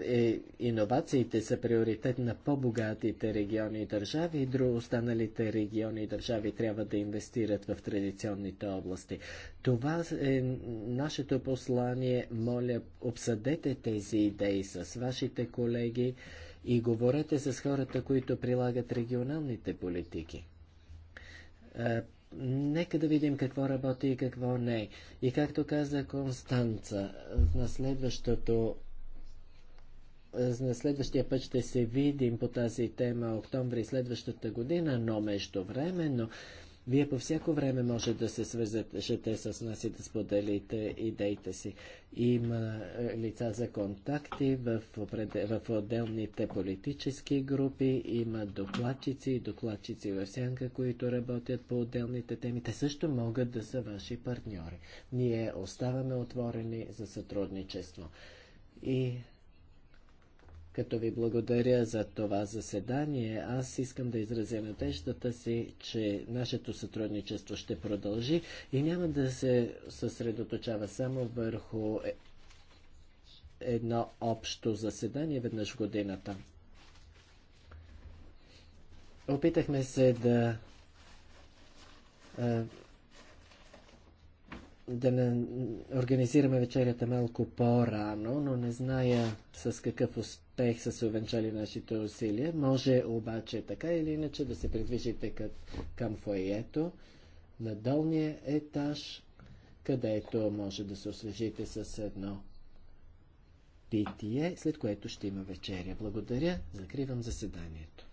е, иновациите са приоритет на по-богатите региони и държави, и друго останалите региони и държави трябва да инвестират в традиционните области. Това е нашето послание. Моля, обсъдете тези идеи с вашите колеги и говорете с хората, които прилагат регионалните политики нека да видим какво работи и какво не. И както каза Констанца, на следващото на следващия път ще се видим по тази тема октомври следващата година, но междувременно вие по всяко време може да се свържете с нас и да споделите идеите си. Има е, лица за контакти в, в отделните политически групи, има докладчици и докладчици в сянка, които работят по отделните теми. Те също могат да са ваши партньори. Ние оставаме отворени за сътрудничество. И като ви благодаря за това заседание, аз искам да изразя надеждата си, че нашето сътрудничество ще продължи и няма да се съсредоточава само върху е, едно общо заседание веднъж в годината. Опитахме се да да организираме вечерята малко по-рано, но не зная с какъв успех успех са увенчали нашите усилия. Може обаче така или иначе да се придвижите към, към фойето на долния етаж, където може да се освежите с едно питие, след което ще има вечеря. Благодаря, закривам заседанието.